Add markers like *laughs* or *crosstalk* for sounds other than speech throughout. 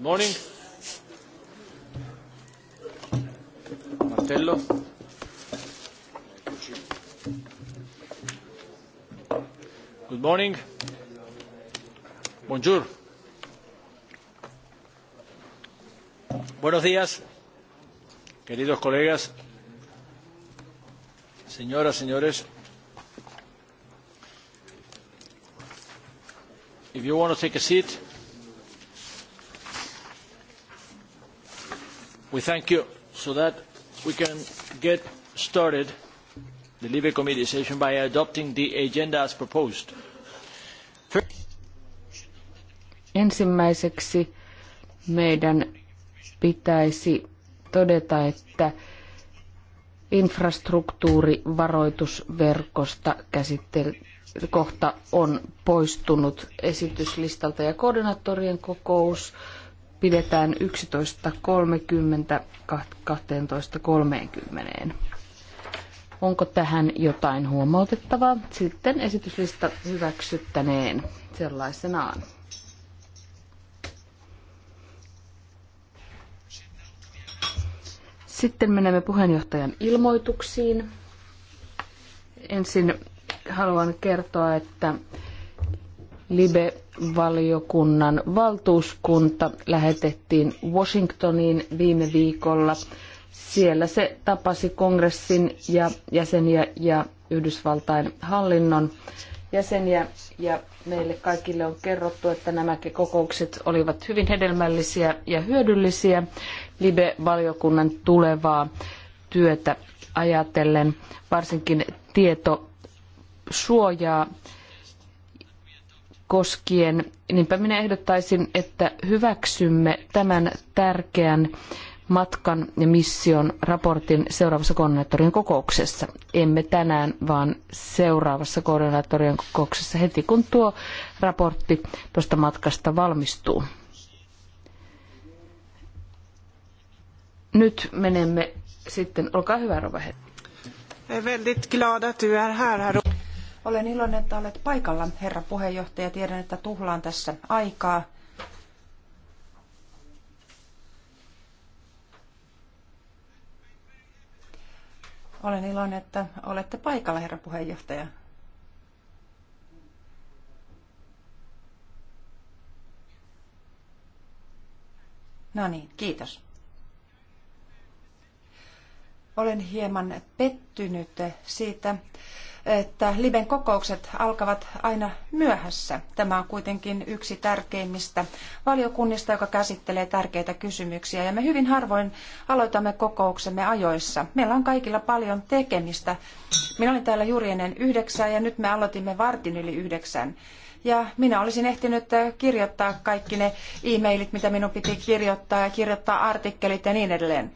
Morning. Martello. Good morning. Bonjour. Buenos días, queridos colegas, señoras, señores. If you want to take a seat, We thank you. So that we can get started, the Libre Committee session, by adopting the agenda as proposed. Ensimmäiseksi meidän pitäisi todeta, että infrastruktuurivaroitusverkosta käsittely kohta on poistunut esityslistalta ja koordinaattorien kokous pidetään 11.30-12.30. Onko tähän jotain huomautettavaa? Sitten esityslista hyväksyttäneen sellaisenaan. Sitten menemme puheenjohtajan ilmoituksiin. Ensin haluan kertoa, että Libe-valiokunnan valtuuskunta lähetettiin Washingtoniin viime viikolla. Siellä se tapasi kongressin ja jäseniä ja Yhdysvaltain hallinnon jäseniä ja meille kaikille on kerrottu, että nämä kokoukset olivat hyvin hedelmällisiä ja hyödyllisiä Libe-valiokunnan tulevaa työtä ajatellen, varsinkin tietosuojaa koskien. Niinpä minä ehdottaisin, että hyväksymme tämän tärkeän matkan ja mission raportin seuraavassa koordinaattorien kokouksessa. Emme tänään, vaan seuraavassa koordinaattorien kokouksessa heti, kun tuo raportti tuosta matkasta valmistuu. Nyt menemme sitten, olkaa hyvä Rova Väldigt glad att du är här, herr olen iloinen, että olet paikalla, herra puheenjohtaja. Tiedän, että tuhlaan tässä aikaa. Olen iloinen, että olette paikalla, herra puheenjohtaja. No niin, kiitos. Olen hieman pettynyt siitä, että Liben kokoukset alkavat aina myöhässä. Tämä on kuitenkin yksi tärkeimmistä valiokunnista, joka käsittelee tärkeitä kysymyksiä. Ja me hyvin harvoin aloitamme kokouksemme ajoissa. Meillä on kaikilla paljon tekemistä. Minä olin täällä juuri ennen yhdeksää ja nyt me aloitimme vartin yli yhdeksän ja minä olisin ehtinyt kirjoittaa kaikki ne e-mailit, mitä minun piti kirjoittaa ja kirjoittaa artikkelit ja niin edelleen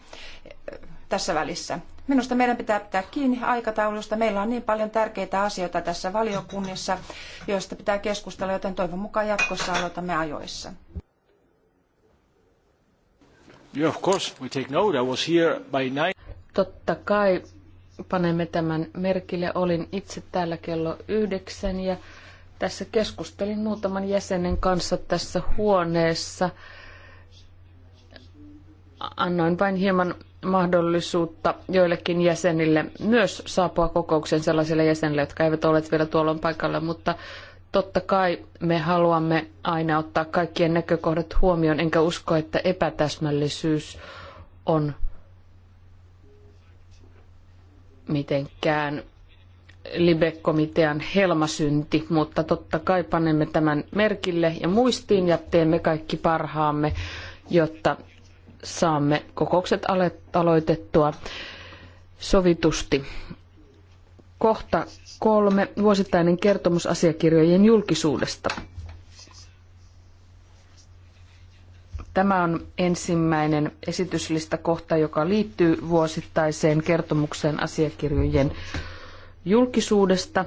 tässä välissä. Minusta meidän pitää pitää kiinni aikataulusta. Meillä on niin paljon tärkeitä asioita tässä valiokunnissa, joista pitää keskustella, joten toivon mukaan jatkossa aloitamme ajoissa. Yeah, of course, we take note. I was here by nine. Totta kai panemme tämän merkille. Olin itse täällä kello yhdeksän ja tässä keskustelin muutaman jäsenen kanssa tässä huoneessa. Annoin vain hieman mahdollisuutta joillekin jäsenille myös saapua kokoukseen sellaisille jäsenille, jotka eivät ole vielä tuolloin paikalla, mutta totta kai me haluamme aina ottaa kaikkien näkökohdat huomioon, enkä usko, että epätäsmällisyys on mitenkään LIBE-komitean helmasynti, mutta totta kai panemme tämän merkille ja muistiin ja teemme kaikki parhaamme, jotta saamme kokoukset aloitettua sovitusti. Kohta kolme. Vuosittainen kertomus asiakirjojen julkisuudesta. Tämä on ensimmäinen esityslistakohta, joka liittyy vuosittaiseen kertomukseen asiakirjojen julkisuudesta.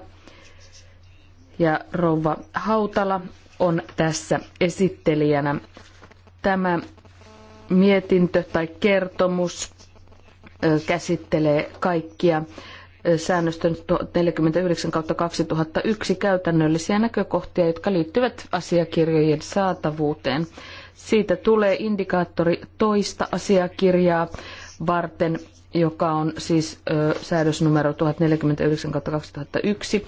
Ja rouva Hautala on tässä esittelijänä. Tämä mietintö tai kertomus käsittelee kaikkia säännöstön 49 kautta 2001 käytännöllisiä näkökohtia, jotka liittyvät asiakirjojen saatavuuteen. Siitä tulee indikaattori toista asiakirjaa varten, joka on siis säädösnumero 1049 kautta 2001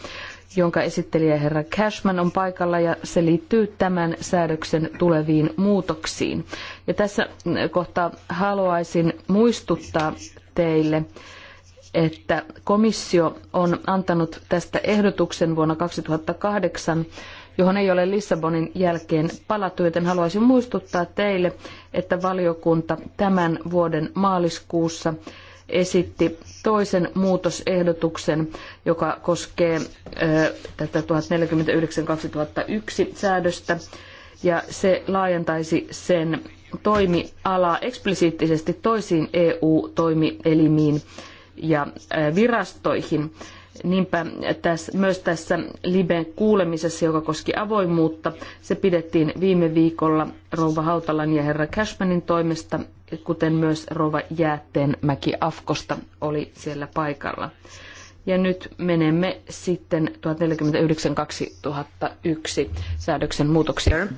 jonka esittelijä herra Cashman on paikalla ja se liittyy tämän säädöksen tuleviin muutoksiin. Ja tässä mm, kohtaa haluaisin muistuttaa teille, että komissio on antanut tästä ehdotuksen vuonna 2008, johon ei ole Lissabonin jälkeen palattu, joten haluaisin muistuttaa teille, että valiokunta tämän vuoden maaliskuussa esitti toisen muutosehdotuksen, joka koskee tätä 1049-2001 säädöstä, ja se laajentaisi sen toimialaa eksplisiittisesti toisiin EU-toimielimiin ja virastoihin. Niinpä tässä, myös tässä Liben kuulemisessa, joka koski avoimuutta, se pidettiin viime viikolla Rouva Hautalan ja herra Cashmanin toimesta, kuten myös Rouva Jäätteenmäki Afkosta oli siellä paikalla. Ja nyt menemme sitten 1049-2001 säädöksen muutoksiin.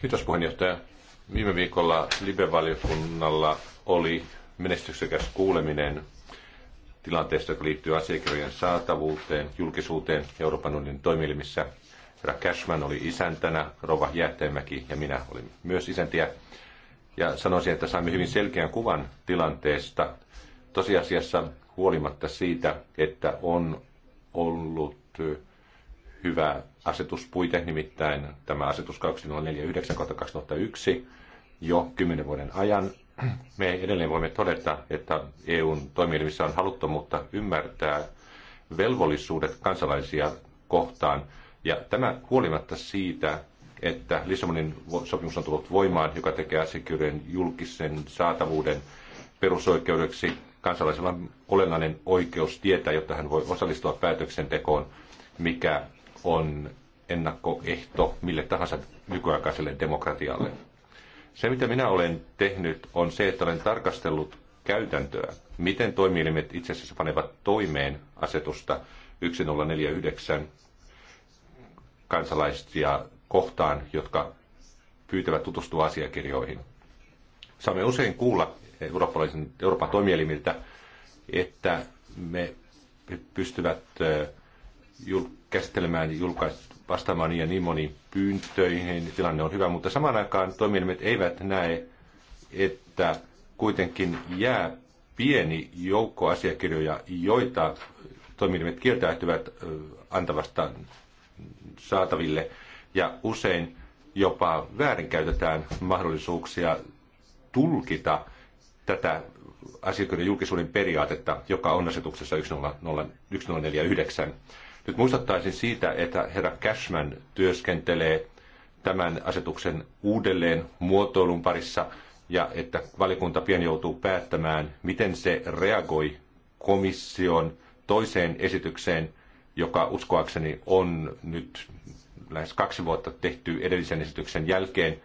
Kiitos puheenjohtaja. Viime viikolla Libe-valiokunnalla oli menestyksekäs kuuleminen tilanteesta, joka liittyy asiakirjojen saatavuuteen, julkisuuteen Euroopan unionin toimielimissä. Herra Cashman oli isäntänä, Rova Jähteenmäki ja minä olin myös isäntiä. Ja sanoisin, että saimme hyvin selkeän kuvan tilanteesta. Tosiasiassa huolimatta siitä, että on ollut hyvä asetuspuite, nimittäin tämä asetus 2049-2001 jo kymmenen vuoden ajan me edelleen voimme todeta, että EUn toimielimissä on haluttomuutta ymmärtää velvollisuudet kansalaisia kohtaan. Ja tämä huolimatta siitä, että Lissabonin sopimus on tullut voimaan, joka tekee asiakirjojen julkisen saatavuuden perusoikeudeksi. Kansalaisella on olennainen oikeus tietää, jotta hän voi osallistua päätöksentekoon, mikä on ennakkoehto mille tahansa nykyaikaiselle demokratialle. Se, mitä minä olen tehnyt, on se, että olen tarkastellut käytäntöä, miten toimielimet itse asiassa panevat toimeen asetusta 1049 kansalaisia kohtaan, jotka pyytävät tutustua asiakirjoihin. Saamme usein kuulla eurooppalaisen, Euroopan toimielimiltä, että me pystyvät jul- käsittelemään julkaist, vastaamaan niin ja niin moniin pyyntöihin. Tilanne on hyvä, mutta samaan aikaan toimielimet eivät näe, että kuitenkin jää pieni joukko asiakirjoja, joita toimielimet kieltäytyvät antavasta saataville. Ja usein jopa väärinkäytetään mahdollisuuksia tulkita tätä asiakirjojen julkisuuden periaatetta, joka on asetuksessa 1049. Nyt muistuttaisin siitä, että herra Cashman työskentelee tämän asetuksen uudelleen muotoilun parissa ja että valikunta pian joutuu päättämään, miten se reagoi komission toiseen esitykseen, joka uskoakseni on nyt lähes kaksi vuotta tehty edellisen esityksen jälkeen,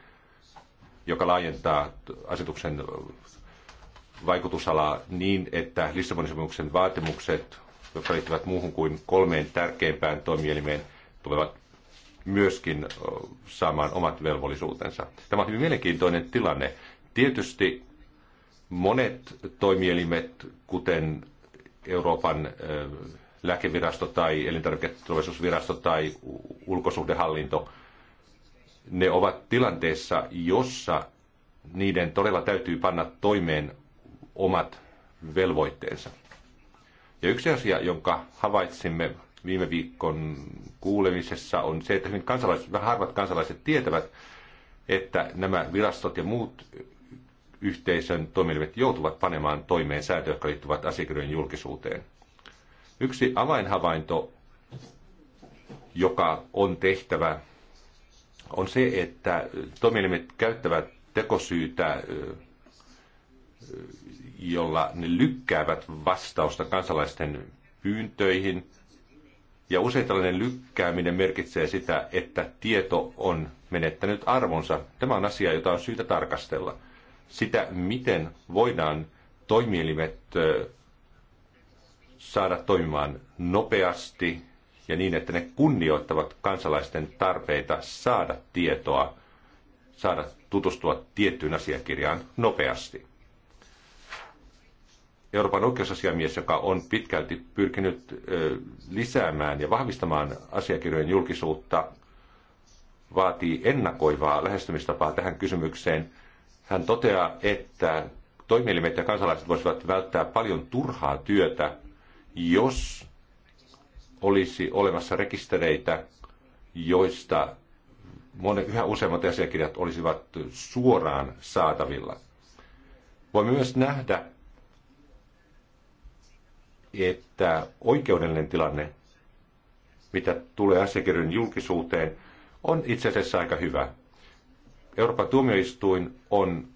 joka laajentaa asetuksen vaikutusalaa niin, että Lissabonin sopimuksen vaatimukset jotka liittyvät muuhun kuin kolmeen tärkeimpään toimielimeen, tulevat myöskin saamaan omat velvollisuutensa. Tämä on hyvin mielenkiintoinen tilanne. Tietysti monet toimielimet, kuten Euroopan lääkevirasto tai elintarviketurvallisuusvirasto tai ulkosuhdehallinto, ne ovat tilanteessa, jossa niiden todella täytyy panna toimeen omat velvoitteensa. Ja yksi asia, jonka havaitsimme viime viikon kuulemisessa, on se, että hyvin kansalaiset, vähän harvat kansalaiset tietävät, että nämä virastot ja muut yhteisön toimielimet joutuvat panemaan toimeen säätöjä, jotka liittyvät asiakirjojen julkisuuteen. Yksi avainhavainto, joka on tehtävä, on se, että toimielimet käyttävät tekosyytä jolla ne lykkäävät vastausta kansalaisten pyyntöihin. Ja usein tällainen lykkääminen merkitsee sitä, että tieto on menettänyt arvonsa. Tämä on asia, jota on syytä tarkastella. Sitä, miten voidaan toimielimet saada toimimaan nopeasti ja niin, että ne kunnioittavat kansalaisten tarpeita saada tietoa, saada tutustua tiettyyn asiakirjaan nopeasti. Euroopan oikeusasiamies, joka on pitkälti pyrkinyt lisäämään ja vahvistamaan asiakirjojen julkisuutta, vaatii ennakoivaa lähestymistapaa tähän kysymykseen. Hän toteaa, että toimielimet ja kansalaiset voisivat välttää paljon turhaa työtä, jos olisi olemassa rekistereitä, joista monet, yhä useammat asiakirjat olisivat suoraan saatavilla. Voimme myös nähdä, että oikeudellinen tilanne, mitä tulee asiakirjojen julkisuuteen, on itse asiassa aika hyvä. Euroopan tuomioistuin on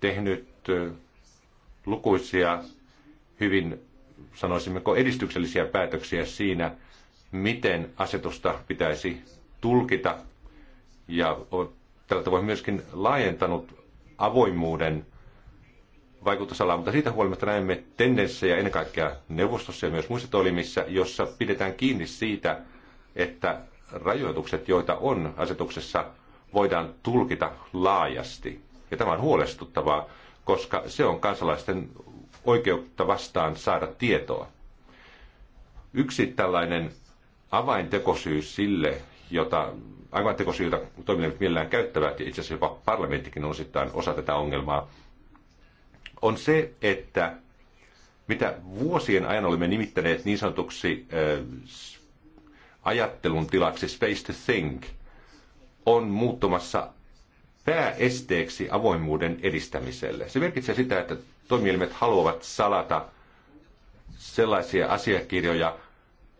tehnyt lukuisia hyvin, sanoisimmeko, edistyksellisiä päätöksiä siinä, miten asetusta pitäisi tulkita. Ja tällä tavoin myöskin laajentanut avoimuuden vaikutusalaa, mutta siitä huolimatta näemme tendenssejä ennen kaikkea neuvostossa ja myös muissa toimissa, jossa pidetään kiinni siitä, että rajoitukset, joita on asetuksessa, voidaan tulkita laajasti. Ja tämä on huolestuttavaa, koska se on kansalaisten oikeutta vastaan saada tietoa. Yksi tällainen avaintekosyy sille, jota aivan tekosyytä toimijat millään käyttävät, ja itse asiassa jopa parlamenttikin on osittain osa tätä ongelmaa, on se, että mitä vuosien ajan olemme nimittäneet niin sanotuksi äh, ajattelun tilaksi space to think, on muuttumassa pääesteeksi avoimuuden edistämiselle. Se merkitsee sitä, että toimielimet haluavat salata sellaisia asiakirjoja,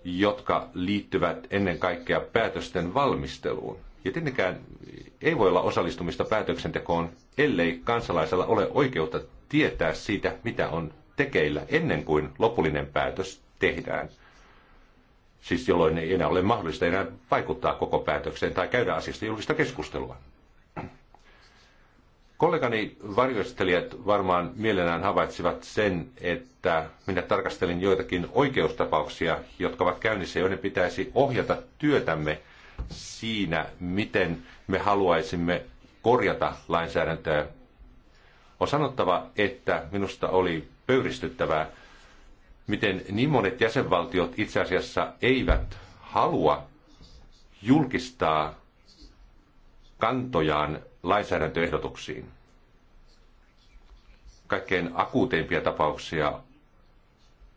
jotka liittyvät ennen kaikkea päätösten valmisteluun. Ja tietenkään ei voi olla osallistumista päätöksentekoon, ellei kansalaisella ole oikeutta tietää siitä, mitä on tekeillä ennen kuin lopullinen päätös tehdään. Siis jolloin ei enää ole mahdollista enää vaikuttaa koko päätökseen tai käydä asiasta julkista keskustelua. Kollegani varjoistelijat varmaan mielellään havaitsivat sen, että minä tarkastelin joitakin oikeustapauksia, jotka ovat käynnissä, joiden pitäisi ohjata työtämme siinä, miten me haluaisimme korjata lainsäädäntöä on sanottava, että minusta oli pöyristyttävää, miten niin monet jäsenvaltiot itse asiassa eivät halua julkistaa kantojaan lainsäädäntöehdotuksiin. Kaikkein akuuteimpia tapauksia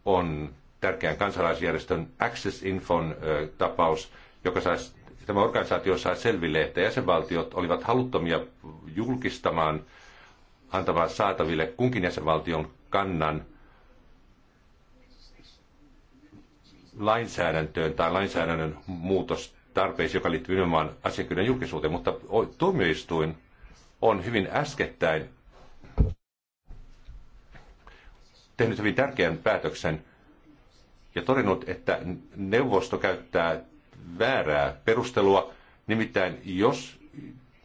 on tärkeän kansalaisjärjestön Access Infon tapaus, joka sai, tämä organisaatio sai selville, että jäsenvaltiot olivat haluttomia julkistamaan – antava saataville kunkin jäsenvaltion kannan lainsäädäntöön tai lainsäädännön muutos tarpeisiin, joka liittyy nimenomaan asiakirjan julkisuuteen, mutta tuomioistuin on hyvin äskettäin tehnyt hyvin tärkeän päätöksen ja todennut, että neuvosto käyttää väärää perustelua. Nimittäin jos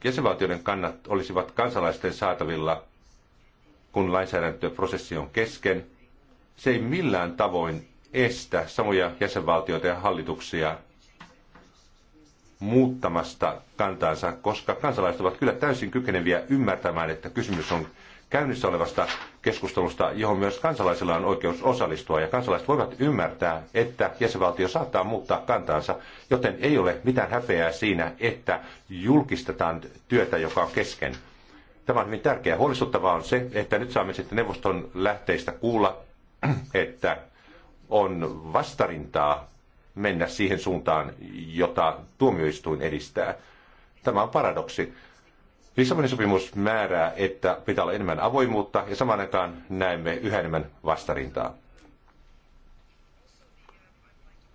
jäsenvaltioiden kannat olisivat kansalaisten saatavilla kun lainsäädäntöprosessi on kesken, se ei millään tavoin estä samoja jäsenvaltioita ja hallituksia muuttamasta kantaansa, koska kansalaiset ovat kyllä täysin kykeneviä ymmärtämään, että kysymys on käynnissä olevasta keskustelusta, johon myös kansalaisilla on oikeus osallistua. Ja kansalaiset voivat ymmärtää, että jäsenvaltio saattaa muuttaa kantaansa, joten ei ole mitään häpeää siinä, että julkistetaan työtä, joka on kesken. Tämä on hyvin tärkeää. Huolestuttavaa on se, että nyt saamme sitten neuvoston lähteistä kuulla, että on vastarintaa mennä siihen suuntaan, jota tuomioistuin edistää. Tämä on paradoksi. Lissabonin sopimus määrää, että pitää olla enemmän avoimuutta ja samaan aikaan näemme yhä enemmän vastarintaa.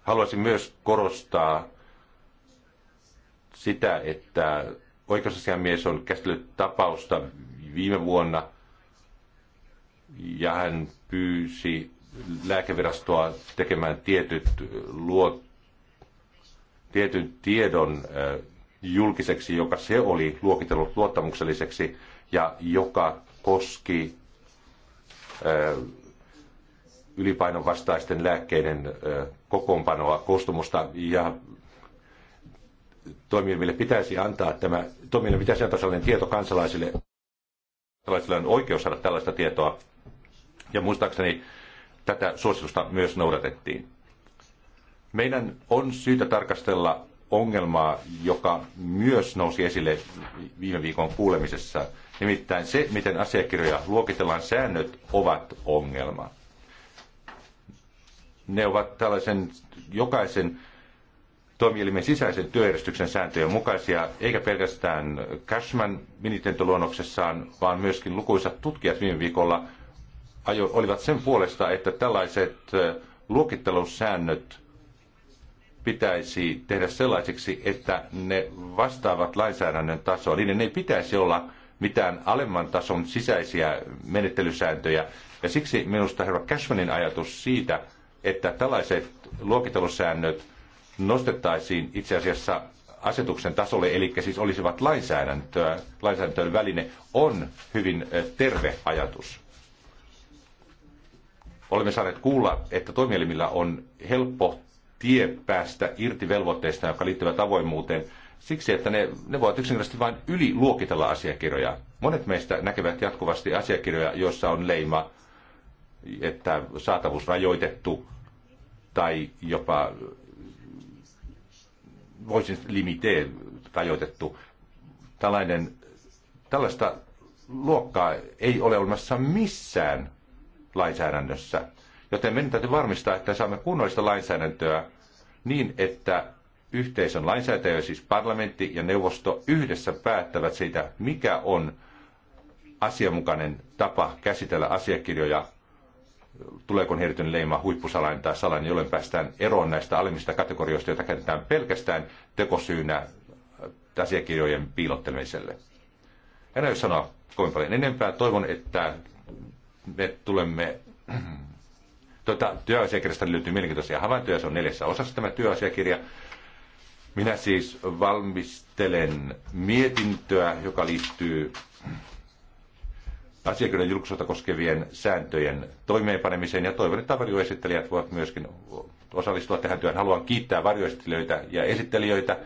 Haluaisin myös korostaa sitä, että oikeusasiamies on käsitellyt tapausta viime vuonna ja hän pyysi lääkevirastoa tekemään tietyt luot, tietyn tiedon julkiseksi, joka se oli luokitellut luottamukselliseksi ja joka koski ylipainon vastaisten lääkkeiden kokoonpanoa, koostumusta ja toimijoille pitäisi antaa tämä, toimijoille pitäisi antaa sellainen tieto kansalaisille. Kansalaisilla on oikeus saada tällaista tietoa. Ja muistaakseni tätä suositusta myös noudatettiin. Meidän on syytä tarkastella ongelmaa, joka myös nousi esille viime viikon kuulemisessa. Nimittäin se, miten asiakirjoja luokitellaan säännöt, ovat ongelma. Ne ovat tällaisen jokaisen toimielimen sisäisen työjärjestyksen sääntöjen mukaisia, eikä pelkästään Cashman minitentoluonnoksessaan, vaan myöskin lukuisat tutkijat viime viikolla olivat sen puolesta, että tällaiset luokittelussäännöt pitäisi tehdä sellaisiksi, että ne vastaavat lainsäädännön tasoa. Niiden ei pitäisi olla mitään alemman tason sisäisiä menettelysääntöjä. Ja siksi minusta herra Cashmanin ajatus siitä, että tällaiset luokitelusäännöt nostettaisiin itse asiassa asetuksen tasolle, eli siis olisivat lainsäädäntöä, lainsäädäntöön väline, on hyvin terve ajatus. Olemme saaneet kuulla, että toimielimillä on helppo tie päästä irti velvoitteista, jotka liittyvät avoimuuteen, siksi että ne, ne voivat yksinkertaisesti vain yliluokitella asiakirjoja. Monet meistä näkevät jatkuvasti asiakirjoja, joissa on leima, että saatavuus rajoitettu tai jopa voisin limite rajoitettu. Tällainen, tällaista luokkaa ei ole olemassa missään lainsäädännössä. Joten meidän täytyy varmistaa, että saamme kunnollista lainsäädäntöä niin, että yhteisön lainsäätäjä, siis parlamentti ja neuvosto yhdessä päättävät siitä, mikä on asianmukainen tapa käsitellä asiakirjoja tuleeko heritön leima huippusalainen tai salainen, jolloin päästään eroon näistä alemmista kategorioista, joita käytetään pelkästään tekosyynä asiakirjojen piilottelemiselle. En aio sanoa kovin paljon enempää. Toivon, että me tulemme... Tuota, työasiakirjasta löytyy mielenkiintoisia havaintoja. Se on neljässä osassa tämä työasiakirja. Minä siis valmistelen mietintöä, joka liittyy asiakirjojen julkisuutta koskevien sääntöjen toimeenpanemiseen ja toivon, että varjoesittelijät voivat myöskin osallistua tähän työhön. Haluan kiittää varjoesittelijöitä ja esittelijöitä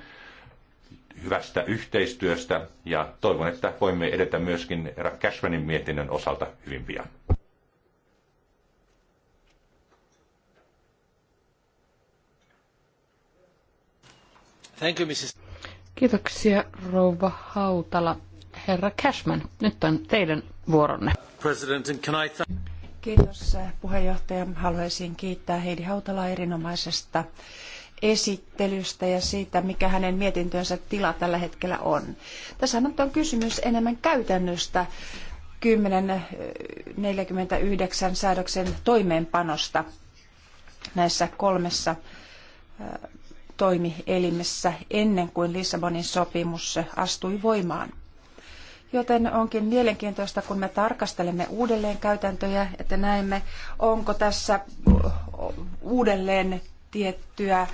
hyvästä yhteistyöstä ja toivon, että voimme edetä myöskin Cashmanin mietinnön osalta hyvin pian. Thank you, Mrs. Kiitoksia, rouva Hautala herra Cashman. Nyt on teidän vuoronne. Kiitos eh, puheenjohtaja. Haluaisin kiittää Heidi Hautalaa erinomaisesta esittelystä ja siitä, mikä hänen mietintönsä tila tällä hetkellä on. Tässä on kysymys enemmän käytännöstä 1049 eh, säädöksen toimeenpanosta näissä kolmessa eh, toimielimessä ennen kuin Lissabonin sopimus astui voimaan. Joten onkin mielenkiintoista, kun me tarkastelemme uudelleen käytäntöjä, että näemme, onko tässä uh, uudelleen tiettyä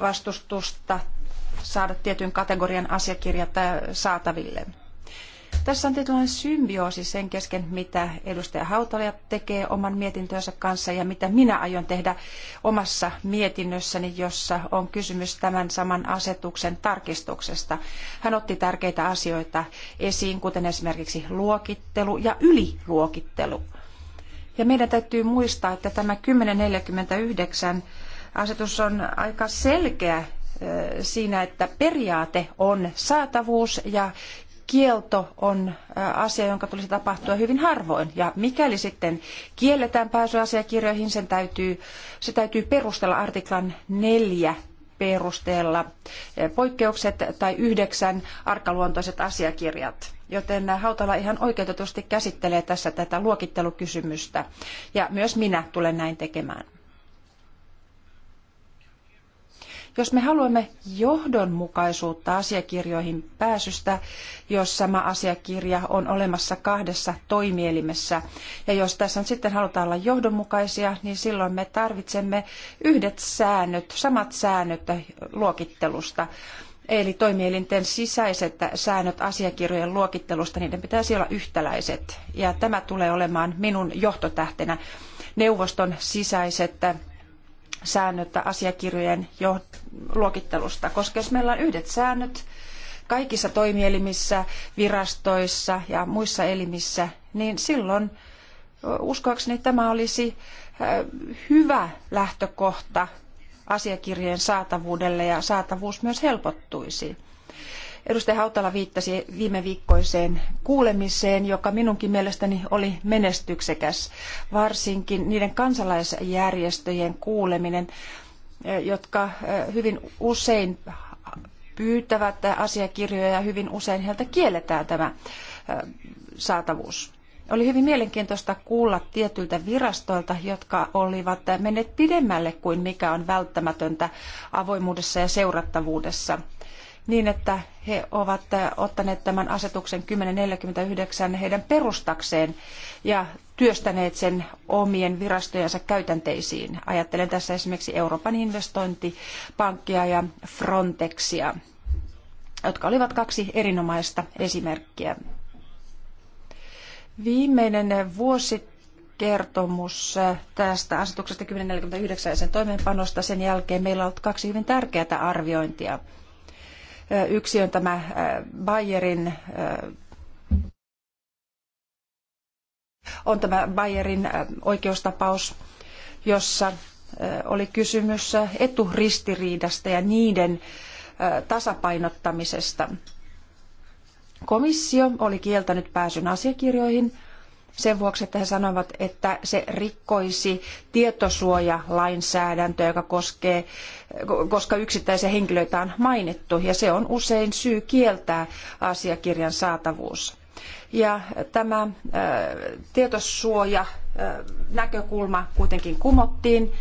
vastustusta saada tietyn kategorian asiakirjat äh, saataville. Tässä on tietynlainen symbioosi sen kesken, mitä edustaja Hautala tekee oman mietintönsä kanssa ja mitä minä aion tehdä omassa mietinnössäni, jossa on kysymys tämän saman asetuksen tarkistuksesta. Hän otti tärkeitä asioita esiin, kuten esimerkiksi luokittelu ja yliluokittelu. Ja meidän täytyy muistaa, että tämä 1049 asetus on aika selkeä siinä, että periaate on saatavuus ja kielto on asia, jonka tulisi tapahtua hyvin harvoin. Ja mikäli sitten kielletään pääsy asiakirjoihin, sen täytyy, se täytyy perustella artiklan neljä perusteella poikkeukset tai yhdeksän arkaluontoiset asiakirjat. Joten Hautala ihan oikeutetusti käsittelee tässä tätä luokittelukysymystä ja myös minä tulen näin tekemään. Jos me haluamme johdonmukaisuutta asiakirjoihin pääsystä, jos sama asiakirja on olemassa kahdessa toimielimessä, ja jos tässä sitten halutaan olla johdonmukaisia, niin silloin me tarvitsemme yhdet säännöt, samat säännöt luokittelusta. Eli toimielinten sisäiset säännöt asiakirjojen luokittelusta, niiden pitäisi olla yhtäläiset. Ja tämä tulee olemaan minun johtotähtenä neuvoston sisäiset säännöt asiakirjojen jo luokittelusta, koska jos meillä on yhdet säännöt kaikissa toimielimissä, virastoissa ja muissa elimissä, niin silloin uskoakseni tämä olisi hyvä lähtökohta asiakirjojen saatavuudelle ja saatavuus myös helpottuisi. Edustaja Hautala viittasi viime viikkoiseen kuulemiseen, joka minunkin mielestäni oli menestyksekäs, varsinkin niiden kansalaisjärjestöjen kuuleminen, eh, jotka eh, hyvin usein pyytävät asiakirjoja ja hyvin usein heiltä kielletään tämä eh, saatavuus. Oli hyvin mielenkiintoista kuulla tietyiltä virastoilta, jotka olivat menneet pidemmälle kuin mikä on välttämätöntä avoimuudessa ja seurattavuudessa – niin, että he ovat ottaneet tämän asetuksen 1049 heidän perustakseen ja työstäneet sen omien virastojensa käytänteisiin. Ajattelen tässä esimerkiksi Euroopan investointipankkia ja Frontexia, jotka olivat kaksi erinomaista esimerkkiä. Viimeinen vuosi kertomus tästä asetuksesta 1049 ja sen toimeenpanosta. Sen jälkeen meillä on ollut kaksi hyvin tärkeää arviointia. Yksi on tämä Bayerin on tämä Bayerin oikeustapaus, jossa oli kysymys eturistiriidasta ja niiden tasapainottamisesta. Komissio oli kieltänyt pääsyn asiakirjoihin, sen vuoksi, että he sanovat, että se rikkoisi tietosuojalainsäädäntöä, joka koskee, koska yksittäisiä henkilöitä on mainittu, ja se on usein syy kieltää asiakirjan saatavuus. Ja tämä äh, tietosuoja äh, näkökulma kuitenkin kumottiin,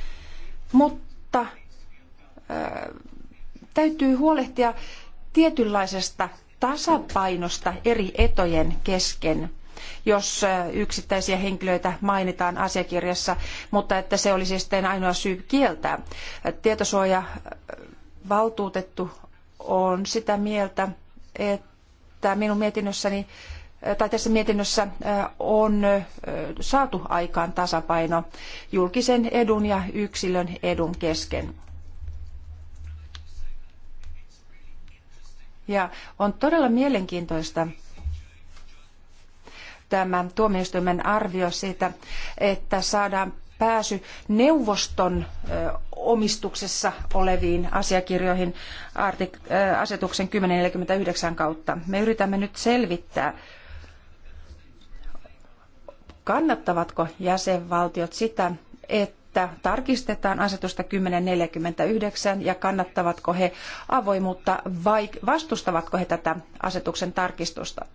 mutta äh, täytyy huolehtia tietynlaisesta tasapainosta eri etojen kesken jos yksittäisiä henkilöitä mainitaan asiakirjassa, mutta että se olisi sitten ainoa syy kieltää. Tietosuojavaltuutettu valtuutettu on sitä mieltä, että minun mietinnössäni tai tässä mietinnössä on saatu aikaan tasapaino julkisen edun ja yksilön edun kesken. Ja on todella mielenkiintoista, tämä tuomioistuimen arvio siitä, että saadaan pääsy neuvoston omistuksessa oleviin asiakirjoihin artik- asetuksen 1049 kautta. Me yritämme nyt selvittää, kannattavatko jäsenvaltiot sitä, että tarkistetaan asetusta 1049 ja kannattavatko he avoimuutta vai vastustavatko he tätä asetuksen tarkistusta.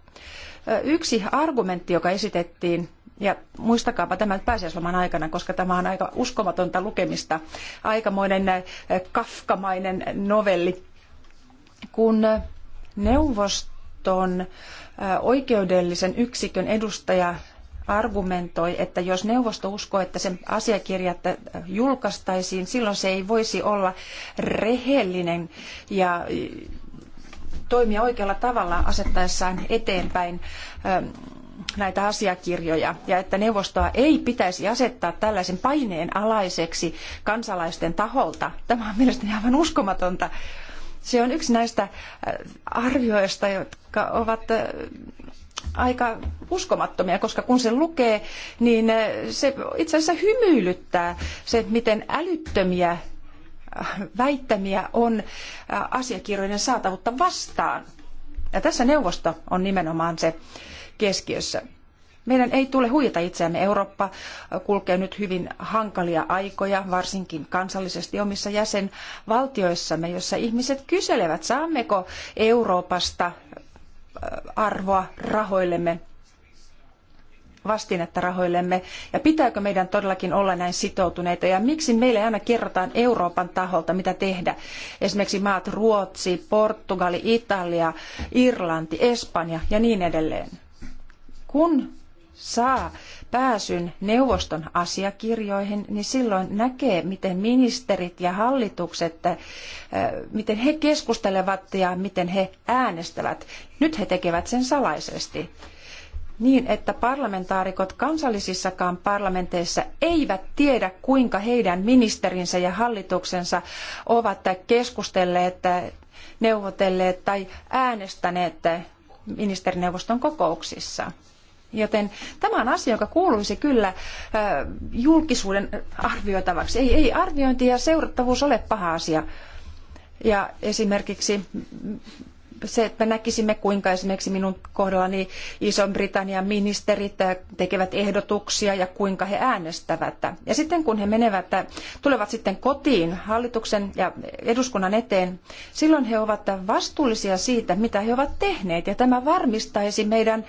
Yksi argumentti, joka esitettiin, ja muistakaapa tämä pääsiäisloman aikana, koska tämä on aika uskomatonta lukemista, aikamoinen äh, kafkamainen novelli, kun neuvoston äh, oikeudellisen yksikön edustaja argumentoi, että jos neuvosto uskoo, että sen asiakirjat äh, julkaistaisiin, silloin se ei voisi olla rehellinen ja toimia oikealla tavalla asettaessaan eteenpäin ähm, näitä asiakirjoja ja että neuvostoa ei pitäisi asettaa tällaisen paineen alaiseksi kansalaisten taholta. Tämä on mielestäni aivan uskomatonta. Se on yksi näistä äh, arvioista, jotka ovat äh, aika uskomattomia, koska kun se lukee, niin äh, se itse asiassa hymyilyttää se, miten älyttömiä väittämiä on äh, asiakirjojen saatavuutta vastaan. Ja tässä neuvosto on nimenomaan se keskiössä. Meidän ei tule huijata itseämme. Eurooppa äh, kulkee nyt hyvin hankalia aikoja, varsinkin kansallisesti omissa jäsenvaltioissamme, jossa ihmiset kyselevät, saammeko Euroopasta äh, arvoa rahoillemme vastinetta rahoillemme ja pitääkö meidän todellakin olla näin sitoutuneita ja miksi meille aina kerrotaan Euroopan taholta mitä tehdä. Esimerkiksi maat Ruotsi, Portugali, Italia, Irlanti, Espanja ja niin edelleen. Kun saa pääsyn neuvoston asiakirjoihin, niin silloin näkee, miten ministerit ja hallitukset, äh, miten he keskustelevat ja miten he äänestävät. Nyt he tekevät sen salaisesti niin, että parlamentaarikot kansallisissakaan parlamenteissa eivät tiedä, kuinka heidän ministerinsä ja hallituksensa ovat keskustelleet, neuvotelleet tai äänestäneet ministerineuvoston kokouksissa. Joten tämä on asia, joka kuuluisi kyllä julkisuuden arvioitavaksi. Ei, ei arviointi ja seurattavuus ole paha asia. Ja esimerkiksi se, että me näkisimme, kuinka esimerkiksi minun kohdallani Ison-Britannian ministerit äh, tekevät ehdotuksia ja kuinka he äänestävät. Ja sitten kun he menevät, äh, tulevat sitten kotiin hallituksen ja eduskunnan eteen, silloin he ovat vastuullisia siitä, mitä he ovat tehneet. Ja tämä varmistaisi meidän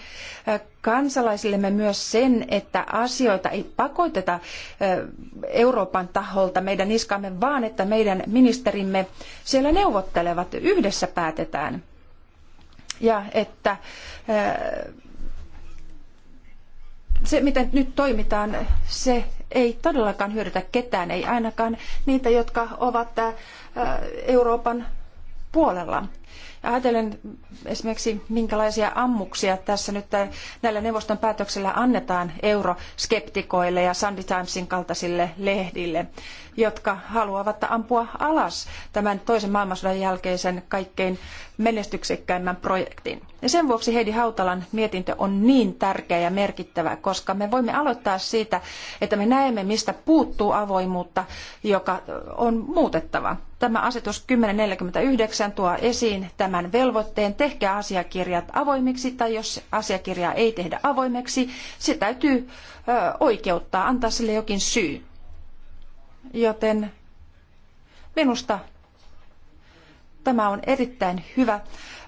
äh, kansalaisillemme myös sen, että asioita ei pakoteta Euroopan taholta meidän niskaamme, vaan että meidän ministerimme siellä neuvottelevat, yhdessä päätetään ja että se, miten nyt toimitaan, se ei todellakaan hyödytä ketään, ei ainakaan niitä, jotka ovat Euroopan puolella. Ajatellen esimerkiksi, minkälaisia ammuksia tässä nyt näillä neuvoston päätöksillä annetaan euroskeptikoille ja Sunday Timesin kaltaisille lehdille jotka haluavat ampua alas tämän toisen maailmansodan jälkeisen kaikkein menestyksekkäimmän projektin. Ja sen vuoksi Heidi Hautalan mietintö on niin tärkeä ja merkittävä, koska me voimme aloittaa siitä, että me näemme, mistä puuttuu avoimuutta, joka on muutettava. Tämä asetus 1049 tuo esiin tämän velvoitteen, tehkää asiakirjat avoimiksi, tai jos asiakirjaa ei tehdä avoimeksi, se täytyy oikeuttaa, antaa sille jokin syy joten minusta tämä on erittäin hyvä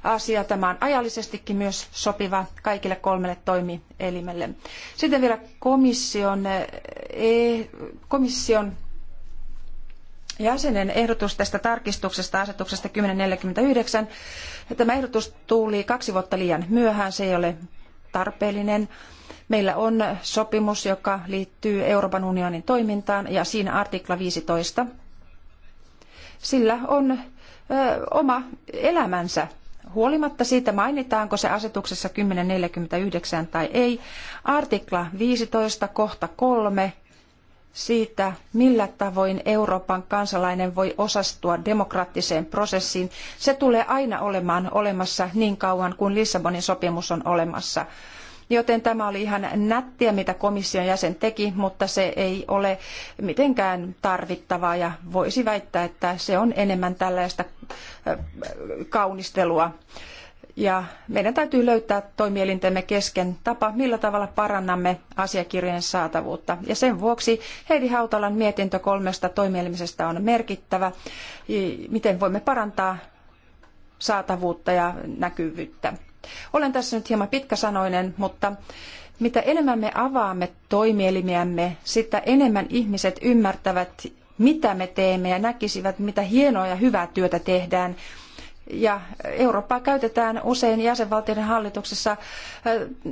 asia. Tämä on ajallisestikin myös sopiva kaikille kolmelle toimielimelle. Sitten vielä komission, e, komission jäsenen ehdotus tästä tarkistuksesta asetuksesta 1049. Tämä ehdotus tuli kaksi vuotta liian myöhään, se ei ole tarpeellinen. Meillä on sopimus, joka liittyy Euroopan unionin toimintaan ja siinä artikla 15. Sillä on oma elämänsä Huolimatta siitä, mainitaanko se asetuksessa 1049 tai ei, artikla 15 kohta 3 siitä, millä tavoin Euroopan kansalainen voi osastua demokraattiseen prosessiin, se tulee aina olemaan olemassa niin kauan kuin Lissabonin sopimus on olemassa. Joten tämä oli ihan nättiä, mitä komission jäsen teki, mutta se ei ole mitenkään tarvittavaa ja voisi väittää, että se on enemmän tällaista kaunistelua. Ja meidän täytyy löytää toimielintemme kesken tapa, millä tavalla parannamme asiakirjojen saatavuutta. Ja sen vuoksi Heidi Hautalan mietintö kolmesta toimielimisestä on merkittävä, miten voimme parantaa saatavuutta ja näkyvyyttä. Olen tässä nyt hieman pitkäsanoinen, mutta mitä enemmän me avaamme toimielimiämme, sitä enemmän ihmiset ymmärtävät, mitä me teemme ja näkisivät, mitä hienoa ja hyvää työtä tehdään. Ja Eurooppaa käytetään usein jäsenvaltioiden hallituksessa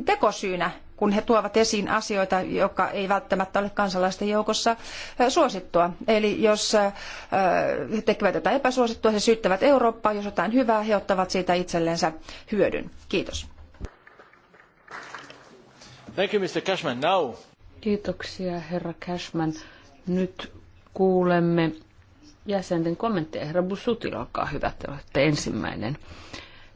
tekosyynä kun he tuovat esiin asioita, joka ei välttämättä ole kansalaisten joukossa suosittua. Eli jos he tekevät jotain epäsuosittua, he syyttävät Eurooppaa, jos jotain hyvää, he ottavat siitä itsellensä hyödyn. Kiitos. Thank you, Mr. Cashman. Now. Kiitoksia, herra Cashman. Nyt kuulemme jäsenten kommentteja. Herra Busutil, olkaa hyvä, olette ensimmäinen.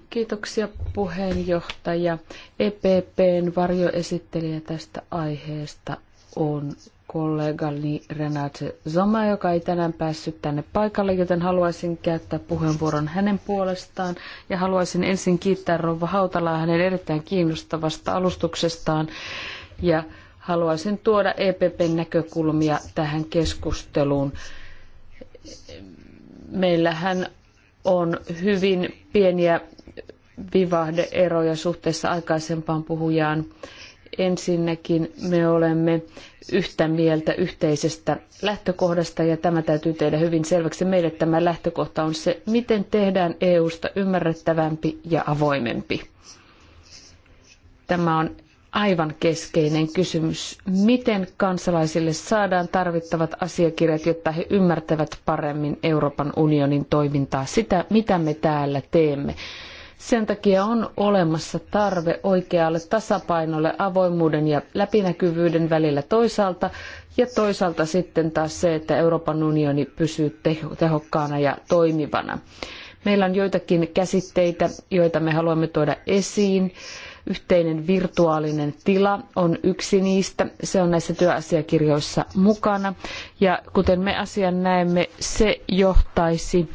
Kiitoksia puheenjohtaja. EPPn varjoesittelijä tästä aiheesta on kollegani Renate Zoma, joka ei tänään päässyt tänne paikalle, joten haluaisin käyttää puheenvuoron hänen puolestaan. Ja haluaisin ensin kiittää Rouva Hautalaa hänen erittäin kiinnostavasta alustuksestaan. Ja haluaisin tuoda EPPn näkökulmia tähän keskusteluun. Meillähän on hyvin pieniä vivahdeeroja suhteessa aikaisempaan puhujaan. Ensinnäkin me olemme yhtä mieltä yhteisestä lähtökohdasta ja tämä täytyy tehdä hyvin selväksi. Meille tämä lähtökohta on se, miten tehdään EUsta ymmärrettävämpi ja avoimempi. Tämä on aivan keskeinen kysymys. Miten kansalaisille saadaan tarvittavat asiakirjat, jotta he ymmärtävät paremmin Euroopan unionin toimintaa, sitä mitä me täällä teemme. Sen takia on olemassa tarve oikealle tasapainolle avoimuuden ja läpinäkyvyyden välillä toisaalta ja toisaalta sitten taas se, että Euroopan unioni pysyy tehokkaana ja toimivana. Meillä on joitakin käsitteitä, joita me haluamme tuoda esiin. Yhteinen virtuaalinen tila on yksi niistä. Se on näissä työasiakirjoissa mukana. Ja kuten me asian näemme, se johtaisi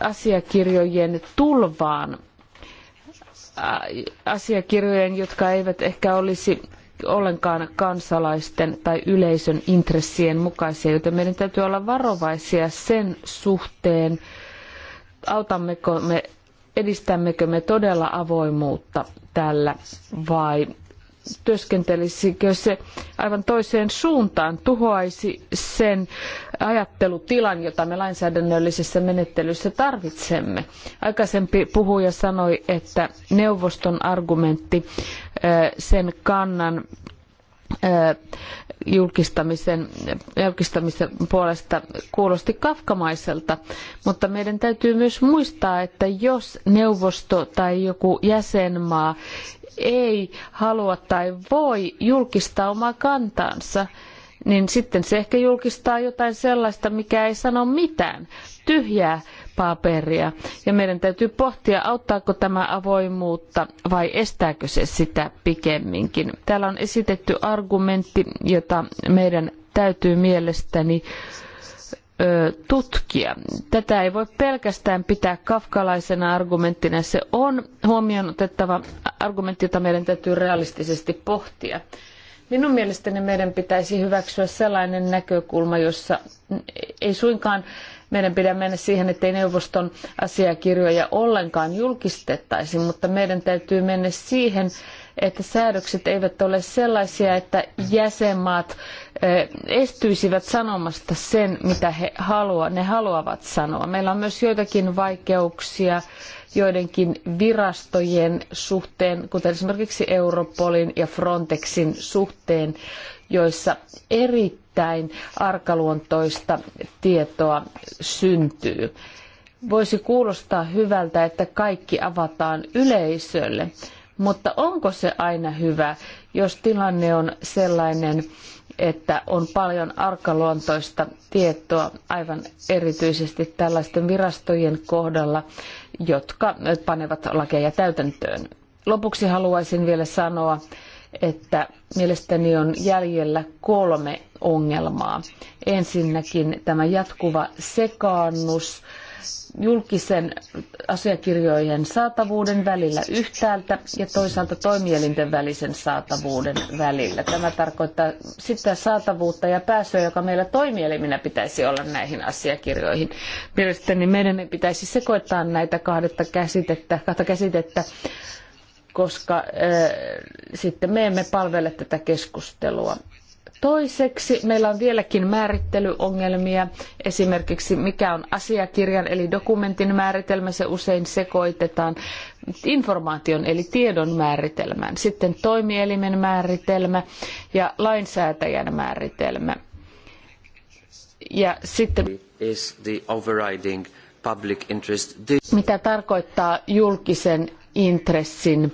asiakirjojen tulvaan. Asiakirjojen, jotka eivät ehkä olisi ollenkaan kansalaisten tai yleisön intressien mukaisia, joten meidän täytyy olla varovaisia sen suhteen, autammeko me, edistämmekö me todella avoimuutta tällä vai työskentelisikö se aivan toiseen suuntaan, tuhoaisi sen ajattelutilan, jota me lainsäädännöllisessä menettelyssä tarvitsemme. Aikaisempi puhuja sanoi, että neuvoston argumentti sen kannan julkistamisen, julkistamisen puolesta kuulosti kafkamaiselta, mutta meidän täytyy myös muistaa, että jos neuvosto tai joku jäsenmaa ei halua tai voi julkistaa omaa kantaansa, niin sitten se ehkä julkistaa jotain sellaista, mikä ei sano mitään, tyhjää paperia. Ja meidän täytyy pohtia, auttaako tämä avoimuutta vai estääkö se sitä pikemminkin. Täällä on esitetty argumentti, jota meidän täytyy mielestäni tutkia. Tätä ei voi pelkästään pitää kafkalaisena argumenttina. Se on huomioon otettava argumentti, jota meidän täytyy realistisesti pohtia. Minun mielestäni meidän pitäisi hyväksyä sellainen näkökulma, jossa ei suinkaan meidän pidä mennä siihen, ettei neuvoston asiakirjoja ollenkaan julkistettaisi, mutta meidän täytyy mennä siihen, että säädökset eivät ole sellaisia, että jäsenmaat estyisivät sanomasta sen, mitä he haluaa, ne haluavat sanoa. Meillä on myös joitakin vaikeuksia joidenkin virastojen suhteen, kuten esimerkiksi Europolin ja Frontexin suhteen, joissa erittäin arkaluontoista tietoa syntyy. Voisi kuulostaa hyvältä, että kaikki avataan yleisölle, mutta onko se aina hyvä, jos tilanne on sellainen, että on paljon arkaluontoista tietoa, aivan erityisesti tällaisten virastojen kohdalla, jotka panevat lakeja täytäntöön. Lopuksi haluaisin vielä sanoa, että mielestäni on jäljellä kolme ongelmaa. Ensinnäkin tämä jatkuva sekaannus julkisen asiakirjojen saatavuuden välillä yhtäältä ja toisaalta toimielinten välisen saatavuuden välillä. Tämä tarkoittaa sitä saatavuutta ja pääsyä, joka meillä toimieliminä pitäisi olla näihin asiakirjoihin. Mielestäni meidän ei pitäisi sekoittaa näitä kahdetta käsitettä, kahta käsitettä koska äh, sitten me emme palvele tätä keskustelua. Toiseksi meillä on vieläkin määrittelyongelmia, esimerkiksi mikä on asiakirjan eli dokumentin määritelmä, se usein sekoitetaan informaation eli tiedon määritelmään, sitten toimielimen määritelmä ja lainsäätäjän määritelmä. Ja sitten mitä tarkoittaa julkisen intressin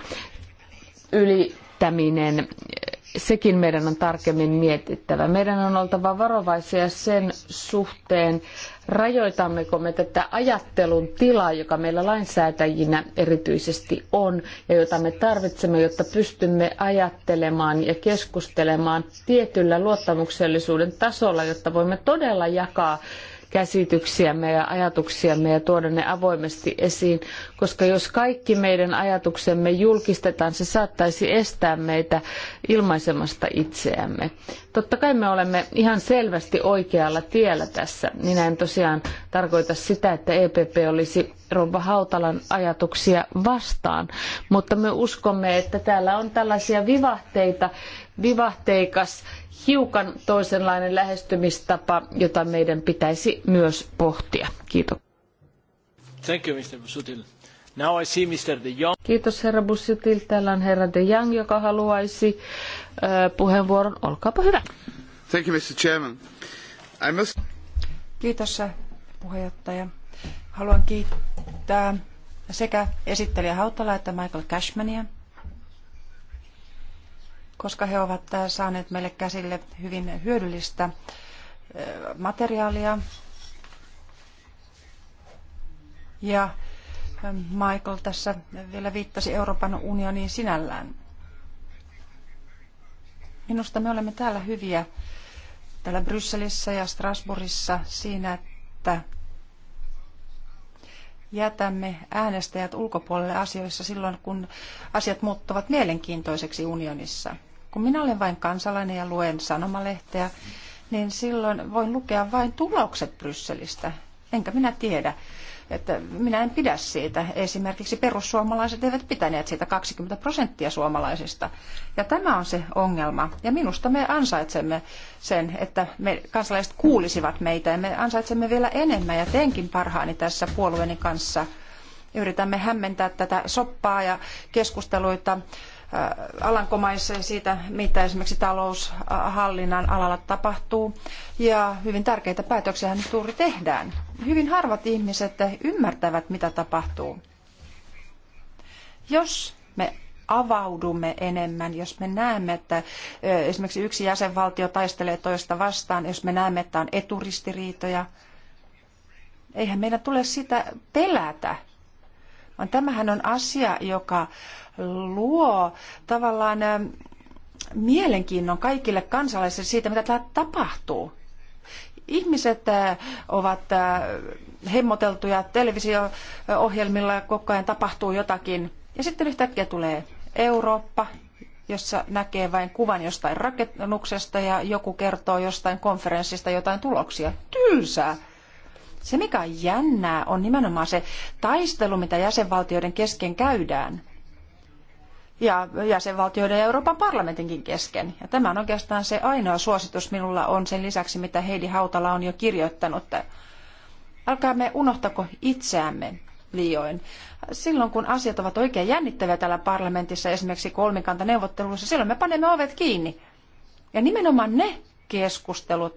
ylittäminen sekin meidän on tarkemmin mietittävä. Meidän on oltava varovaisia sen suhteen, rajoitammeko me tätä ajattelun tilaa, joka meillä lainsäätäjinä erityisesti on ja jota me tarvitsemme, jotta pystymme ajattelemaan ja keskustelemaan tietyllä luottamuksellisuuden tasolla, jotta voimme todella jakaa käsityksiämme ja ajatuksiamme ja tuoda ne avoimesti esiin, koska jos kaikki meidän ajatuksemme julkistetaan, se saattaisi estää meitä ilmaisemasta itseämme. Totta kai me olemme ihan selvästi oikealla tiellä tässä. Minä en tosiaan tarkoita sitä, että EPP olisi Rouva Hautalan ajatuksia vastaan, mutta me uskomme, että täällä on tällaisia vivahteita, vivahteikas hiukan toisenlainen lähestymistapa, jota meidän pitäisi myös pohtia. Kiitos. Thank you, Mr. Busutil. Now I see Mr. De Jong. Kiitos herra Busutil. Täällä on herra De Jong, joka haluaisi äh, puheenvuoron. Olkaapa hyvä. Thank you, Mr. Chairman. I must... Kiitos puheenjohtaja. Haluan kiittää sekä esittelijä Hautala että Michael Cashmania – koska he ovat äh, saaneet meille käsille hyvin hyödyllistä äh, materiaalia. Ja ähm, Michael tässä vielä viittasi Euroopan unioniin sinällään. Minusta me olemme täällä hyviä täällä Brysselissä ja Strasbourgissa siinä, että jätämme äänestäjät ulkopuolelle asioissa silloin, kun asiat muuttuvat mielenkiintoiseksi unionissa. Kun minä olen vain kansalainen ja luen sanomalehteä, niin silloin voin lukea vain tulokset Brysselistä. Enkä minä tiedä, että minä en pidä siitä. Esimerkiksi perussuomalaiset eivät pitäneet siitä 20 prosenttia suomalaisista. Ja tämä on se ongelma. Ja minusta me ansaitsemme sen, että me kansalaiset kuulisivat meitä ja me ansaitsemme vielä enemmän ja teenkin parhaani tässä puolueeni kanssa. Yritämme hämmentää tätä soppaa ja keskusteluita Äh, Alankomaissa ja siitä, mitä esimerkiksi taloushallinnan alalla tapahtuu. Ja hyvin tärkeitä päätöksiä nyt juuri tehdään. Hyvin harvat ihmiset ymmärtävät, mitä tapahtuu. Jos me avaudumme enemmän, jos me näemme, että äh, esimerkiksi yksi jäsenvaltio taistelee toista vastaan, jos me näemme, että on eturistiriitoja, eihän meidän tule sitä pelätä, vaan tämähän on asia, joka luo tavallaan ähm, mielenkiinnon kaikille kansalaisille siitä, mitä täällä tapahtuu. Ihmiset äh, ovat äh, hemmoteltuja televisio-ohjelmilla, koko ajan tapahtuu jotakin. Ja sitten yhtäkkiä tulee Eurooppa, jossa näkee vain kuvan jostain rakennuksesta ja joku kertoo jostain konferenssista jotain tuloksia. Tylsää! Se, mikä on jännää, on nimenomaan se taistelu, mitä jäsenvaltioiden kesken käydään. Ja jäsenvaltioiden ja Euroopan parlamentinkin kesken. Ja tämä on oikeastaan se ainoa suositus minulla on sen lisäksi, mitä Heidi Hautala on jo kirjoittanut. me unohtako itseämme liioin. Silloin kun asiat ovat oikein jännittäviä täällä parlamentissa, esimerkiksi kolmikantaneuvotteluissa, silloin me panemme ovet kiinni. Ja nimenomaan ne keskustelut,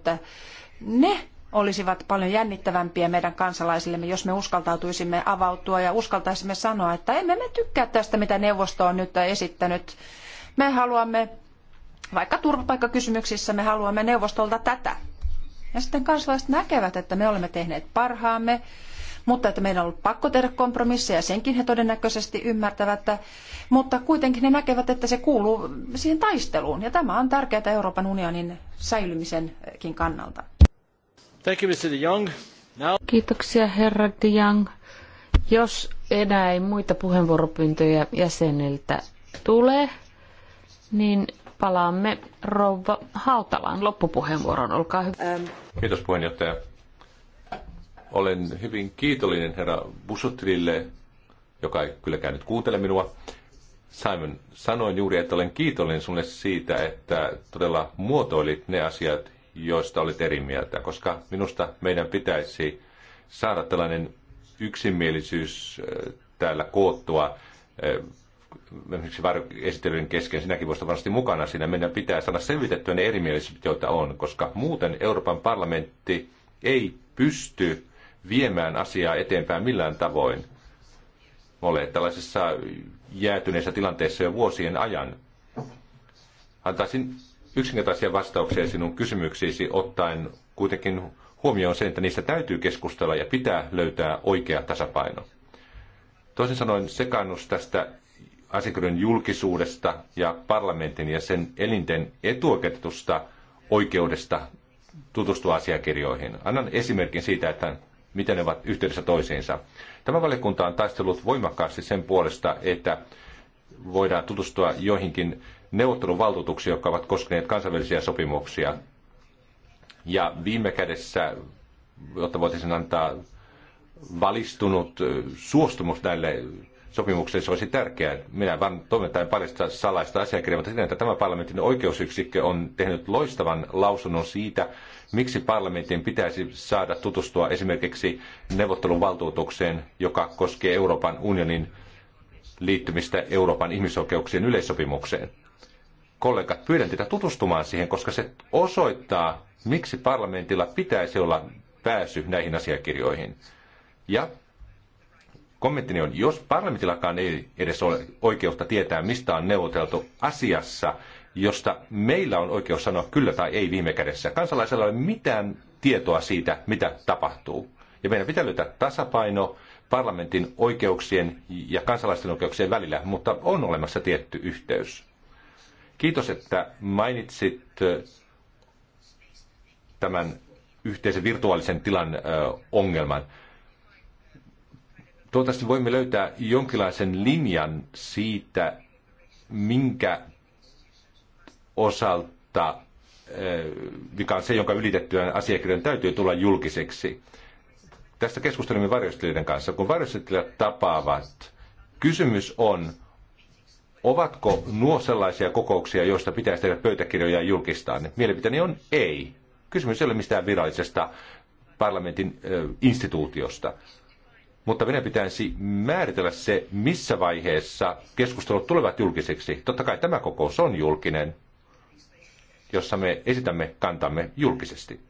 ne olisivat paljon jännittävämpiä meidän kansalaisillemme, jos me uskaltautuisimme avautua ja uskaltaisimme sanoa, että emme me tykkää tästä, mitä neuvosto on nyt esittänyt. Me haluamme, vaikka turvapaikkakysymyksissä, me haluamme neuvostolta tätä. Ja sitten kansalaiset näkevät, että me olemme tehneet parhaamme, mutta että meidän on ollut pakko tehdä kompromisseja, senkin he todennäköisesti ymmärtävät, että, mutta kuitenkin he näkevät, että se kuuluu siihen taisteluun, ja tämä on tärkeää Euroopan unionin säilymisenkin kannalta. Thank you, Mr. Now... Kiitoksia, herra De Young. Jos enää ei muita puheenvuoropyyntöjä jäseniltä tule, niin palaamme rouva Hautalaan loppupuheenvuoron. Olkaa hyvä. Ähm. Kiitos puheenjohtaja. Olen hyvin kiitollinen herra Busuttilille, joka ei kylläkään nyt kuuntele minua. Simon, sanoin juuri, että olen kiitollinen sinulle siitä, että todella muotoilit ne asiat, joista olit eri mieltä, koska minusta meidän pitäisi saada tällainen yksimielisyys äh, täällä koottua äh, esimerkiksi esittelyn kesken, sinäkin voisi varmasti mukana siinä, meidän pitää saada selvitettyä ne erimielisyydet, joita on, koska muuten Euroopan parlamentti ei pysty viemään asiaa eteenpäin millään tavoin. Ole tällaisessa jäätyneessä tilanteessa jo vuosien ajan. Antaisin yksinkertaisia vastauksia sinun kysymyksiisi ottaen kuitenkin huomioon sen, että niistä täytyy keskustella ja pitää löytää oikea tasapaino. Toisin sanoen sekannus tästä asiakirjojen julkisuudesta ja parlamentin ja sen elinten etuoketetusta oikeudesta tutustua asiakirjoihin. Annan esimerkin siitä, että miten ne ovat yhteydessä toisiinsa. Tämä valiokunta on taistellut voimakkaasti sen puolesta, että voidaan tutustua joihinkin neuvotteluvaltuutuksia, jotka ovat koskeneet kansainvälisiä sopimuksia. Ja viime kädessä, jotta voitaisiin antaa valistunut suostumus näille sopimukselle, se olisi tärkeää. Minä vain toimintaan parista salaista asiakirjaa, mutta siinä, että tämä parlamentin oikeusyksikkö on tehnyt loistavan lausunnon siitä, miksi parlamentin pitäisi saada tutustua esimerkiksi neuvotteluvaltuutukseen, joka koskee Euroopan unionin liittymistä Euroopan ihmisoikeuksien yleissopimukseen kollegat, pyydän teitä tutustumaan siihen, koska se osoittaa, miksi parlamentilla pitäisi olla pääsy näihin asiakirjoihin. Ja kommenttini on, jos parlamentillakaan ei edes ole oikeutta tietää, mistä on neuvoteltu asiassa, josta meillä on oikeus sanoa kyllä tai ei viime kädessä. Kansalaisella ei ole mitään tietoa siitä, mitä tapahtuu. Ja meidän pitää löytää tasapaino parlamentin oikeuksien ja kansalaisten oikeuksien välillä, mutta on olemassa tietty yhteys. Kiitos, että mainitsit tämän yhteisen virtuaalisen tilan ongelman. Toivottavasti voimme löytää jonkinlaisen linjan siitä, minkä osalta, mikä on se, jonka ylitettyä asiakirjan täytyy tulla julkiseksi. Tästä keskustelimme varjostelijoiden kanssa. Kun varjostelijat tapaavat, kysymys on, Ovatko nuo sellaisia kokouksia, joista pitäisi tehdä pöytäkirjoja ja julkistaa? Mielipiteeni on ei. Kysymys ei ole mistään virallisesta parlamentin ö, instituutiosta. Mutta meidän pitäisi määritellä se, missä vaiheessa keskustelut tulevat julkiseksi. Totta kai tämä kokous on julkinen, jossa me esitämme kantamme julkisesti.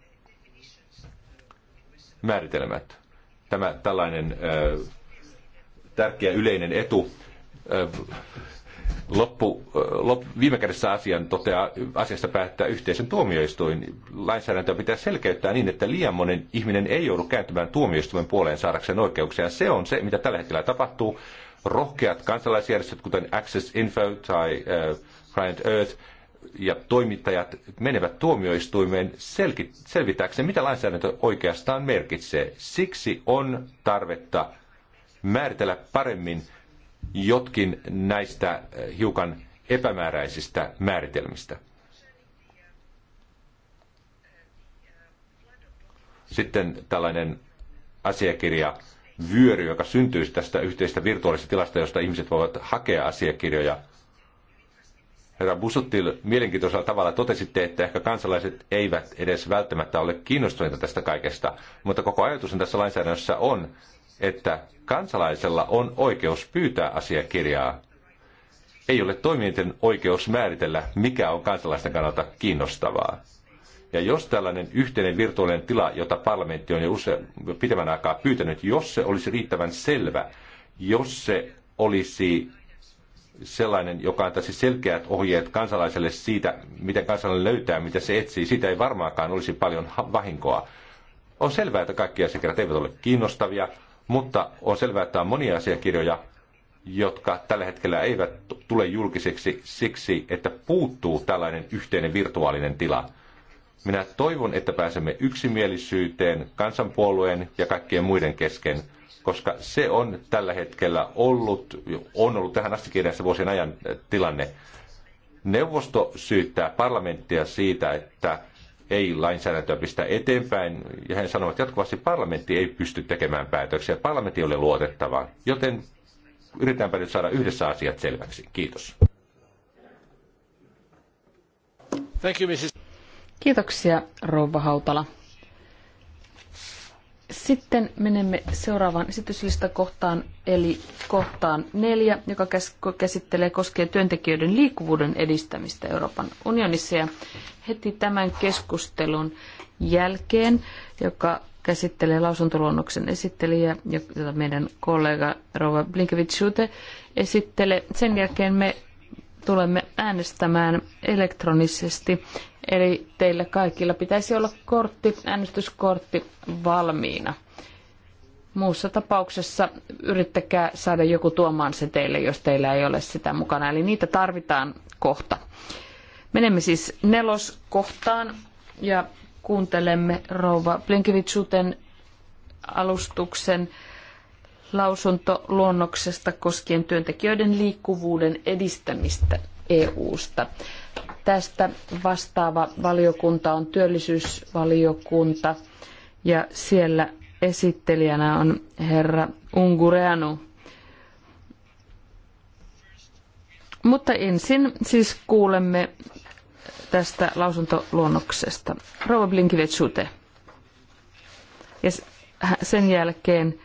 Määritelmät. Tämä tällainen ö, tärkeä yleinen etu ö, loppu, loppu, viime kädessä asian toteaa, asiasta päättää yhteisön tuomioistuin. Lainsäädäntöä pitää selkeyttää niin, että liian monen ihminen ei joudu kääntymään tuomioistuimen puoleen saadakseen oikeuksia. Se on se, mitä tällä hetkellä tapahtuu. Rohkeat kansalaisjärjestöt, kuten Access Info tai Planet Earth, ja toimittajat menevät tuomioistuimeen selvitäkseen, mitä lainsäädäntö oikeastaan merkitsee. Siksi on tarvetta määritellä paremmin jotkin näistä eh, hiukan epämääräisistä määritelmistä. Sitten tällainen asiakirja vyöry, joka syntyisi tästä yhteistä virtuaalisesta tilasta, josta ihmiset voivat hakea asiakirjoja. Herra Busuttil, mielenkiintoisella tavalla totesitte, että ehkä kansalaiset eivät edes välttämättä ole kiinnostuneita tästä kaikesta, mutta koko ajatus tässä lainsäädännössä on, että kansalaisella on oikeus pyytää asiakirjaa. Ei ole toimijoiden oikeus määritellä, mikä on kansalaisten kannalta kiinnostavaa. Ja jos tällainen yhteinen virtuaalinen tila, jota parlamentti on jo usein pitemmän aikaa pyytänyt, jos se olisi riittävän selvä, jos se olisi sellainen, joka antaisi selkeät ohjeet kansalaiselle siitä, miten kansalainen löytää, mitä se etsii, siitä ei varmaankaan olisi paljon vahinkoa. On selvää, että kaikki asiakirjat eivät ole kiinnostavia, mutta on selvää, että on monia asiakirjoja, jotka tällä hetkellä eivät tule julkiseksi siksi, että puuttuu tällainen yhteinen virtuaalinen tila. Minä toivon, että pääsemme yksimielisyyteen kansanpuolueen ja kaikkien muiden kesken, koska se on tällä hetkellä ollut, on ollut tähän asti kirjassa vuosien ajan eh, tilanne. Neuvosto syyttää parlamenttia siitä, että ei lainsäädäntöä pistä eteenpäin, ja hän sanoo, että jatkuvasti parlamentti ei pysty tekemään päätöksiä, parlamentti ei ole luotettava, joten yritetäänpä nyt saada yhdessä asiat selväksi. Kiitos. Thank you, Mrs. Kiitoksia, rouva Hautala. Sitten menemme seuraavaan esityslistakohtaan, eli kohtaan neljä, joka käsittelee koskee työntekijöiden liikkuvuuden edistämistä Euroopan unionissa. Ja heti tämän keskustelun jälkeen, joka käsittelee lausuntoluonnoksen esittelijä, jota meidän kollega Rova Blinkevitsute esittelee. Sen jälkeen me tulemme äänestämään elektronisesti Eli teillä kaikilla pitäisi olla kortti, äänestyskortti valmiina. Muussa tapauksessa yrittäkää saada joku tuomaan se teille, jos teillä ei ole sitä mukana. Eli niitä tarvitaan kohta. Menemme siis neloskohtaan ja kuuntelemme rouva Blinkevitsuten alustuksen lausuntoluonnoksesta koskien työntekijöiden liikkuvuuden edistämistä EU-sta. Tästä vastaava valiokunta on työllisyysvaliokunta ja siellä esittelijänä on herra Ungureanu. Mutta ensin siis kuulemme tästä lausuntoluonnoksesta. Rouva Blinkivetsute. Ja sen jälkeen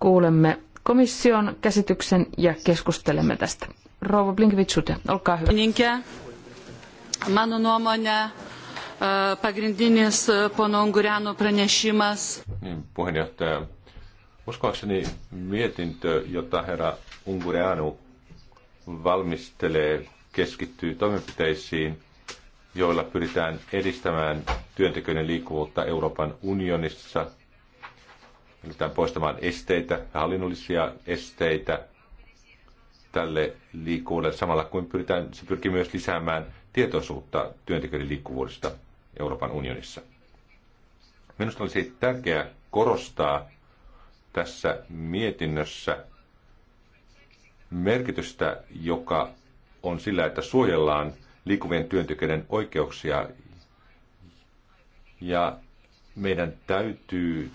kuulemme komission käsityksen ja keskustelemme tästä. Rouva Blinkvitsute, olkaa hyvä. Mano nuomonė, e, pagrindinis e, pono Unguriano pranešimas. Niin, puheenjohtaja, uskoakseni mietintö, jota herra Unguriano valmistelee, keskittyy toimenpiteisiin, joilla pyritään edistämään työntekijöiden liikkuvuutta Euroopan unionissa, pyritään poistamaan esteitä, hallinnollisia esteitä tälle liikkuvuudelle samalla kuin pyritään, se pyrkii myös lisäämään tietoisuutta työntekijöiden liikkuvuudesta Euroopan unionissa. Minusta olisi tärkeää korostaa tässä mietinnössä merkitystä, joka on sillä, että suojellaan liikkuvien työntekijöiden oikeuksia ja meidän täytyy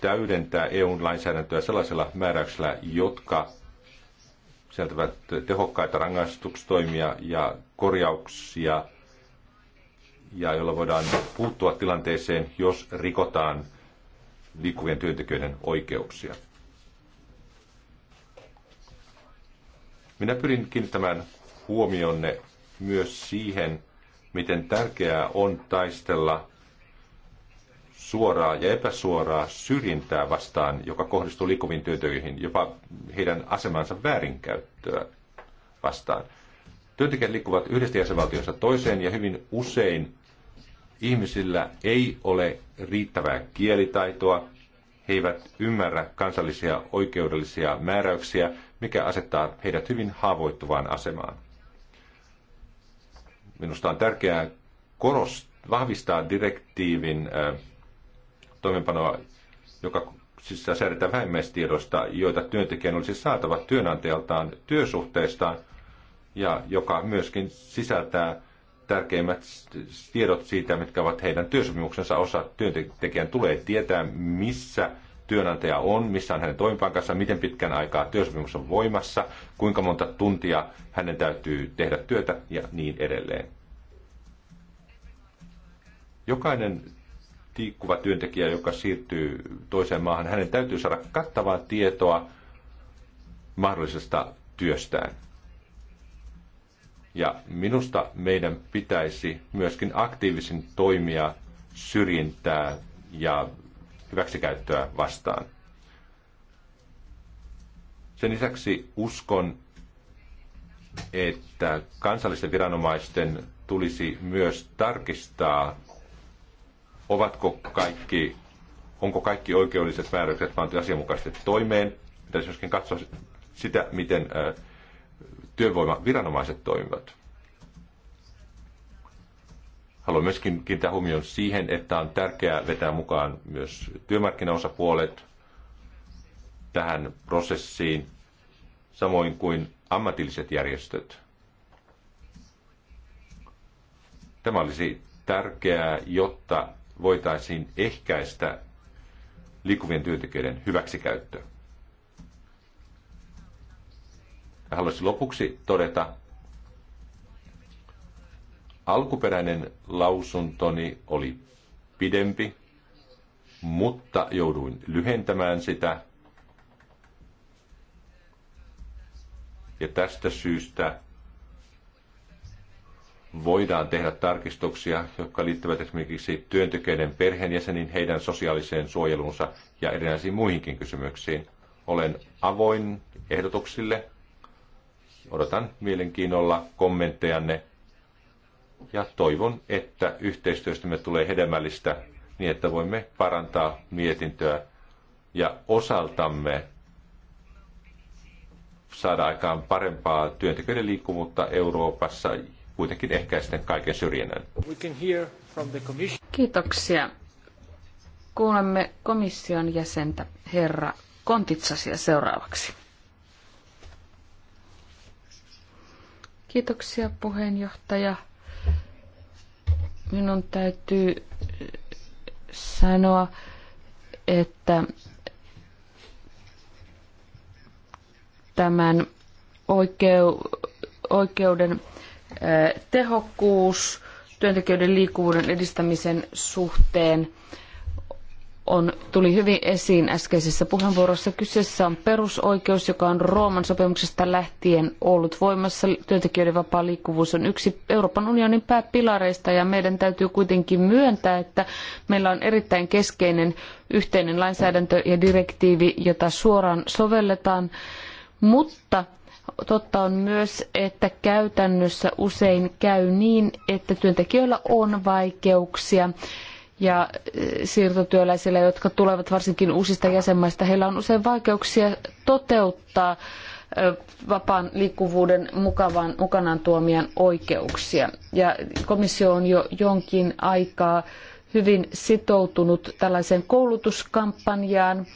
täydentää eu lainsäädäntöä sellaisella määräyksellä, jotka sieltävät tehokkaita rangaistustoimia ja korjauksia, ja joilla voidaan puuttua tilanteeseen, jos rikotaan liikkuvien työntekijöiden oikeuksia. Minä pyrin kiinnittämään huomionne myös siihen, miten tärkeää on taistella suoraa ja epäsuoraa syrjintää vastaan, joka kohdistuu liikkuviin työntekijöihin, jopa heidän asemansa väärinkäyttöä vastaan. Työntekijät liikkuvat yhdestä jäsenvaltiosta toiseen ja hyvin usein ihmisillä ei ole riittävää kielitaitoa, he eivät ymmärrä kansallisia oikeudellisia määräyksiä, mikä asettaa heidät hyvin haavoittuvaan asemaan. Minusta on tärkeää korostaa, vahvistaa direktiivin äh, toimenpanoa, joka sisältää säädetään vähimmäistiedosta, joita työntekijän olisi saatava työnantajaltaan työsuhteestaan, ja joka myöskin sisältää tärkeimmät tiedot siitä, mitkä ovat heidän työsopimuksensa osa. Työntekijän tulee tietää, missä työnantaja on, missä on hänen toimipankansa, miten pitkän aikaa työsopimus on voimassa, kuinka monta tuntia hänen täytyy tehdä työtä ja niin edelleen. Jokainen liikkuva työntekijä, joka siirtyy toiseen maahan, hänen täytyy saada kattavaa tietoa mahdollisesta työstään. Ja minusta meidän pitäisi myöskin aktiivisin toimia syrjintää ja hyväksikäyttöä vastaan. Sen lisäksi uskon, että kansallisten viranomaisten tulisi myös tarkistaa ovatko kaikki, onko kaikki oikeudelliset määräykset pantu asianmukaisesti toimeen. Pitäisi myöskin katsoa sitä, miten työvoimaviranomaiset toimivat. Haluan myöskin kiinnittää huomioon siihen, että on tärkeää vetää mukaan myös työmarkkinaosapuolet tähän prosessiin, samoin kuin ammatilliset järjestöt. Tämä olisi tärkeää, jotta voitaisiin ehkäistä liikkuvien työntekijöiden hyväksikäyttöä. haluaisin lopuksi todeta, alkuperäinen lausuntoni oli pidempi, mutta jouduin lyhentämään sitä. Ja tästä syystä voidaan tehdä tarkistuksia, jotka liittyvät esimerkiksi työntekijöiden perheenjäsenin, heidän sosiaaliseen suojelunsa ja erinäisiin muihinkin kysymyksiin. Olen avoin ehdotuksille. Odotan mielenkiinnolla kommenttejanne ja toivon, että yhteistyöstämme tulee hedelmällistä niin, että voimme parantaa mietintöä ja osaltamme saada aikaan parempaa työntekijöiden liikkuvuutta Euroopassa kuitenkin ehkäistä kaiken syrjinnän. Kiitoksia. Kuulemme komission jäsentä herra Kontitsasia seuraavaksi. Kiitoksia puheenjohtaja. Minun täytyy eh, sanoa, että tämän oikeu, oikeuden tehokkuus työntekijöiden liikkuvuuden edistämisen suhteen on, tuli hyvin esiin äskeisessä puheenvuorossa. Kyseessä on perusoikeus, joka on Rooman sopimuksesta lähtien ollut voimassa. Työntekijöiden vapaa liikkuvuus on yksi Euroopan unionin pääpilareista ja meidän täytyy kuitenkin myöntää, että meillä on erittäin keskeinen yhteinen lainsäädäntö ja direktiivi, jota suoraan sovelletaan. Mutta Totta on myös, että käytännössä usein käy niin, että työntekijöillä on vaikeuksia ja e, siirtotyöläisillä, jotka tulevat varsinkin uusista jäsenmaista, heillä on usein vaikeuksia toteuttaa e, vapaan liikkuvuuden mukavan, mukanaan tuomien oikeuksia. Ja komissio on jo jonkin aikaa hyvin sitoutunut tällaiseen koulutuskampanjaan.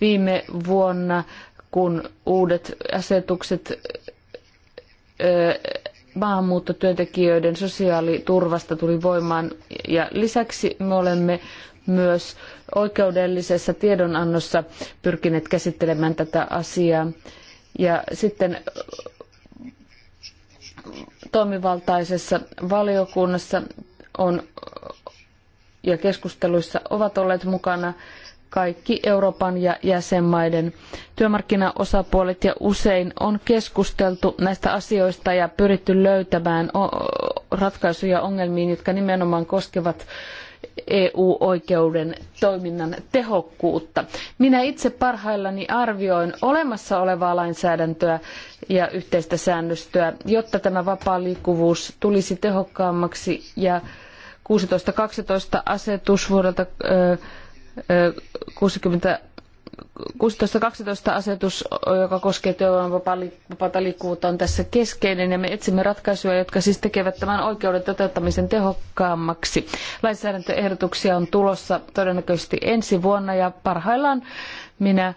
Viime vuonna kun uudet asetukset maahanmuuttotyöntekijöiden sosiaaliturvasta tuli voimaan. Ja lisäksi me olemme myös oikeudellisessa tiedonannossa pyrkineet käsittelemään tätä asiaa. Ja sitten toimivaltaisessa valiokunnassa on ja keskusteluissa ovat olleet mukana kaikki Euroopan ja jäsenmaiden työmarkkinaosapuolet ja usein on keskusteltu näistä asioista ja pyritty löytämään ratkaisuja ongelmiin, jotka nimenomaan koskevat EU-oikeuden toiminnan tehokkuutta. Minä itse parhaillani arvioin olemassa olevaa lainsäädäntöä ja yhteistä säännöstöä, jotta tämä vapaa liikkuvuus tulisi tehokkaammaksi ja 16.12 asetus vuodelta äh, 60 16.12 asetus, joka koskee työvoiman vapaata liikkuvuutta, on tässä keskeinen ja me etsimme ratkaisuja, jotka siis tekevät tämän oikeuden toteuttamisen tehokkaammaksi. Lainsäädäntöehdotuksia on tulossa todennäköisesti ensi vuonna ja parhaillaan minä,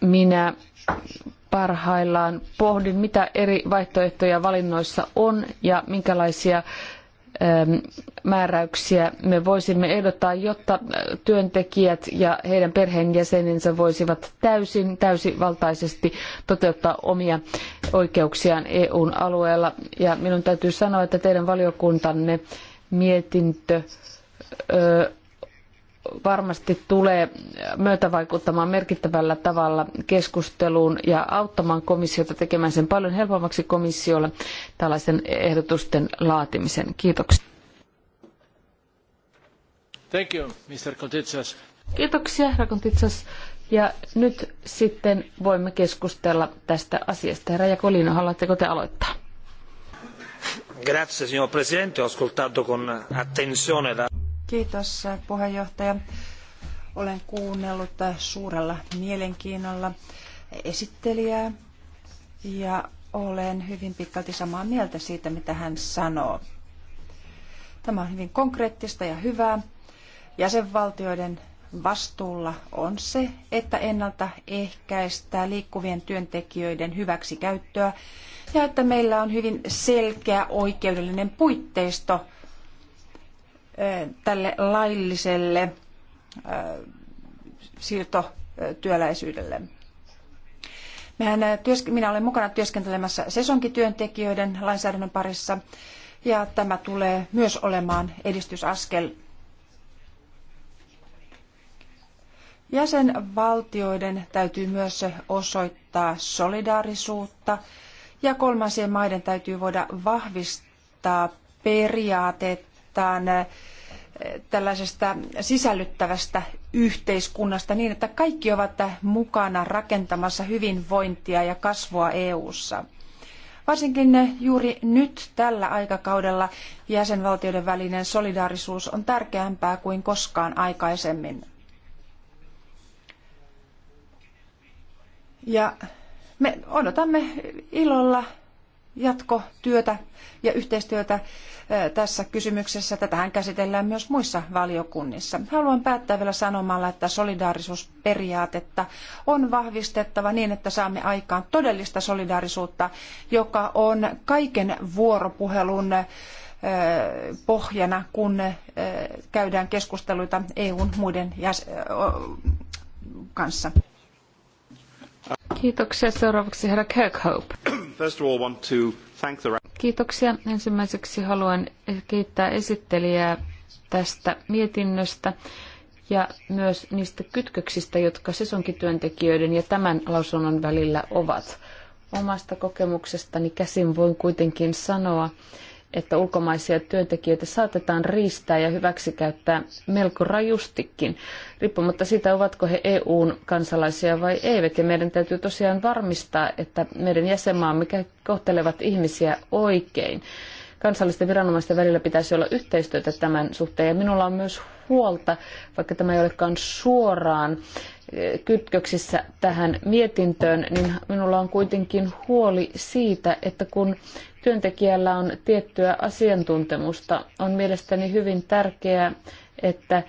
minä parhaillaan pohdin, mitä eri vaihtoehtoja valinnoissa on ja minkälaisia Ähm, määräyksiä me voisimme ehdottaa, jotta äh, työntekijät ja heidän perheenjäsenensä voisivat täysin, täysivaltaisesti toteuttaa omia oikeuksiaan EUn alueella. Ja minun täytyy sanoa, että teidän valiokuntanne mietintö varmasti tulee myötävaikuttamaan merkittävällä tavalla keskusteluun ja auttamaan komissiota tekemään sen paljon helpommaksi komissiolle tällaisen ehdotusten laatimisen. Kiitoksia. Thank you, Mr. Kontitsas. Kiitoksia, herra Kontitsas. Ja nyt sitten voimme keskustella tästä asiasta. Herra Jakolino, haluatteko te aloittaa? Grazie, signor Presidente. Ho ascoltato con attenzione la... Kiitos puheenjohtaja. Olen kuunnellut suurella mielenkiinnolla esittelijää ja olen hyvin pitkälti samaa mieltä siitä, mitä hän sanoo. Tämä on hyvin konkreettista ja hyvää. Jäsenvaltioiden vastuulla on se, että ennalta ehkäistää liikkuvien työntekijöiden hyväksikäyttöä ja että meillä on hyvin selkeä oikeudellinen puitteisto – tälle lailliselle siirtotyöläisyydelle. Mehän, minä olen mukana työskentelemässä sesonkityöntekijöiden lainsäädännön parissa ja tämä tulee myös olemaan edistysaskel. Jäsenvaltioiden täytyy myös osoittaa solidaarisuutta ja kolmansien maiden täytyy voida vahvistaa periaatetta puhutaan eh, tällaisesta sisällyttävästä yhteiskunnasta niin, että kaikki ovat mukana rakentamassa hyvinvointia ja kasvua EU:ssa. Varsinkin eh, juuri nyt tällä aikakaudella jäsenvaltioiden välinen solidaarisuus on tärkeämpää kuin koskaan aikaisemmin. Ja me odotamme ilolla jatkotyötä ja yhteistyötä tässä kysymyksessä. Tätähän käsitellään myös muissa valiokunnissa. Haluan päättää vielä sanomalla, että solidaarisuusperiaatetta on vahvistettava niin, että saamme aikaan todellista solidaarisuutta, joka on kaiken vuoropuhelun pohjana, kun käydään keskusteluita EUn muiden jäs- kanssa. Kiitoksia. Seuraavaksi herra Kirkhope. First of all, want to thank the... Kiitoksia. Ensimmäiseksi haluan kiittää esittelijää tästä mietinnöstä ja myös niistä kytköksistä, jotka sesonkityöntekijöiden ja tämän lausunnon välillä ovat. Omasta kokemuksestani käsin voin kuitenkin sanoa, että ulkomaisia työntekijöitä saatetaan riistää ja hyväksikäyttää melko rajustikin, riippumatta siitä, ovatko he EUn kansalaisia vai eivät. Ja meidän täytyy tosiaan varmistaa, että meidän jäsenmaamme kohtelevat ihmisiä oikein. Kansallisten viranomaisten välillä pitäisi olla yhteistyötä tämän suhteen. Ja minulla on myös huolta, vaikka tämä ei olekaan suoraan eh, kytköksissä tähän mietintöön, niin minulla on kuitenkin huoli siitä, että kun työntekijällä on tiettyä asiantuntemusta. On mielestäni hyvin tärkeää, että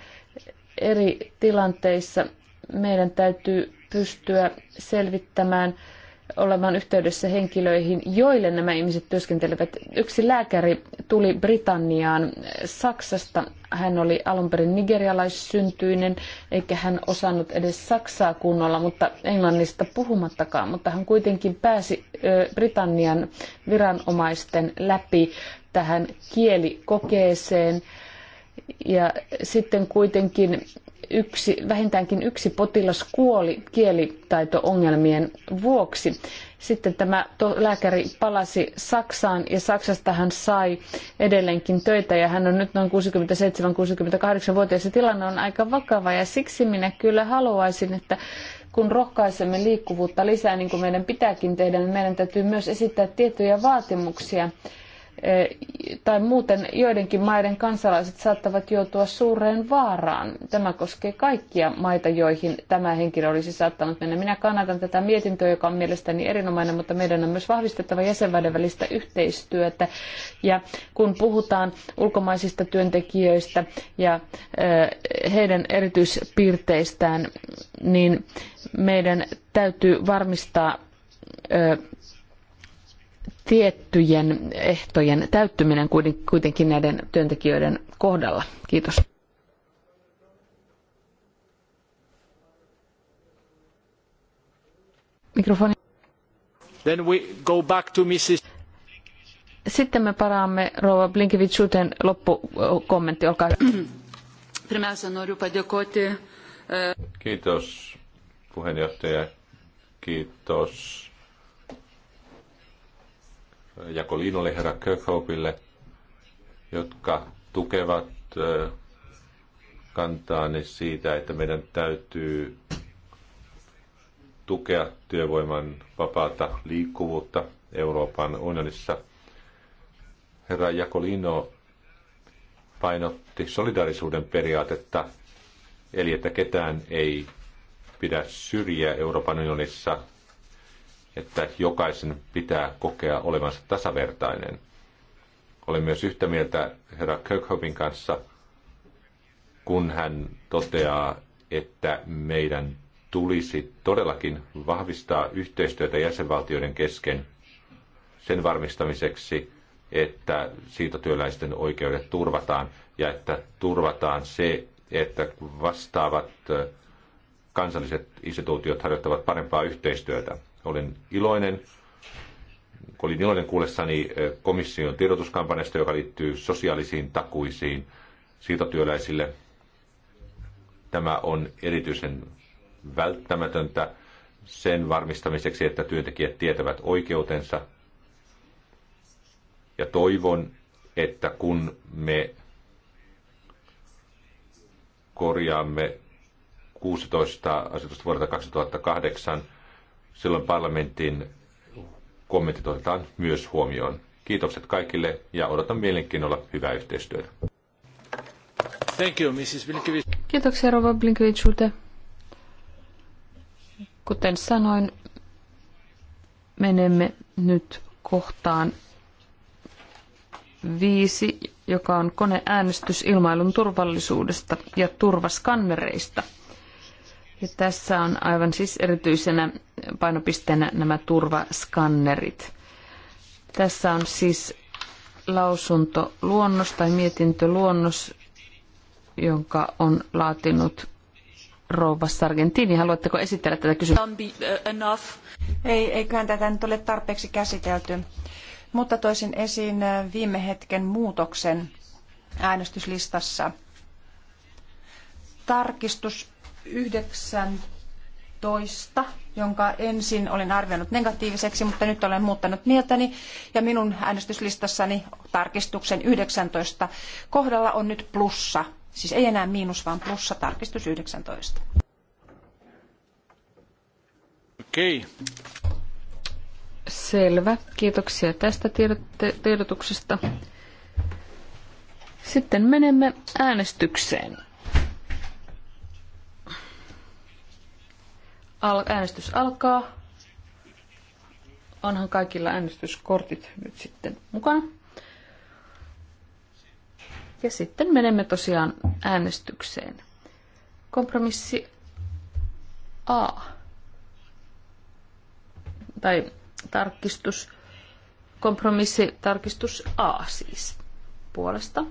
eri tilanteissa meidän täytyy pystyä selvittämään olemaan yhteydessä henkilöihin, joille nämä ihmiset työskentelevät. Yksi lääkäri tuli Britanniaan Saksasta. Hän oli alun perin nigerialaissyntyinen, eikä hän osannut edes Saksaa kunnolla, mutta englannista puhumattakaan. Mutta hän kuitenkin pääsi Britannian viranomaisten läpi tähän kielikokeeseen. Ja sitten kuitenkin yksi, vähintäänkin yksi potilas kuoli kielitaito-ongelmien vuoksi. Sitten tämä lääkäri palasi Saksaan ja Saksasta hän sai edelleenkin töitä ja hän on nyt noin 67-68-vuotias ja tilanne on aika vakava ja siksi minä kyllä haluaisin, että kun rohkaisemme liikkuvuutta lisää, niin kuin meidän pitääkin tehdä, niin meidän täytyy myös esittää tiettyjä vaatimuksia Eh, tai muuten joidenkin maiden kansalaiset saattavat joutua suureen vaaraan. Tämä koskee kaikkia maita, joihin tämä henkilö olisi saattanut mennä. Minä kannatan tätä mietintöä, joka on mielestäni erinomainen, mutta meidän on myös vahvistettava jäsenväiden välistä yhteistyötä. Ja kun puhutaan ulkomaisista työntekijöistä ja eh, heidän erityispiirteistään, niin meidän täytyy varmistaa eh, tiettyjen ehtojen täyttyminen kuitenkin näiden työntekijöiden kohdalla. Kiitos. Mikrofoni. Then we go back to Mrs. Sitten me paraamme rouva Blinkevichuten loppukommentti, olkaa hyvä. *clears throat* Pirmiausia noriu padėkoti. E, kiitos puheenjohtaja, kiitos Jakoliinolle, herra Kirkhopeille, jotka tukevat kantaanne siitä, että meidän täytyy tukea työvoiman vapaata liikkuvuutta Euroopan unionissa. Herra Jakolino painotti solidaarisuuden periaatetta, eli että ketään ei pidä syrjiä Euroopan unionissa että jokaisen pitää kokea olevansa tasavertainen. Olen myös yhtä mieltä herra Kirkhopin kanssa, kun hän toteaa, että meidän tulisi todellakin vahvistaa yhteistyötä jäsenvaltioiden kesken sen varmistamiseksi, että siirtotyöläisten oikeudet turvataan ja että turvataan se, että vastaavat kansalliset instituutiot harjoittavat parempaa yhteistyötä. Olen iloinen, olin iloinen kuullessani eh, komission tiedotuskampanjasta, joka liittyy sosiaalisiin takuisiin siirtotyöläisille. Tämä on erityisen välttämätöntä sen varmistamiseksi, että työntekijät tietävät oikeutensa. Ja toivon, että kun me korjaamme 16 asetusta vuodelta 2008, silloin parlamentin kommentit otetaan myös huomioon. Kiitokset kaikille ja odotan mielenkiinnolla hyvää yhteistyötä. Thank you, Mrs. Kiitoksia Rova Blinkevichulta. Kuten sanoin, menemme nyt kohtaan viisi, joka on koneäänestys ilmailun turvallisuudesta ja turvaskannereista. Ja tässä on aivan siis erityisenä painopisteenä nämä turvaskannerit. Tässä on siis lausunto luonnos tai mietintö luonnos, jonka on laatinut rouva Sargentini. Haluatteko esitellä tätä kysymystä? Uh, Ei, eiköhän tätä nyt ole tarpeeksi käsitelty. Mutta toisin esiin äh, viime hetken muutoksen äänestyslistassa. Tarkistus 19, jonka ensin olin arvioinut negatiiviseksi, mutta nyt olen muuttanut mieltäni. Ja minun äänestyslistassani tarkistuksen 19 kohdalla on nyt plussa. Siis ei enää miinus, vaan plussa tarkistus 19. Okei. Selvä. Kiitoksia tästä tiedotuksesta. Sitten menemme äänestykseen. Al- äänestys alkaa. Onhan kaikilla äänestyskortit nyt sitten mukana. Ja sitten menemme tosiaan äänestykseen. Kompromissi A. Tai tarkistus. Kompromissi tarkistus A siis. Puolesta.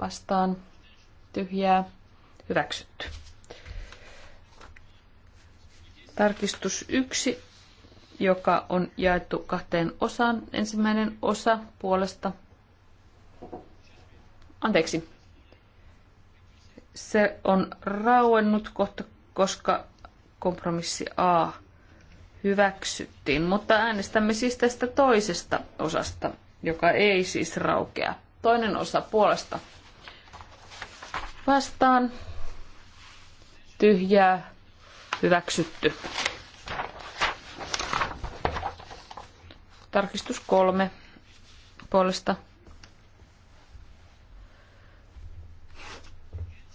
Vastaan. Tyhjää. Hyväksytty. Tarkistus 1, joka on jaettu kahteen osaan. Ensimmäinen osa puolesta. Anteeksi. Se on rauennut kohta, koska kompromissi A hyväksyttiin. Mutta äänestämme siis tästä toisesta osasta, joka ei siis raukea. Toinen osa puolesta vastaan. Tyhjää Hyväksytty. Tarkistus kolme puolesta.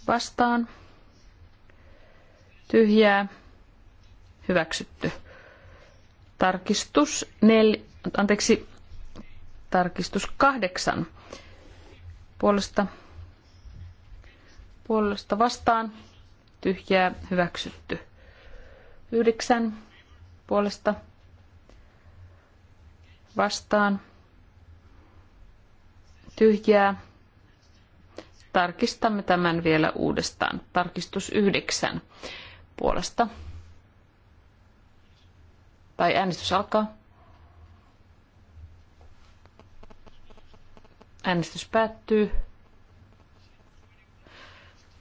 Vastaan. Tyhjää. Hyväksytty. Tarkistus nel... Anteeksi. Tarkistus kahdeksan. Puolesta. Puolesta vastaan. Tyhjää. Hyväksytty. Yhdeksän puolesta vastaan tyhjää. Tarkistamme tämän vielä uudestaan. Tarkistus yhdeksän puolesta. Tai äänestys alkaa. Äänestys päättyy.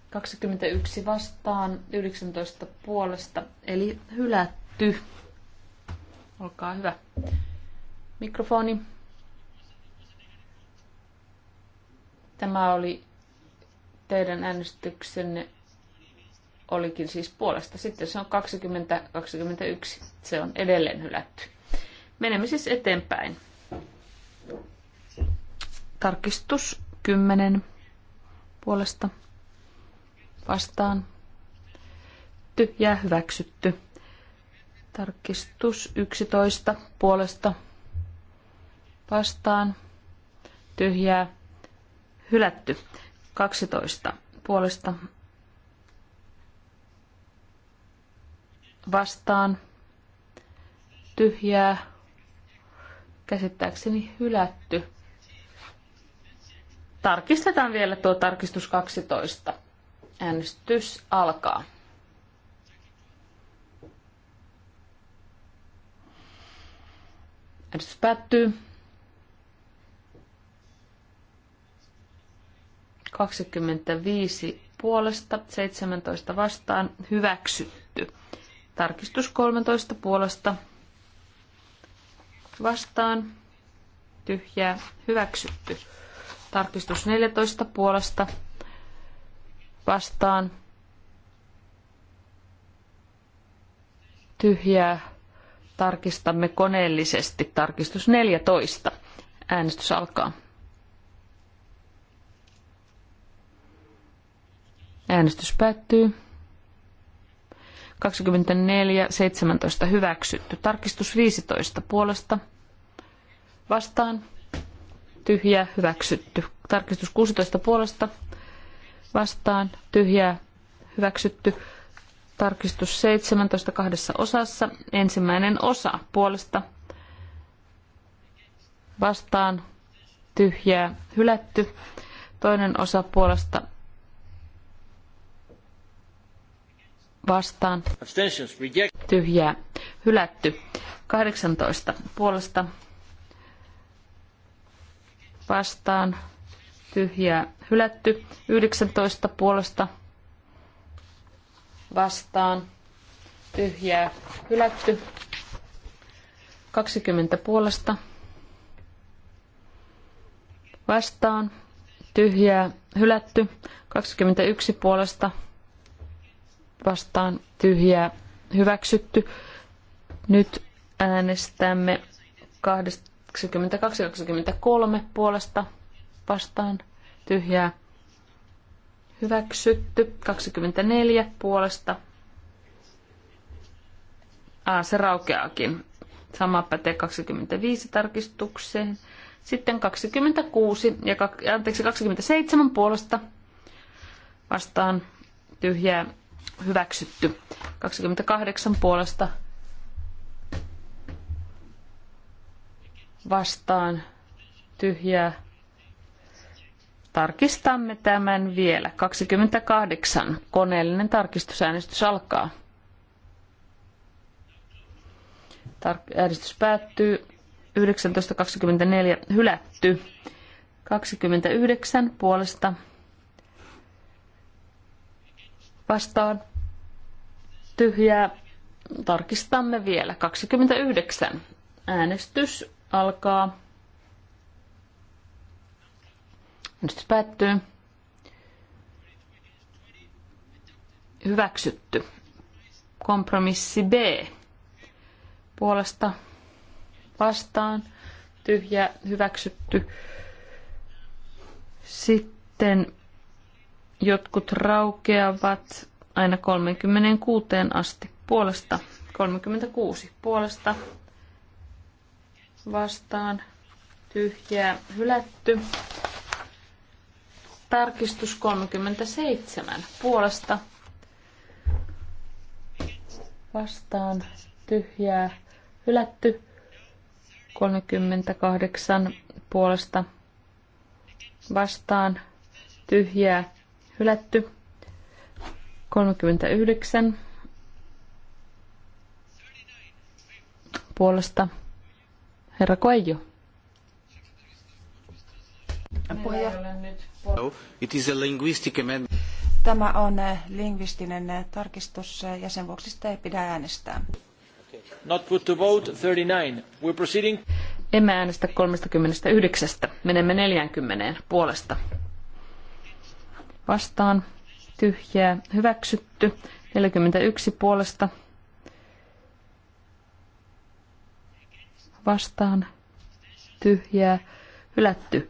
21 vastaan, 19 puolesta, eli hylätty. Olkaa hyvä. Mikrofoni. Tämä oli teidän äänestyksenne olikin siis puolesta. Sitten se on 20-21. Se on edelleen hylätty. Menemme siis eteenpäin. Tarkistus 10 puolesta vastaan ja hyväksytty. Tarkistus 11 puolesta vastaan tyhjää hylätty. 12 puolesta vastaan tyhjää käsittääkseni hylätty. Tarkistetaan vielä tuo tarkistus 12. Äänestys alkaa. Äänestys päättyy. 25 puolesta, 17 vastaan, hyväksytty. Tarkistus 13 puolesta, vastaan, tyhjää, hyväksytty. Tarkistus 14 puolesta, vastaan tyhjää. Tarkistamme koneellisesti. Tarkistus 14. Äänestys alkaa. Äänestys päättyy. 24, 17 hyväksytty. Tarkistus 15 puolesta. Vastaan. Tyhjä hyväksytty. Tarkistus 16 puolesta vastaan tyhjää hyväksytty. Tarkistus 17 kahdessa osassa. Ensimmäinen osa puolesta vastaan tyhjää hylätty. Toinen osa puolesta vastaan tyhjää hylätty. 18 puolesta vastaan tyhjää hylätty. 19 puolesta vastaan tyhjää hylätty. 20 puolesta vastaan tyhjää hylätty. 21 puolesta vastaan tyhjää hyväksytty. Nyt äänestämme 82-23 puolesta vastaan tyhjää hyväksytty. 24 puolesta. A, se raukeakin. Sama pätee 25 tarkistukseen. Sitten 26 ja anteeksi, 27 puolesta vastaan tyhjää hyväksytty. 28 puolesta vastaan tyhjää Tarkistamme tämän vielä. 28. Koneellinen tarkistusäänestys alkaa. äänestys päättyy. 19.24 hylätty. 29 puolesta vastaan tyhjää. Tarkistamme vielä. 29. Äänestys alkaa. se päättyy. Hyväksytty. Kompromissi B. Puolesta vastaan. Tyhjä hyväksytty. Sitten jotkut raukeavat aina 36 asti puolesta. 36 puolesta vastaan tyhjää hylätty. Tarkistus 37 puolesta vastaan tyhjää hylätty. 38 puolesta vastaan tyhjää hylätty. 39 puolesta herra ole nyt. It is a linguistic amendment. Tämä on eh, lingvistinen eh, tarkistus eh, ja sen vuoksi sitä ei pidä äänestää. Not put to vote 39. We're proceeding. Emme äänestä 39. Menemme 40 puolesta. Vastaan. Tyhjää. Hyväksytty. 41 puolesta. Vastaan. Tyhjää. Hylätty.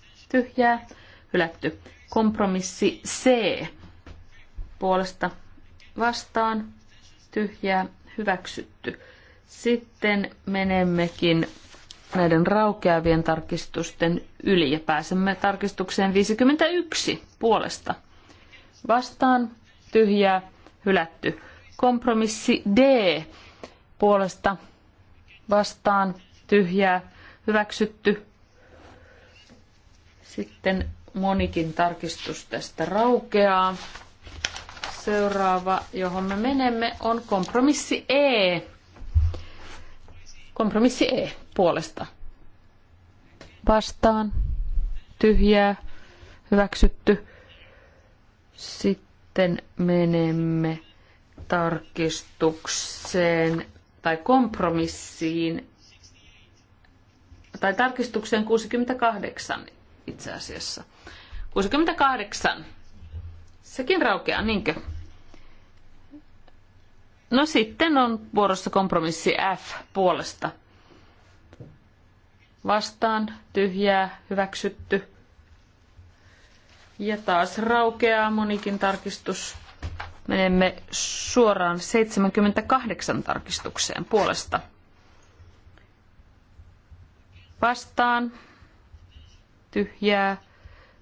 tyhjää, hylätty. Kompromissi C puolesta vastaan, tyhjää, hyväksytty. Sitten menemmekin näiden raukeavien tarkistusten yli ja pääsemme tarkistukseen 51 puolesta. Vastaan, tyhjää, hylätty. Kompromissi D puolesta vastaan, tyhjää, hyväksytty. Sitten monikin tarkistus tästä raukeaa. Seuraava, johon me menemme, on kompromissi E. Kompromissi E puolesta. Vastaan. Tyhjää. Hyväksytty. Sitten menemme tarkistukseen tai kompromissiin tai tarkistukseen 68 itse asiassa. 68. Sekin raukeaa, niinkö? No sitten on vuorossa kompromissi F puolesta. Vastaan, tyhjää, hyväksytty. Ja taas raukeaa monikin tarkistus. Menemme suoraan 78 tarkistukseen puolesta. Vastaan, tyhjää,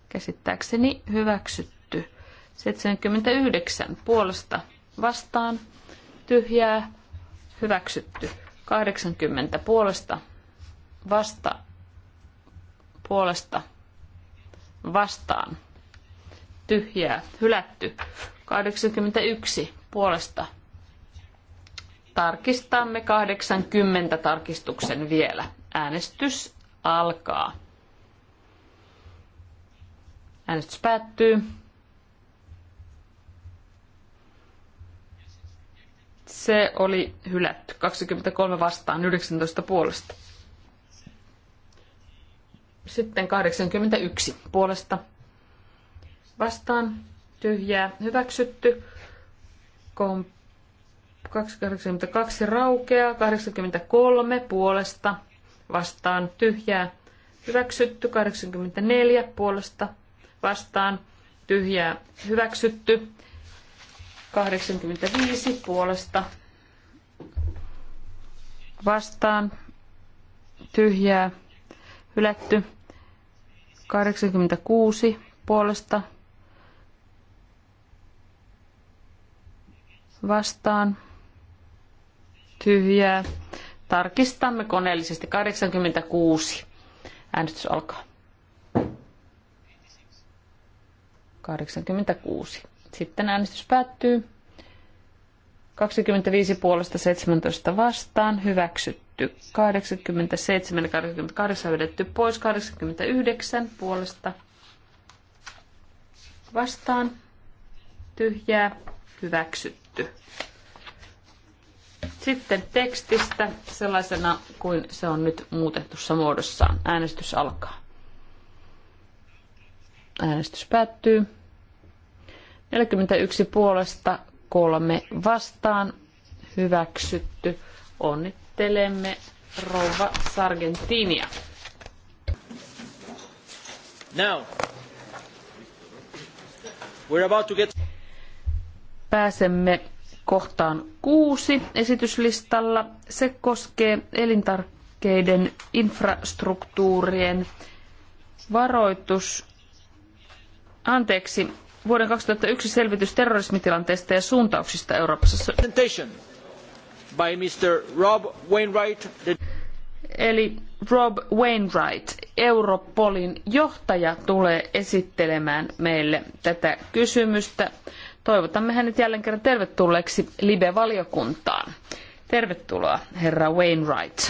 käsittääkseni hyväksytty. 79 puolesta vastaan, tyhjää, hyväksytty. 80 puolesta vasta, puolesta vastaan, tyhjää, hylätty. 81 puolesta tarkistamme 80 tarkistuksen vielä. Äänestys alkaa. Äänestys päättyy. Se oli hylätty. 23 vastaan 19 puolesta. Sitten 81 puolesta vastaan tyhjää hyväksytty. Kom 282 raukeaa, 83 puolesta vastaan tyhjää hyväksytty, 84 puolesta vastaan tyhjää hyväksytty. 85 puolesta vastaan tyhjää hylätty. 86 puolesta vastaan tyhjää. Tarkistamme koneellisesti 86. Äänestys alkaa. 86. Sitten äänestys päättyy. 25 puolesta 17 vastaan hyväksytty. 87 ja 88 vedetty pois. 89 puolesta vastaan tyhjää hyväksytty. Sitten tekstistä sellaisena kuin se on nyt muutetussa muodossaan. Äänestys alkaa. Äänestys päättyy. 41 puolesta, kolme vastaan, hyväksytty. Onnittelemme rouva Sargentinia. Now, we're about to get... Pääsemme kohtaan kuusi esityslistalla. Se koskee elintarkeiden infrastruktuurien varoitus. Anteeksi, vuoden 2001 selvitys terrorismitilanteesta ja suuntauksista Euroopassa. By Mr. Rob Wainwright, the... Eli Rob Wainwright, Europolin johtaja, tulee esittelemään meille tätä kysymystä. Toivotamme hänet jälleen kerran tervetulleeksi Libe-valiokuntaan. Tervetuloa, herra Wainwright.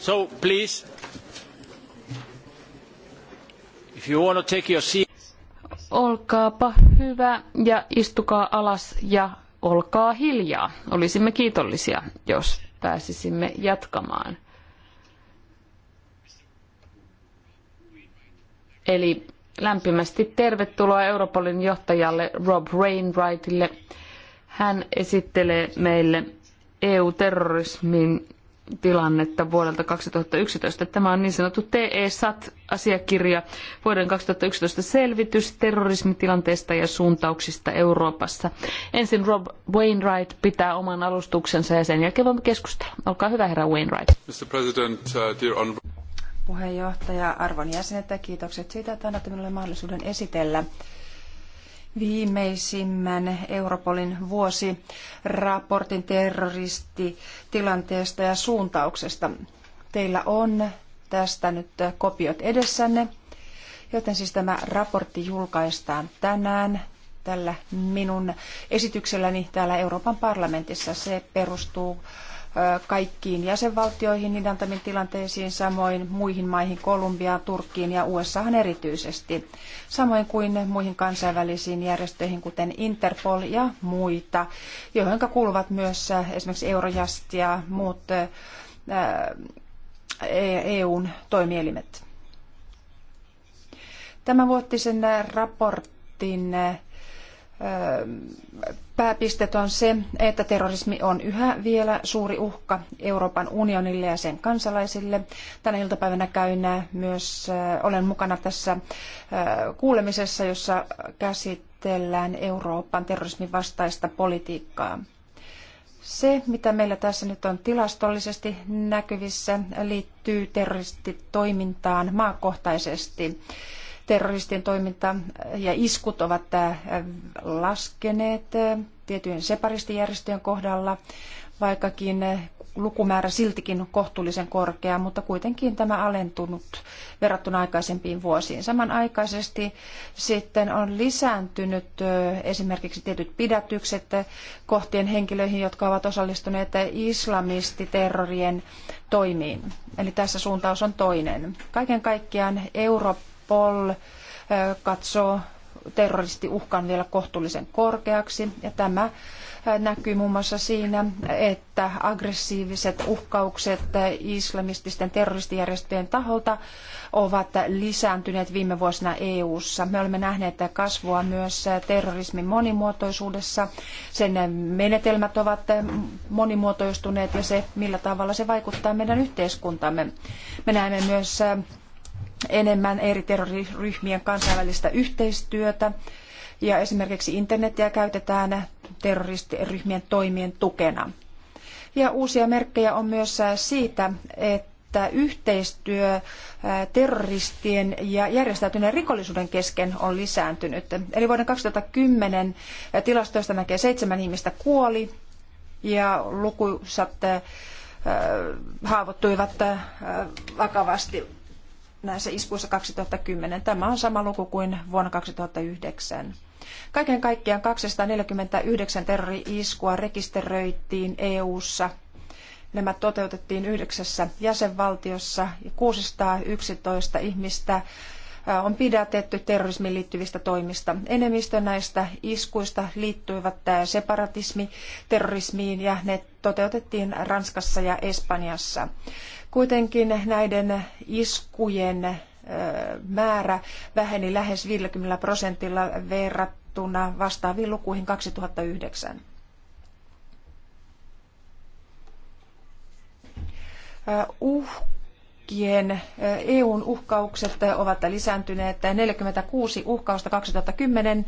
So, please, if you want to take your seat. Olkaapa hyvä ja istukaa alas ja olkaa hiljaa. Olisimme kiitollisia, jos pääsisimme jatkamaan. Eli lämpimästi tervetuloa Europolin johtajalle Rob Rainwrightille. Hän esittelee meille EU-terrorismin tilannetta vuodelta 2011. Tämä on niin sanottu TE-SAT-asiakirja, vuoden 2011 selvitys terrorismitilanteesta ja suuntauksista Euroopassa. Ensin Rob Wainwright pitää oman alustuksensa ja sen jälkeen voimme keskustella. Olkaa hyvä, herra Wainwright. Mr. President, uh, Puheenjohtaja, arvon jäsenet, kiitokset siitä, että annatte minulle mahdollisuuden esitellä viimeisimmän Europolin vuosiraportin terroristitilanteesta ja suuntauksesta. Teillä on tästä nyt kopiot edessänne, joten siis tämä raportti julkaistaan tänään tällä minun esitykselläni täällä Euroopan parlamentissa. Se perustuu kaikkiin jäsenvaltioihin, niiden antamiin tilanteisiin, samoin muihin maihin, Kolumbiaan, Turkkiin ja USAhan erityisesti, samoin kuin muihin kansainvälisiin järjestöihin, kuten Interpol ja muita, joihin kuuluvat myös esimerkiksi Eurojust ja muut e- EUn toimielimet. Tämänvuotisen vuottisen raportin pääpistet on se, että terrorismi on yhä vielä suuri uhka Euroopan unionille ja sen kansalaisille. Tänä iltapäivänä käyn myös, äh, olen mukana tässä äh, kuulemisessa, jossa käsitellään Euroopan terrorismin vastaista politiikkaa. Se, mitä meillä tässä nyt on tilastollisesti näkyvissä, liittyy terroristitoimintaan maakohtaisesti terroristien toiminta ja iskut ovat laskeneet tiettyjen separistijärjestöjen kohdalla, vaikkakin lukumäärä siltikin kohtuullisen korkea, mutta kuitenkin tämä alentunut verrattuna aikaisempiin vuosiin. Samanaikaisesti sitten on lisääntynyt esimerkiksi tietyt pidätykset kohtien henkilöihin, jotka ovat osallistuneet islamistiterrorien toimiin. Eli tässä suuntaus on toinen. Kaiken kaikkiaan Eurooppa Europol katsoo terroristiuhkan vielä kohtuullisen korkeaksi. Ja tämä näkyy muun muassa siinä, että aggressiiviset uhkaukset islamististen terroristijärjestöjen taholta ovat lisääntyneet viime vuosina EU-ssa. Me olemme nähneet kasvua myös terrorismin monimuotoisuudessa. Sen menetelmät ovat monimuotoistuneet ja se, millä tavalla se vaikuttaa meidän yhteiskuntamme. Me näemme myös enemmän eri terroriryhmien kansainvälistä yhteistyötä ja esimerkiksi internetiä käytetään terroristiryhmien toimien tukena. Ja uusia merkkejä on myös siitä, että yhteistyö terroristien ja järjestäytyneen rikollisuuden kesken on lisääntynyt. Eli vuoden 2010 tilastoista näkee seitsemän ihmistä kuoli ja lukuisat haavoittuivat vakavasti näissä iskuissa 2010. Tämä on sama luku kuin vuonna 2009. Kaiken kaikkiaan 249 terrori-iskua rekisteröitiin EU:ssa. Nämä toteutettiin yhdeksässä jäsenvaltiossa ja 611 ihmistä on pidätetty terrorismiin liittyvistä toimista. Enemmistö näistä iskuista liittyivät separatismi, terrorismiin ja ne toteutettiin Ranskassa ja Espanjassa. Kuitenkin näiden iskujen määrä väheni lähes 50 prosentilla verrattuna vastaaviin lukuihin 2009. Uhkien, EUn uhkaukset ovat lisääntyneet 46 uhkausta 2010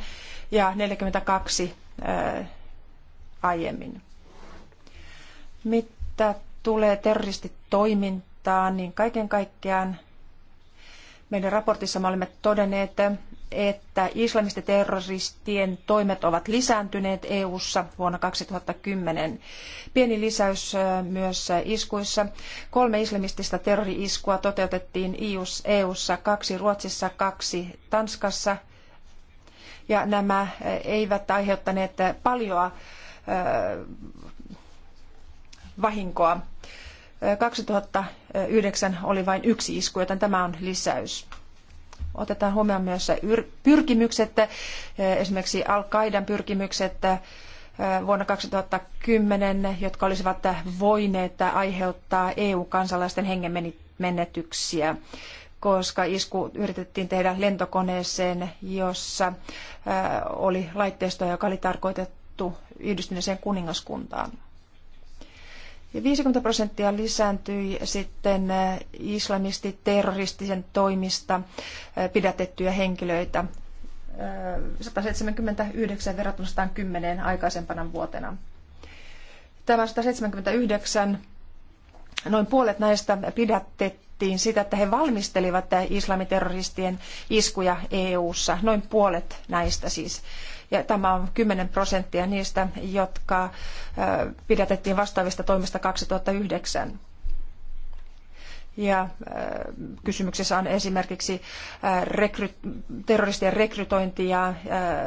ja 42 aiemmin. Mitä tulee terroristitoimintaan, niin kaiken kaikkiaan meidän raportissa me olemme todenneet, että islamistiterroristien toimet ovat lisääntyneet EU:ssa vuonna 2010. Pieni lisäys myös iskuissa. Kolme islamistista terrori-iskua toteutettiin EU:ssa, kaksi Ruotsissa, kaksi Tanskassa. Ja nämä eivät aiheuttaneet paljoa vahinkoa 2009 oli vain yksi isku, joten tämä on lisäys. Otetaan huomioon myös pyrkimykset, eh, esimerkiksi Al-Qaidan pyrkimykset eh, vuonna 2010, jotka olisivat voineet aiheuttaa EU-kansalaisten hengenmenetyksiä, koska isku yritettiin tehdä lentokoneeseen, jossa eh, oli laitteistoa, joka oli tarkoitettu yhdistyneeseen kuningaskuntaan. 50 prosenttia lisääntyi sitten islamistiterroristisen toimista pidätettyjä henkilöitä 179 verrattuna 110 aikaisempana vuotena. Tämä 179, noin puolet näistä pidätettiin sitä, että he valmistelivat islamiterroristien iskuja EU-ssa, noin puolet näistä siis ja tämä on 10 prosenttia niistä, jotka pidätettiin vastaavista toimista 2009. Ja kysymyksessä on esimerkiksi rekry, terroristien rekrytointi ja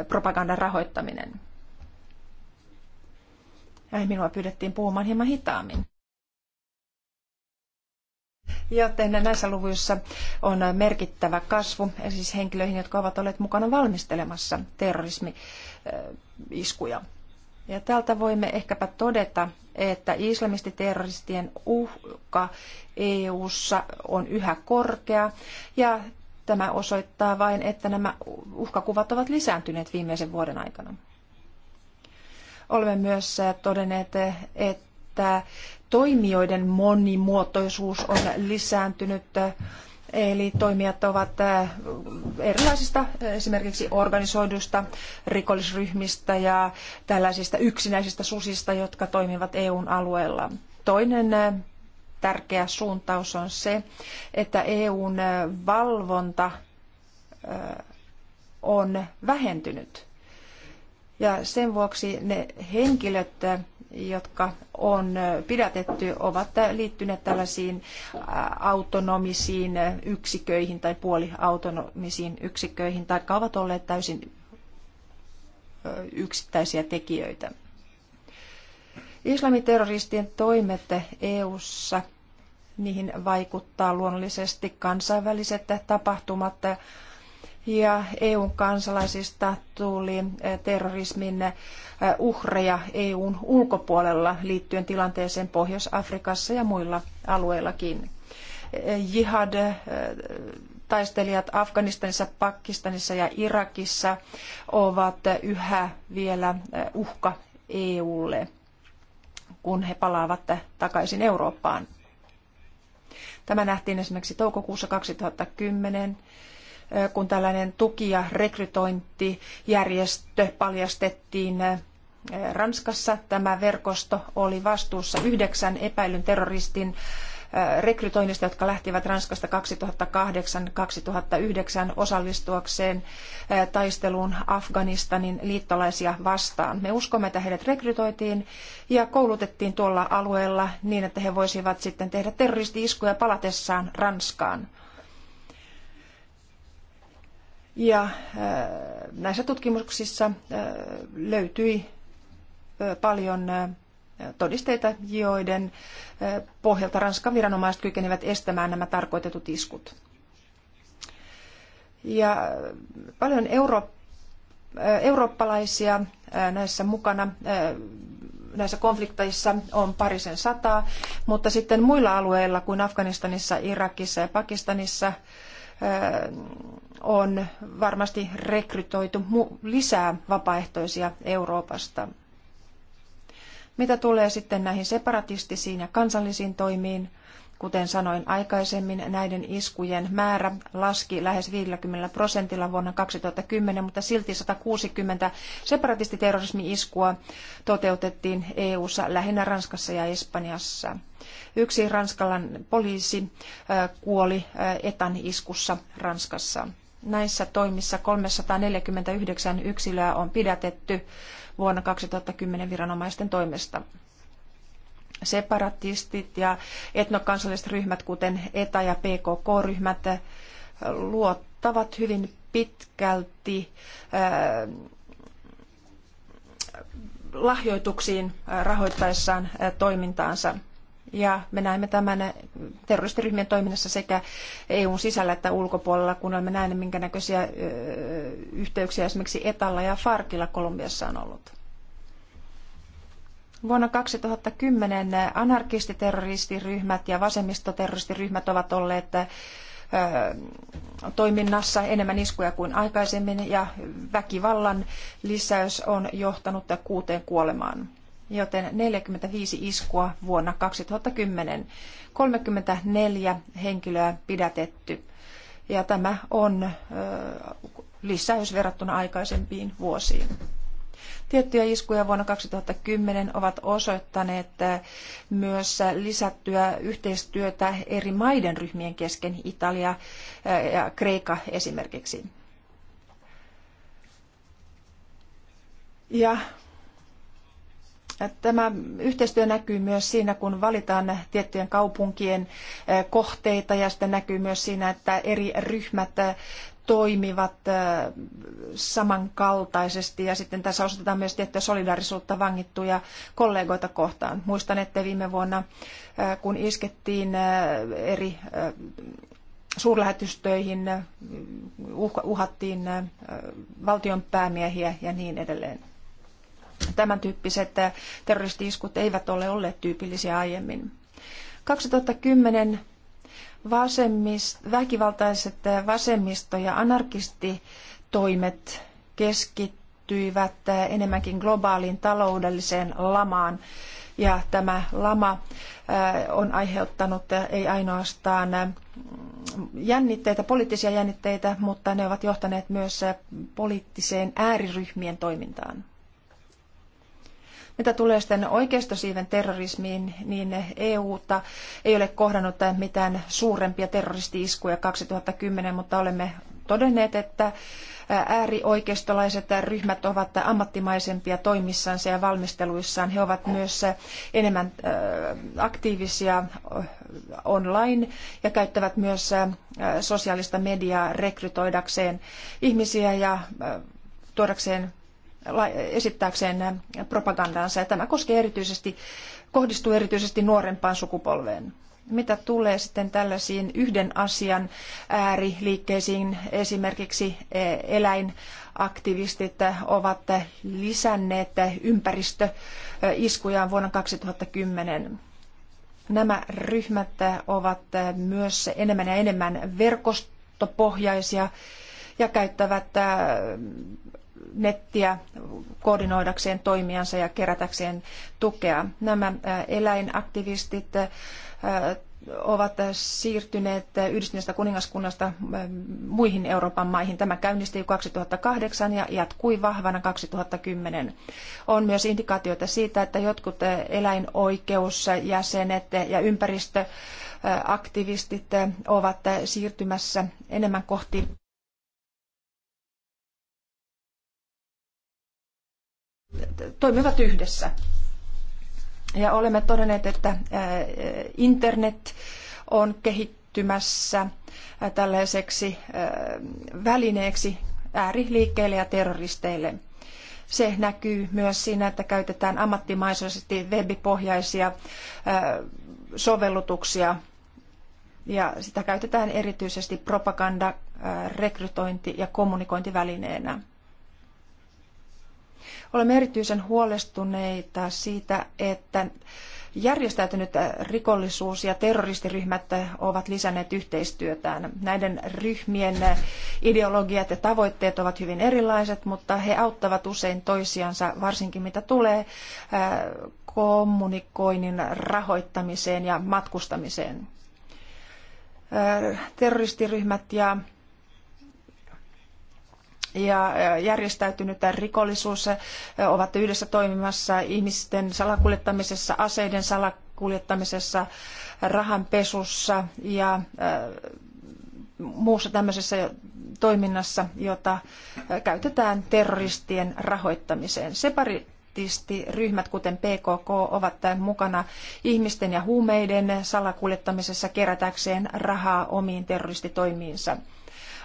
propagandan rahoittaminen. Ja minua pyydettiin puhumaan hieman hitaammin. Joten näissä luvuissa on merkittävä kasvu, siis henkilöihin, jotka ovat olleet mukana valmistelemassa terrorismi-iskuja. Ja tältä voimme ehkäpä todeta, että islamistiterroristien uhka EU:ssa on yhä korkea ja tämä osoittaa vain, että nämä uhkakuvat ovat lisääntyneet viimeisen vuoden aikana. Olemme myös todenneet, että toimijoiden monimuotoisuus on lisääntynyt. Eli toimijat ovat äh, erilaisista äh, esimerkiksi organisoidusta rikollisryhmistä ja tällaisista yksinäisistä susista, jotka toimivat EUn alueella. Toinen äh, tärkeä suuntaus on se, että EUn valvonta on vähentynyt. Ja sen vuoksi ne henkilöt, jotka on pidätetty, ovat liittyneet tällaisiin äh, autonomisiin yksiköihin tai puoliautonomisiin yksiköihin, tai ovat olleet täysin äh, yksittäisiä tekijöitä. Islamiterroristien toimet EU:ssa niihin vaikuttaa luonnollisesti kansainväliset tapahtumat, ja EUn kansalaisista tuli eh, terrorismin eh, uhreja EUn ulkopuolella liittyen tilanteeseen Pohjois-Afrikassa ja muilla alueillakin. Eh, jihad taistelijat Afganistanissa, Pakistanissa ja Irakissa ovat yhä vielä uhka EUlle, kun he palaavat takaisin Eurooppaan. Tämä nähtiin esimerkiksi toukokuussa 2010 kun tällainen tuki- ja rekrytointijärjestö paljastettiin Ranskassa. Tämä verkosto oli vastuussa yhdeksän epäilyn terroristin rekrytoinnista, jotka lähtivät Ranskasta 2008-2009 osallistuakseen taisteluun Afganistanin liittolaisia vastaan. Me uskomme, että heidät rekrytoitiin ja koulutettiin tuolla alueella niin, että he voisivat sitten tehdä terroristi-iskuja palatessaan Ranskaan. Ja äh, näissä tutkimuksissa äh, löytyi äh, paljon todisteita, joiden pohjalta Ranskan viranomaiset kykenevät estämään nämä tarkoitetut iskut. Ja paljon euro, eurooppalaisia näissä mukana näissä konflikteissa on parisen sataa, mutta sitten muilla alueilla kuin Afganistanissa, Irakissa ja Pakistanissa on varmasti rekrytoitu lisää vapaaehtoisia Euroopasta. Mitä tulee sitten näihin separatistisiin ja kansallisiin toimiin, kuten sanoin aikaisemmin, näiden iskujen määrä laski lähes 50 prosentilla vuonna 2010, mutta silti 160 separatistiterrorismi-iskua toteutettiin EU-ssa, lähinnä Ranskassa ja Espanjassa. Yksi ranskalan poliisi kuoli etan iskussa Ranskassa näissä toimissa 349 yksilöä on pidätetty vuonna 2010 viranomaisten toimesta. Separatistit ja etnokansalliset ryhmät, kuten ETA- ja PKK-ryhmät, luottavat hyvin pitkälti lahjoituksiin rahoittaessaan toimintaansa ja me näemme tämän terroristiryhmien toiminnassa sekä EUn sisällä että ulkopuolella, kun olemme nähneet minkä näköisiä yhteyksiä esimerkiksi Etalla ja Farkilla Kolumbiassa on ollut. Vuonna 2010 anarkistiterroristiryhmät ja vasemmistoterroristiryhmät ovat olleet toiminnassa enemmän iskuja kuin aikaisemmin ja väkivallan lisäys on johtanut kuuteen kuolemaan joten 45 iskua vuonna 2010. 34 henkilöä pidätetty. Ja tämä on lisäys verrattuna aikaisempiin vuosiin. Tiettyjä iskuja vuonna 2010 ovat osoittaneet myös lisättyä yhteistyötä eri maiden ryhmien kesken, Italia ja Kreikka esimerkiksi. Ja Tämä yhteistyö näkyy myös siinä, kun valitaan tiettyjen kaupunkien eh, kohteita ja sitten näkyy myös siinä, että eri ryhmät eh, toimivat eh, samankaltaisesti ja sitten tässä osoitetaan myös tiettyä solidaarisuutta vangittuja kollegoita kohtaan. Muistan, että viime vuonna kun iskettiin eri suurlähetystöihin, uhattiin valtion päämiehiä ja niin edelleen. Tämän tyyppiset eh, terroristiiskut eivät ole olleet tyypillisiä aiemmin. 2010 vasemmist, väkivaltaiset eh, vasemmisto- ja anarkistitoimet keskittyivät eh, enemmänkin globaaliin taloudelliseen lamaan. Ja tämä lama on aiheuttanut ei ainoastaan jännitteitä, poliittisia jännitteitä, mutta ne ovat johtaneet myös poliittiseen ääriryhmien toimintaan. Mitä tulee sitten oikeistosiiven terrorismiin, niin EUta ei ole kohdannut mitään suurempia terroristi-iskuja 2010, mutta olemme todenneet, että äärioikeistolaiset ryhmät ovat ammattimaisempia toimissansa ja valmisteluissaan. He ovat myös enemmän aktiivisia online ja käyttävät myös sosiaalista mediaa rekrytoidakseen ihmisiä ja tuodakseen esittääkseen propagandaansa. Ja tämä koskee erityisesti, kohdistuu erityisesti nuorempaan sukupolveen. Mitä tulee sitten tällaisiin yhden asian ääriliikkeisiin, esimerkiksi e, eläinaktivistit ovat lisänneet ympäristöiskujaan vuonna 2010. Nämä ryhmät ovat myös enemmän ja enemmän verkostopohjaisia ja käyttävät nettiä koordinoidakseen toimiansa ja kerätäkseen tukea. Nämä eläinaktivistit ovat siirtyneet yhdistyneestä kuningaskunnasta muihin Euroopan maihin. Tämä käynnistyi 2008 ja jatkui vahvana 2010. On myös indikaatioita siitä, että jotkut eläinoikeusjäsenet ja ympäristöaktivistit ovat siirtymässä enemmän kohti toimivat yhdessä. Ja olemme todenneet, että äh, internet on kehittymässä äh, tällaiseksi äh, välineeksi ääriliikkeille ja terroristeille. Se näkyy myös siinä, että käytetään ammattimaisesti webipohjaisia sovellutuksia ja sitä käytetään erityisesti propaganda, rekrytointi ja kommunikointivälineenä. Olemme erityisen huolestuneita siitä, että järjestäytynyt rikollisuus ja terroristiryhmät ovat lisänneet yhteistyötään. Näiden ryhmien ideologiat ja tavoitteet ovat hyvin erilaiset, mutta he auttavat usein toisiansa, varsinkin mitä tulee kommunikoinnin rahoittamiseen ja matkustamiseen. Terroristiryhmät ja ja äh, järjestäytynyt rikollisuus äh, ovat yhdessä toimimassa ihmisten salakuljettamisessa, aseiden salakuljettamisessa, rahanpesussa ja äh, muussa tämmöisessä toiminnassa, jota käytetään terroristien rahoittamiseen. Separatistiryhmät, ryhmät kuten PKK, ovat mukana ihmisten ja huumeiden salakuljettamisessa kerätäkseen rahaa omiin terroristitoimiinsa.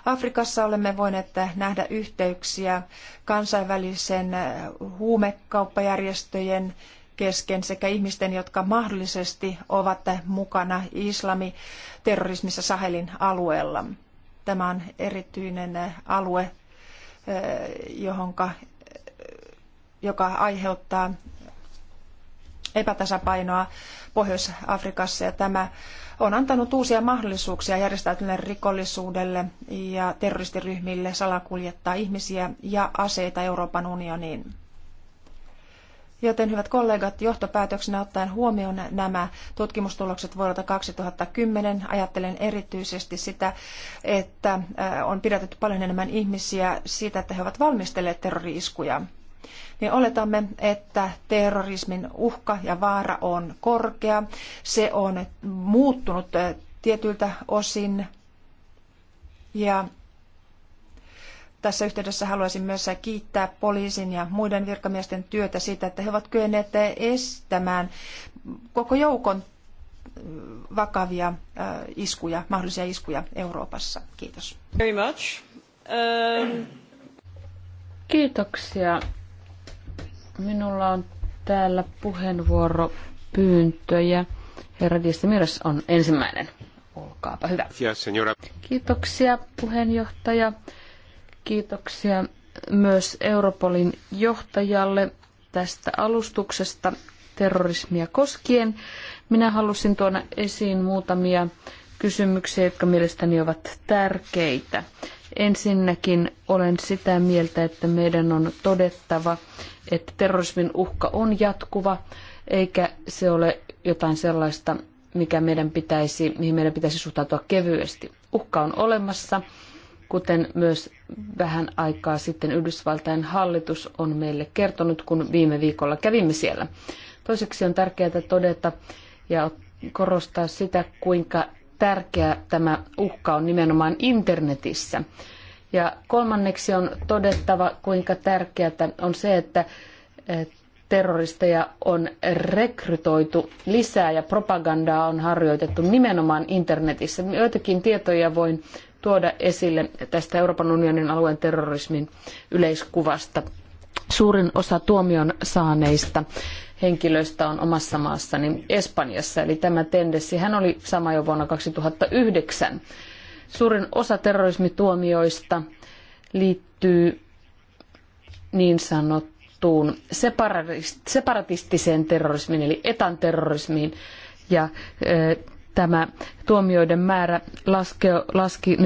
Afrikassa olemme voineet nähdä yhteyksiä kansainvälisen huumekauppajärjestöjen kesken sekä ihmisten, jotka mahdollisesti ovat mukana islamiterrorismissa Sahelin alueella. Tämä on erityinen alue, eh, johonka, eh, joka aiheuttaa epätasapainoa Pohjois-Afrikassa ja tämä on antanut uusia mahdollisuuksia järjestäytyneelle rikollisuudelle ja terroristiryhmille salakuljettaa ihmisiä ja aseita Euroopan unioniin. Joten hyvät kollegat, johtopäätöksenä ottaen huomioon nämä tutkimustulokset vuodelta 2010, ajattelen erityisesti sitä, että äh, on pidätetty paljon enemmän ihmisiä siitä, että he ovat valmistelleet terroriiskuja niin oletamme, että terrorismin uhka ja vaara on korkea. Se on muuttunut eh, tietyiltä osin ja tässä yhteydessä haluaisin myös kiittää poliisin ja muiden virkamiesten työtä siitä, että he ovat kyenneet eh, estämään koko joukon eh, vakavia iskuja, mahdollisia iskuja Euroopassa. Kiitos. Very much. Um... Kiitoksia. Minulla on täällä pyyntöjä. Herra Diestimires on ensimmäinen. Olkaapa hyvä. Kiitoksia puheenjohtaja. Kiitoksia myös Europolin johtajalle tästä alustuksesta terrorismia koskien. Minä halusin tuoda esiin muutamia kysymyksiä, jotka mielestäni ovat tärkeitä. Ensinnäkin olen sitä mieltä, että meidän on todettava, että terrorismin uhka on jatkuva, eikä se ole jotain sellaista, mikä meidän pitäisi, mihin meidän pitäisi suhtautua kevyesti. Uhka on olemassa, kuten myös vähän aikaa sitten Yhdysvaltain hallitus on meille kertonut, kun viime viikolla kävimme siellä. Toiseksi on tärkeää todeta ja korostaa sitä, kuinka tärkeä tämä uhka on nimenomaan internetissä. Ja kolmanneksi on todettava, kuinka tärkeää on se, että eh, terroristeja on rekrytoitu lisää ja propagandaa on harjoitettu nimenomaan internetissä. Joitakin tietoja voin tuoda esille tästä Euroopan unionin alueen terrorismin yleiskuvasta. Suurin osa tuomion saaneista henkilöistä on omassa maassani Espanjassa. Eli tämä tendenssi hän oli sama jo vuonna 2009. Suurin osa terrorismituomioista liittyy niin sanottuun separatistiseen terrorismiin, eli etan terrorismiin. Ja tämä tuomioiden määrä laski, laski 408-338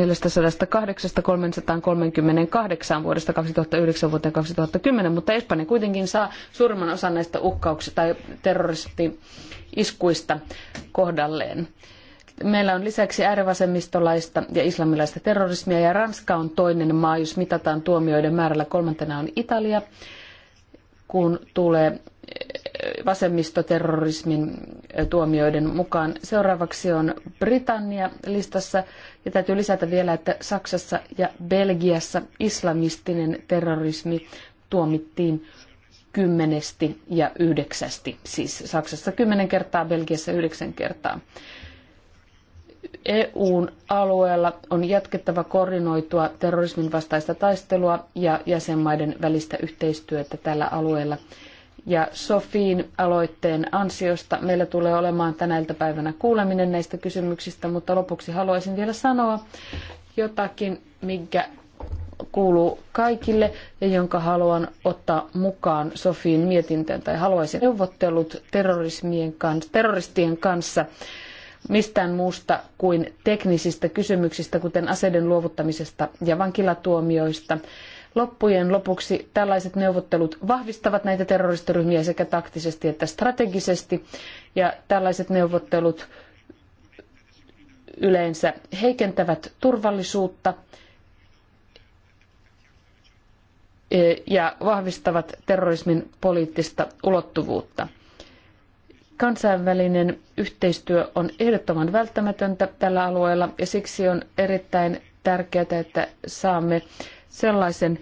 vuodesta 2009 vuoteen 2010, mutta Espanja kuitenkin saa suurimman osan näistä uhkauksista tai terroristi-iskuista kohdalleen. Meillä on lisäksi äärivasemmistolaista ja islamilaista terrorismia ja Ranska on toinen maa, jos mitataan tuomioiden määrällä. Kolmantena on Italia, kun tulee vasemmistoterrorismin tuomioiden mukaan. Seuraavaksi on Britannia listassa ja täytyy lisätä vielä, että Saksassa ja Belgiassa islamistinen terrorismi tuomittiin kymmenesti ja yhdeksästi. Siis Saksassa kymmenen kertaa, Belgiassa yhdeksän kertaa. EUn alueella on jatkettava koordinoitua terrorismin vastaista taistelua ja jäsenmaiden välistä yhteistyötä tällä alueella ja Sofiin aloitteen ansiosta meillä tulee olemaan tänä iltapäivänä kuuleminen näistä kysymyksistä, mutta lopuksi haluaisin vielä sanoa jotakin, mikä kuuluu kaikille ja jonka haluan ottaa mukaan Sofiin mietintöön tai haluaisin neuvottelut terrorismien kanssa, terroristien kanssa mistään muusta kuin teknisistä kysymyksistä, kuten aseiden luovuttamisesta ja vankilatuomioista Loppujen lopuksi tällaiset neuvottelut vahvistavat näitä terroristiryhmiä sekä taktisesti että strategisesti, ja tällaiset neuvottelut yleensä heikentävät turvallisuutta e, ja vahvistavat terrorismin poliittista ulottuvuutta. Kansainvälinen yhteistyö on ehdottoman välttämätöntä tällä alueella ja siksi on erittäin tärkeää, että saamme sellaisen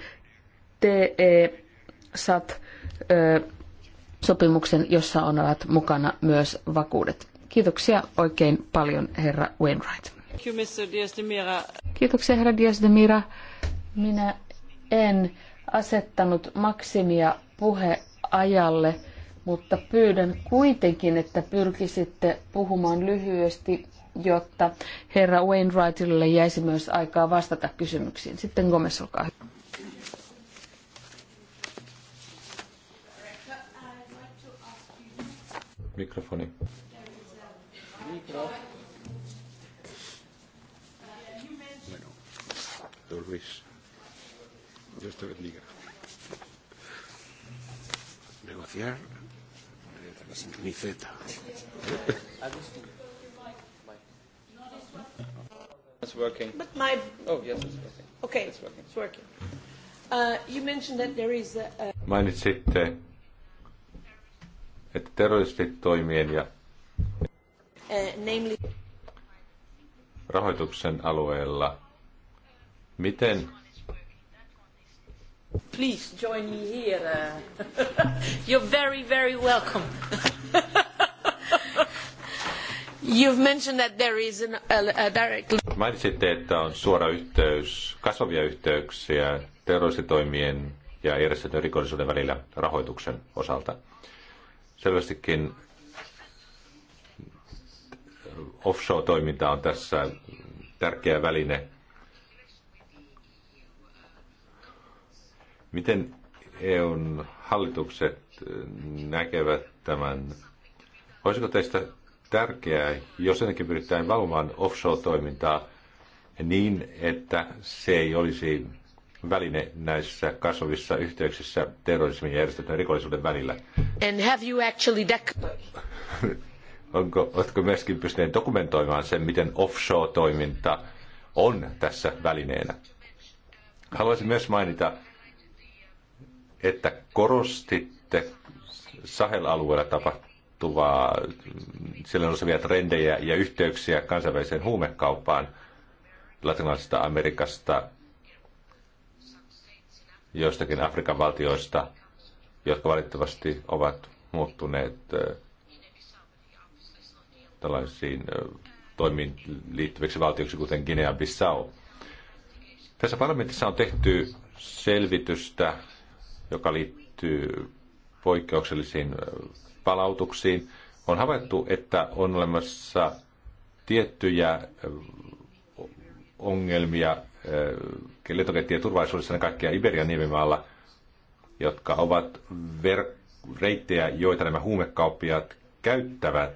TE-SAT-sopimuksen, jossa on ovat mukana myös vakuudet. Kiitoksia oikein paljon, herra Wainwright. Kiitoksia, herra Dias de Mira. Minä en asettanut maksimia puheajalle, mutta pyydän kuitenkin, että pyrkisitte puhumaan lyhyesti jotta herra Wainwrightille jäisi myös aikaa vastata kysymyksiin. Sitten Gomez, olkaa hyvä. Mikrofoni. Mikro. Luis. Dios te bendiga. Negociar. Camiseta. It's working. But my... Oh, yes, it's working. Okay, it's working. It's working. Uh, you mentioned that there is a, a... Mainitsitte, että terroristitoimien ja uh, namely... rahoituksen alueella. Miten Please join me here. Uh, *laughs* you're very, very welcome. *laughs* You've mentioned that there is an, a, a direct... Mainitsitte, että on suora yhteys, kasvavia yhteyksiä terroristitoimien ja järjestetyn rikollisuuden välillä rahoituksen osalta. Selvästikin offshore-toiminta on tässä tärkeä väline. Miten EUn hallitukset näkevät tämän? Voisiko teistä tärkeää, jos ennenkin pyritään valvomaan offshore-toimintaa niin, että se ei olisi väline näissä kasvavissa yhteyksissä terrorismin ja järjestetyn rikollisuuden välillä. And have you actually *laughs* Onko, oletko myöskin pystyneet dokumentoimaan sen, miten offshore-toiminta on tässä välineenä? Haluaisin myös mainita, että korostitte Sahel-alueella tapahtuvaa tapahtuvaa, siellä on olevia trendejä ja yhteyksiä kansainväliseen huumekauppaan latinalaisesta Amerikasta, joistakin Afrikan valtioista, jotka valitettavasti ovat muuttuneet äh, tällaisiin äh, toimiin liittyviksi valtioiksi, kuten Guinea-Bissau. Tässä parlamentissa on tehty selvitystä, joka liittyy poikkeuksellisiin äh, palautuksiin. On havaittu, että on olemassa tiettyjä ongelmia lentokenttien turvallisuudessa, ne Iberian niemimaalla, jotka ovat ver- reittejä, joita nämä huumekauppiaat käyttävät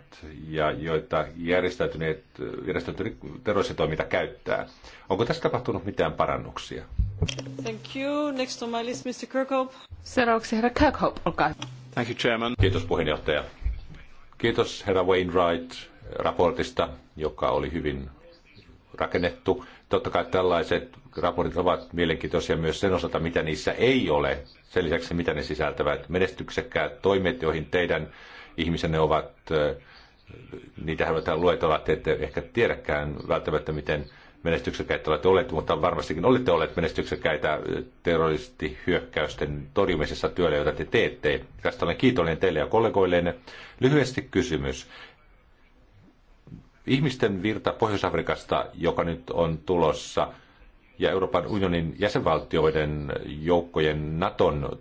ja joita järjestäytyneet, järjestäytyneet terroristitoiminta käyttää. Onko tässä tapahtunut mitään parannuksia? Thank you. Next on my list, Mr. Kirkhope. Seuraavaksi herra Kirkhope, olkaa hyvä. Thank you, Chairman. Kiitos puheenjohtaja. Kiitos herra Wainwright raportista, joka oli hyvin rakennettu. Totta kai tällaiset raportit ovat mielenkiintoisia myös sen osalta, mitä niissä ei ole. Sen lisäksi, mitä ne sisältävät. Menestyksekkäät toimet, joihin teidän ihmisenne ovat, niitä hän luetella, te ette ehkä tiedäkään välttämättä, miten menestyksekkäitä olette olleet, mutta varmastikin olette olleet menestyksekkäitä terroristihyökkäysten torjumisessa työllä, jota te teette. Tästä olen kiitollinen teille ja kollegoilleen. Lyhyesti kysymys. Ihmisten virta Pohjois-Afrikasta, joka nyt on tulossa, ja Euroopan unionin jäsenvaltioiden joukkojen Naton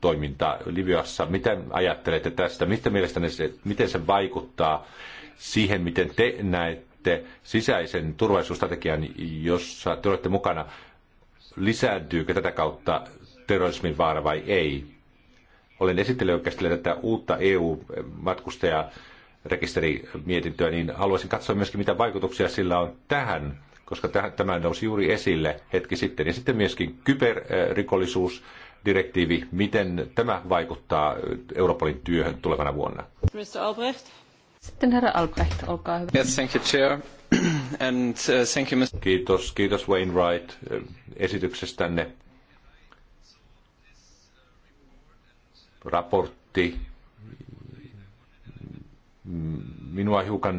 toiminta Libyassa. Miten ajattelette tästä? Mistä mielestäni se, miten se vaikuttaa siihen, miten te näet mainitsitte sisäisen turvallisuusstrategian, jossa te olette mukana. Lisääntyykö tätä kautta terrorismin vaara vai ei? Olen esittelyä oikeastaan tätä uutta eu matkustajarekisterimietintöä niin haluaisin katsoa myöskin, mitä vaikutuksia sillä on tähän, koska tämä nousi juuri esille hetki sitten. Ja sitten myöskin direktiivi miten tämä vaikuttaa Europolin työhön tulevana vuonna. Mr. Albrecht. Sitten herra Albrecht, olkaa hyvä. Yes, thank you, chair. *clears throat* And, uh, thank you, Mr. Kiitos, kiitos Wainwright eh, esityksestänne. Raportti. Minua hiukan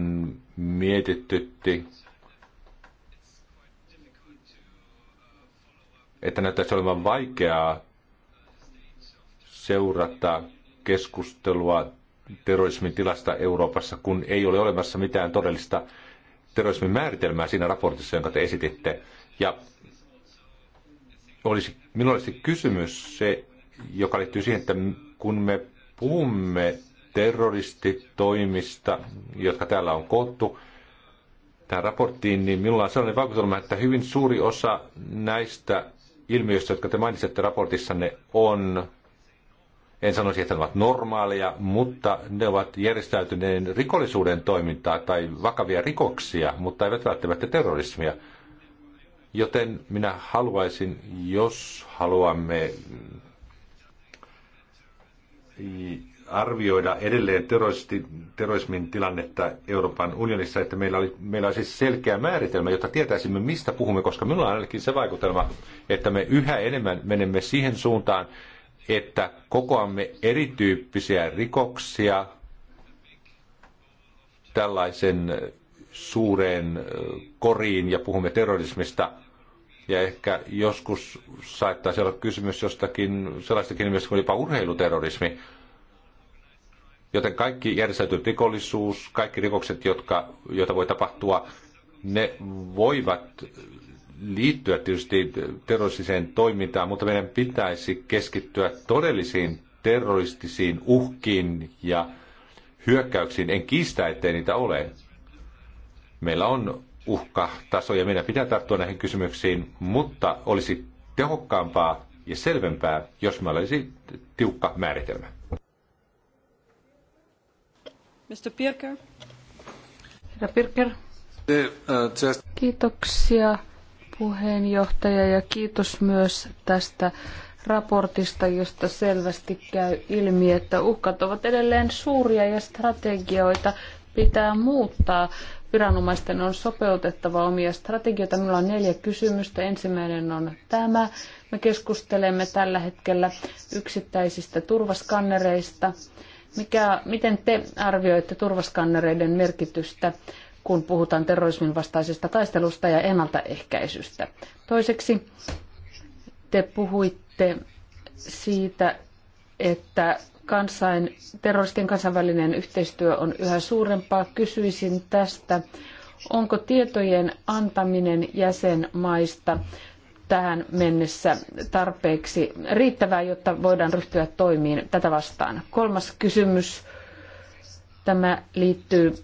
mietitytti, että näyttäisi olevan vaikeaa seurata keskustelua terrorismin tilasta Euroopassa, kun ei ole olemassa mitään todellista terrorismin määritelmää siinä raportissa, jonka te esititte. Ja olisi, minulla olisi kysymys se, joka liittyy siihen, että kun me puhumme terroristitoimista, jotka täällä on koottu tähän raporttiin, niin minulla on sellainen vaikutelma, että hyvin suuri osa näistä ilmiöistä, jotka te mainitsette raportissanne, on en sanoisi, että ne ovat normaaleja, mutta ne ovat järjestäytyneen rikollisuuden toimintaa tai vakavia rikoksia, mutta eivät välttämättä terrorismia. Joten minä haluaisin, jos haluamme arvioida edelleen terrorismin tilannetta Euroopan unionissa, että meillä, oli, meillä olisi siis selkeä määritelmä, jotta tietäisimme, mistä puhumme, koska minulla on ainakin se vaikutelma, että me yhä enemmän menemme siihen suuntaan, että kokoamme erityyppisiä rikoksia tällaisen suureen koriin ja puhumme terrorismista. Ja ehkä joskus saattaisi olla kysymys jostakin sellaistakin nimestä kuin jopa urheiluterrorismi. Joten kaikki järjestäytynyt rikollisuus, kaikki rikokset, jotka, joita voi tapahtua, ne voivat liittyä tietysti terroristiseen toimintaan, mutta meidän pitäisi keskittyä todellisiin terroristisiin uhkiin ja hyökkäyksiin. En kiistä, ettei niitä ole. Meillä on uhkataso ja meidän pitää tarttua näihin kysymyksiin, mutta olisi tehokkaampaa ja selvempää, jos meillä olisi tiukka määritelmä. Mr. Pirker. Herra Pirker. Eh, eh, Kiitoksia puheenjohtaja ja kiitos myös tästä raportista, josta selvästi käy ilmi, että uhkat ovat edelleen suuria ja strategioita pitää muuttaa. Viranomaisten on sopeutettava omia strategioita. Minulla on neljä kysymystä. Ensimmäinen on tämä. Me keskustelemme tällä hetkellä yksittäisistä turvaskannereista. Mikä, miten te arvioitte turvaskannereiden merkitystä kun puhutaan terrorismin vastaisesta taistelusta ja ennaltaehkäisystä. Toiseksi te puhuitte siitä, että kansain, terroristien kansainvälinen yhteistyö on yhä suurempaa. Kysyisin tästä, onko tietojen antaminen jäsenmaista tähän mennessä tarpeeksi riittävää, jotta voidaan ryhtyä toimiin tätä vastaan? Kolmas kysymys. Tämä liittyy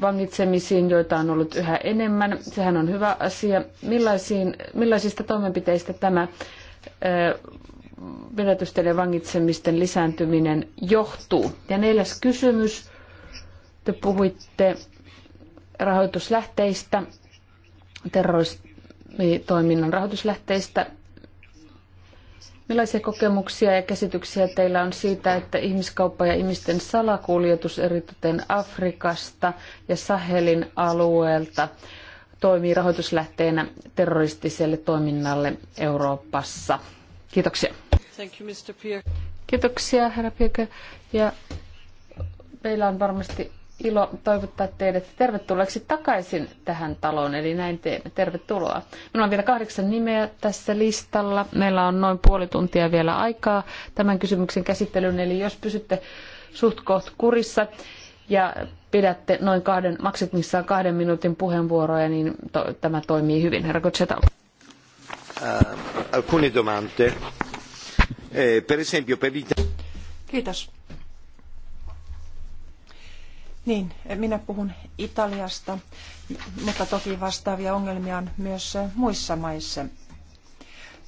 vangitsemisiin, joita on ollut yhä enemmän. Sehän on hyvä asia. Millaisiin, millaisista toimenpiteistä tämä vedätysten ja vangitsemisten lisääntyminen johtuu? Ja neljäs kysymys. Te puhuitte rahoituslähteistä, terrorismitoiminnan rahoituslähteistä. Millaisia kokemuksia ja käsityksiä teillä on siitä, että ihmiskauppa ja ihmisten salakuljetus erityisen Afrikasta ja Sahelin alueelta toimii rahoituslähteenä terroristiselle toiminnalle Euroopassa? Kiitoksia. Thank you, Mr. Kiitoksia, herra Pieke. Ja meillä on varmasti ilo toivottaa teidät tervetulleeksi takaisin tähän taloon, eli näin teemme. Tervetuloa. Minulla on vielä kahdeksan nimeä tässä listalla. Meillä on noin puoli tuntia vielä aikaa tämän kysymyksen käsittelyyn, eli jos pysytte suht koht kurissa ja pidätte noin kahden, maksimissaan kahden minuutin puheenvuoroja, niin to, tämä toimii hyvin. Herra Koceta. Äh, Alcune domande. Eh, per esempio, per Kiitos niin, minä puhun Italiasta, mutta toki vastaavia ongelmia on myös muissa maissa.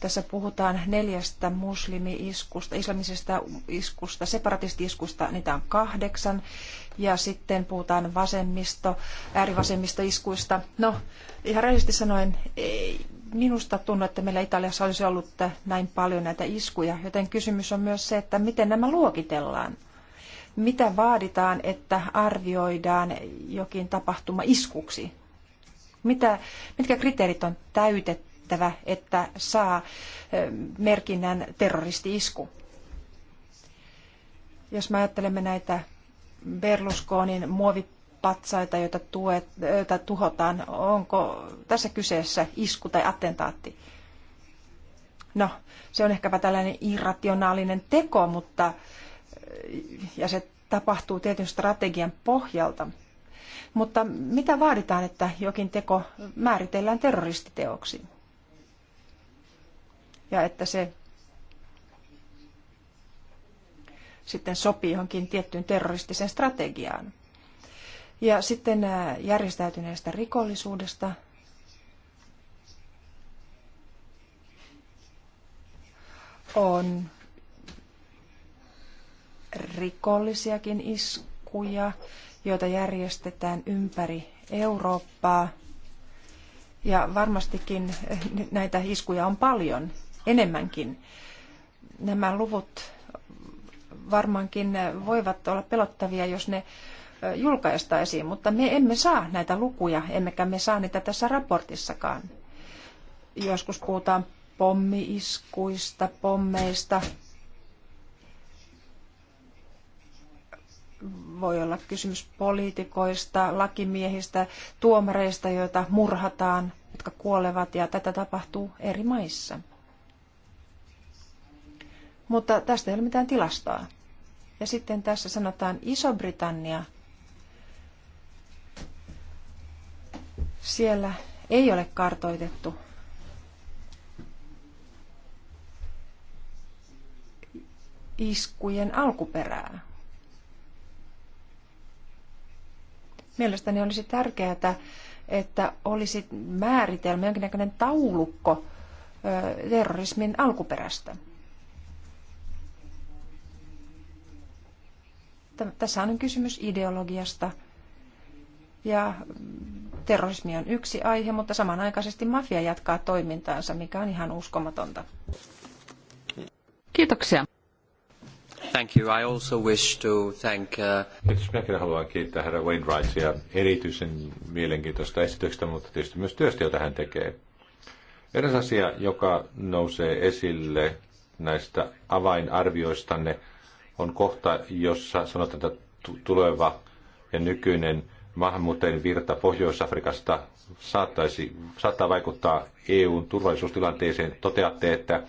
Tässä puhutaan neljästä muslimi-iskusta, islamisesta iskusta, separatisti-iskusta, niitä on kahdeksan. Ja sitten puhutaan vasemmisto, äärivasemmisto-iskuista. No, ihan rehellisesti sanoen, ei minusta tunnu, että meillä Italiassa olisi ollut näin paljon näitä iskuja. Joten kysymys on myös se, että miten nämä luokitellaan mitä vaaditaan, että arvioidaan jokin tapahtuma iskuksi? Mitä, mitkä kriteerit on täytettävä, että saa merkinnän terroristi-isku? Jos me ajattelemme näitä Berlusconin muovipatsaita, joita, tuet, joita tuhotaan, onko tässä kyseessä isku tai attentaatti? No, se on ehkäpä tällainen irrationaalinen teko, mutta ja se tapahtuu tietyn strategian pohjalta. Mutta mitä vaaditaan, että jokin teko määritellään terroristiteoksi? Ja että se sitten sopii johonkin tiettyyn terroristiseen strategiaan. Ja sitten äh, järjestäytyneestä rikollisuudesta. On rikollisiakin iskuja, joita järjestetään ympäri Eurooppaa. Ja varmastikin näitä iskuja on paljon, enemmänkin. Nämä luvut varmaankin voivat olla pelottavia, jos ne julkaistaisiin, mutta me emme saa näitä lukuja, emmekä me saa niitä tässä raportissakaan. Joskus puhutaan pommiiskuista, pommeista, voi olla kysymys poliitikoista, lakimiehistä, tuomareista, joita murhataan, jotka kuolevat ja tätä tapahtuu eri maissa. Mutta tästä ei ole mitään tilastoa. Ja sitten tässä sanotaan Iso-Britannia. Siellä ei ole kartoitettu iskujen alkuperää. Mielestäni olisi tärkeää, että olisi määritelmä, jonkinnäköinen taulukko terrorismin alkuperästä. Tässä on kysymys ideologiasta ja terrorismi on yksi aihe, mutta samanaikaisesti mafia jatkaa toimintaansa, mikä on ihan uskomatonta. Kiitoksia. Thank you. I also wish to thank... Uh... Minäkin haluan kiittää herra Wainwrightia erityisen mielenkiintoista esityksestä, mutta tietysti myös työstä, jota hän tekee. Eräs asia, joka nousee esille näistä avainarvioistanne, on kohta, jossa sanotaan, että tuleva ja nykyinen maahanmuuttajien virta Pohjois-Afrikasta saattaisi, saattaa vaikuttaa EUn turvallisuustilanteeseen. Toteatte, että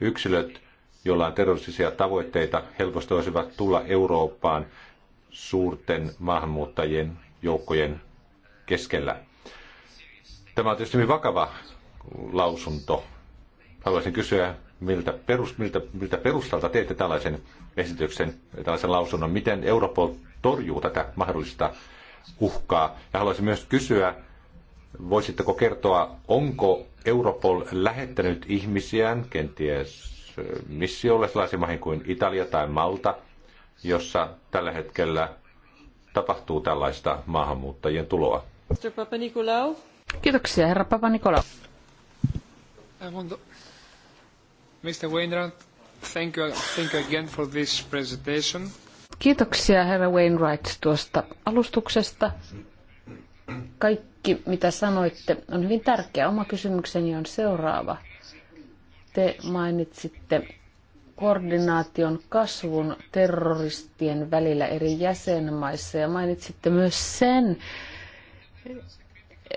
yksilöt joilla on terroristisia tavoitteita, helposti voisivat tulla Eurooppaan suurten maahanmuuttajien joukkojen keskellä. Tämä on tietysti hyvin vakava lausunto. Haluaisin kysyä, miltä, perus, miltä, miltä perustalta teette tällaisen esityksen, tällaisen lausunnon. Miten Europol torjuu tätä mahdollista uhkaa? Ja haluaisin myös kysyä, voisitteko kertoa, onko Europol lähettänyt ihmisiään, kenties missiolle sellaisiin maihin kuin Italia tai Malta, jossa tällä hetkellä tapahtuu tällaista maahanmuuttajien tuloa. Papa Kiitoksia, herra Papa Nicolau. Mr. Wainwright, thank you, thank you again for this presentation. Kiitoksia, herra Wainwright, tuosta alustuksesta. Kaikki, mitä sanoitte, on hyvin tärkeää. Oma kysymykseni on seuraava. Te mainitsitte koordinaation kasvun terroristien välillä eri jäsenmaissa ja mainitsitte myös sen,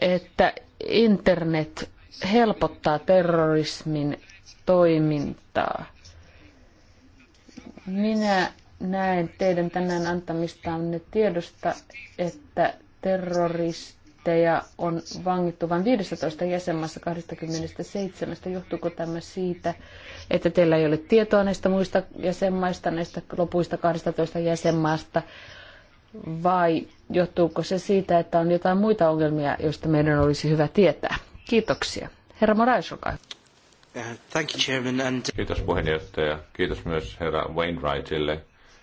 että internet helpottaa terrorismin toimintaa. Minä näen teidän tänään antamistanne tiedosta, että terrorist aktivisteja on vangittu vain 15 jäsenmaassa 27. Johtuuko tämä siitä, että teillä ei ole tietoa näistä muista jäsenmaista, näistä lopuista 12 jäsenmaasta, vai johtuuko se siitä, että on jotain muita ongelmia, joista meidän olisi hyvä tietää? Kiitoksia. Herra Moraes, olkaa Thank you, Chairman, and... Kiitos puheenjohtaja. Kiitos myös herra Wainwrightille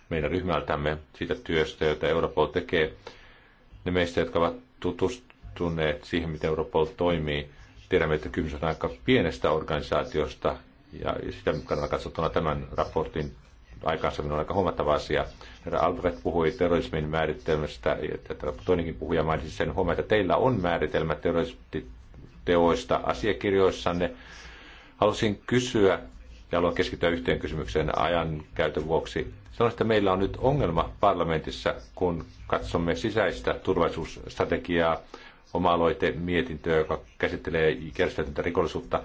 meidän ryhmältämme siitä työstä, jota Europol tekee. Ne meistä, jotka ovat tutust, tottuneet siihen, miten Europol toimii, tiedämme, että kysymys on aika pienestä organisaatiosta, ja sitä kannalta katsottuna tämän raportin aikaansa on aika huomattava asia. Herra Albrecht puhui terrorismin määritelmästä, ja toinenkin puhuja mainitsi sen huomioon, että teillä on määritelmä terroristiteoista asiakirjoissanne. Halusin kysyä, ja haluan keskittyä yhteen kysymykseen ajan käytön vuoksi. Sanoisin, että meillä on nyt ongelma parlamentissa, kun katsomme sisäistä turvallisuusstrategiaa oma-aloite mietintöä, joka käsittelee järjestäytyntä rikollisuutta.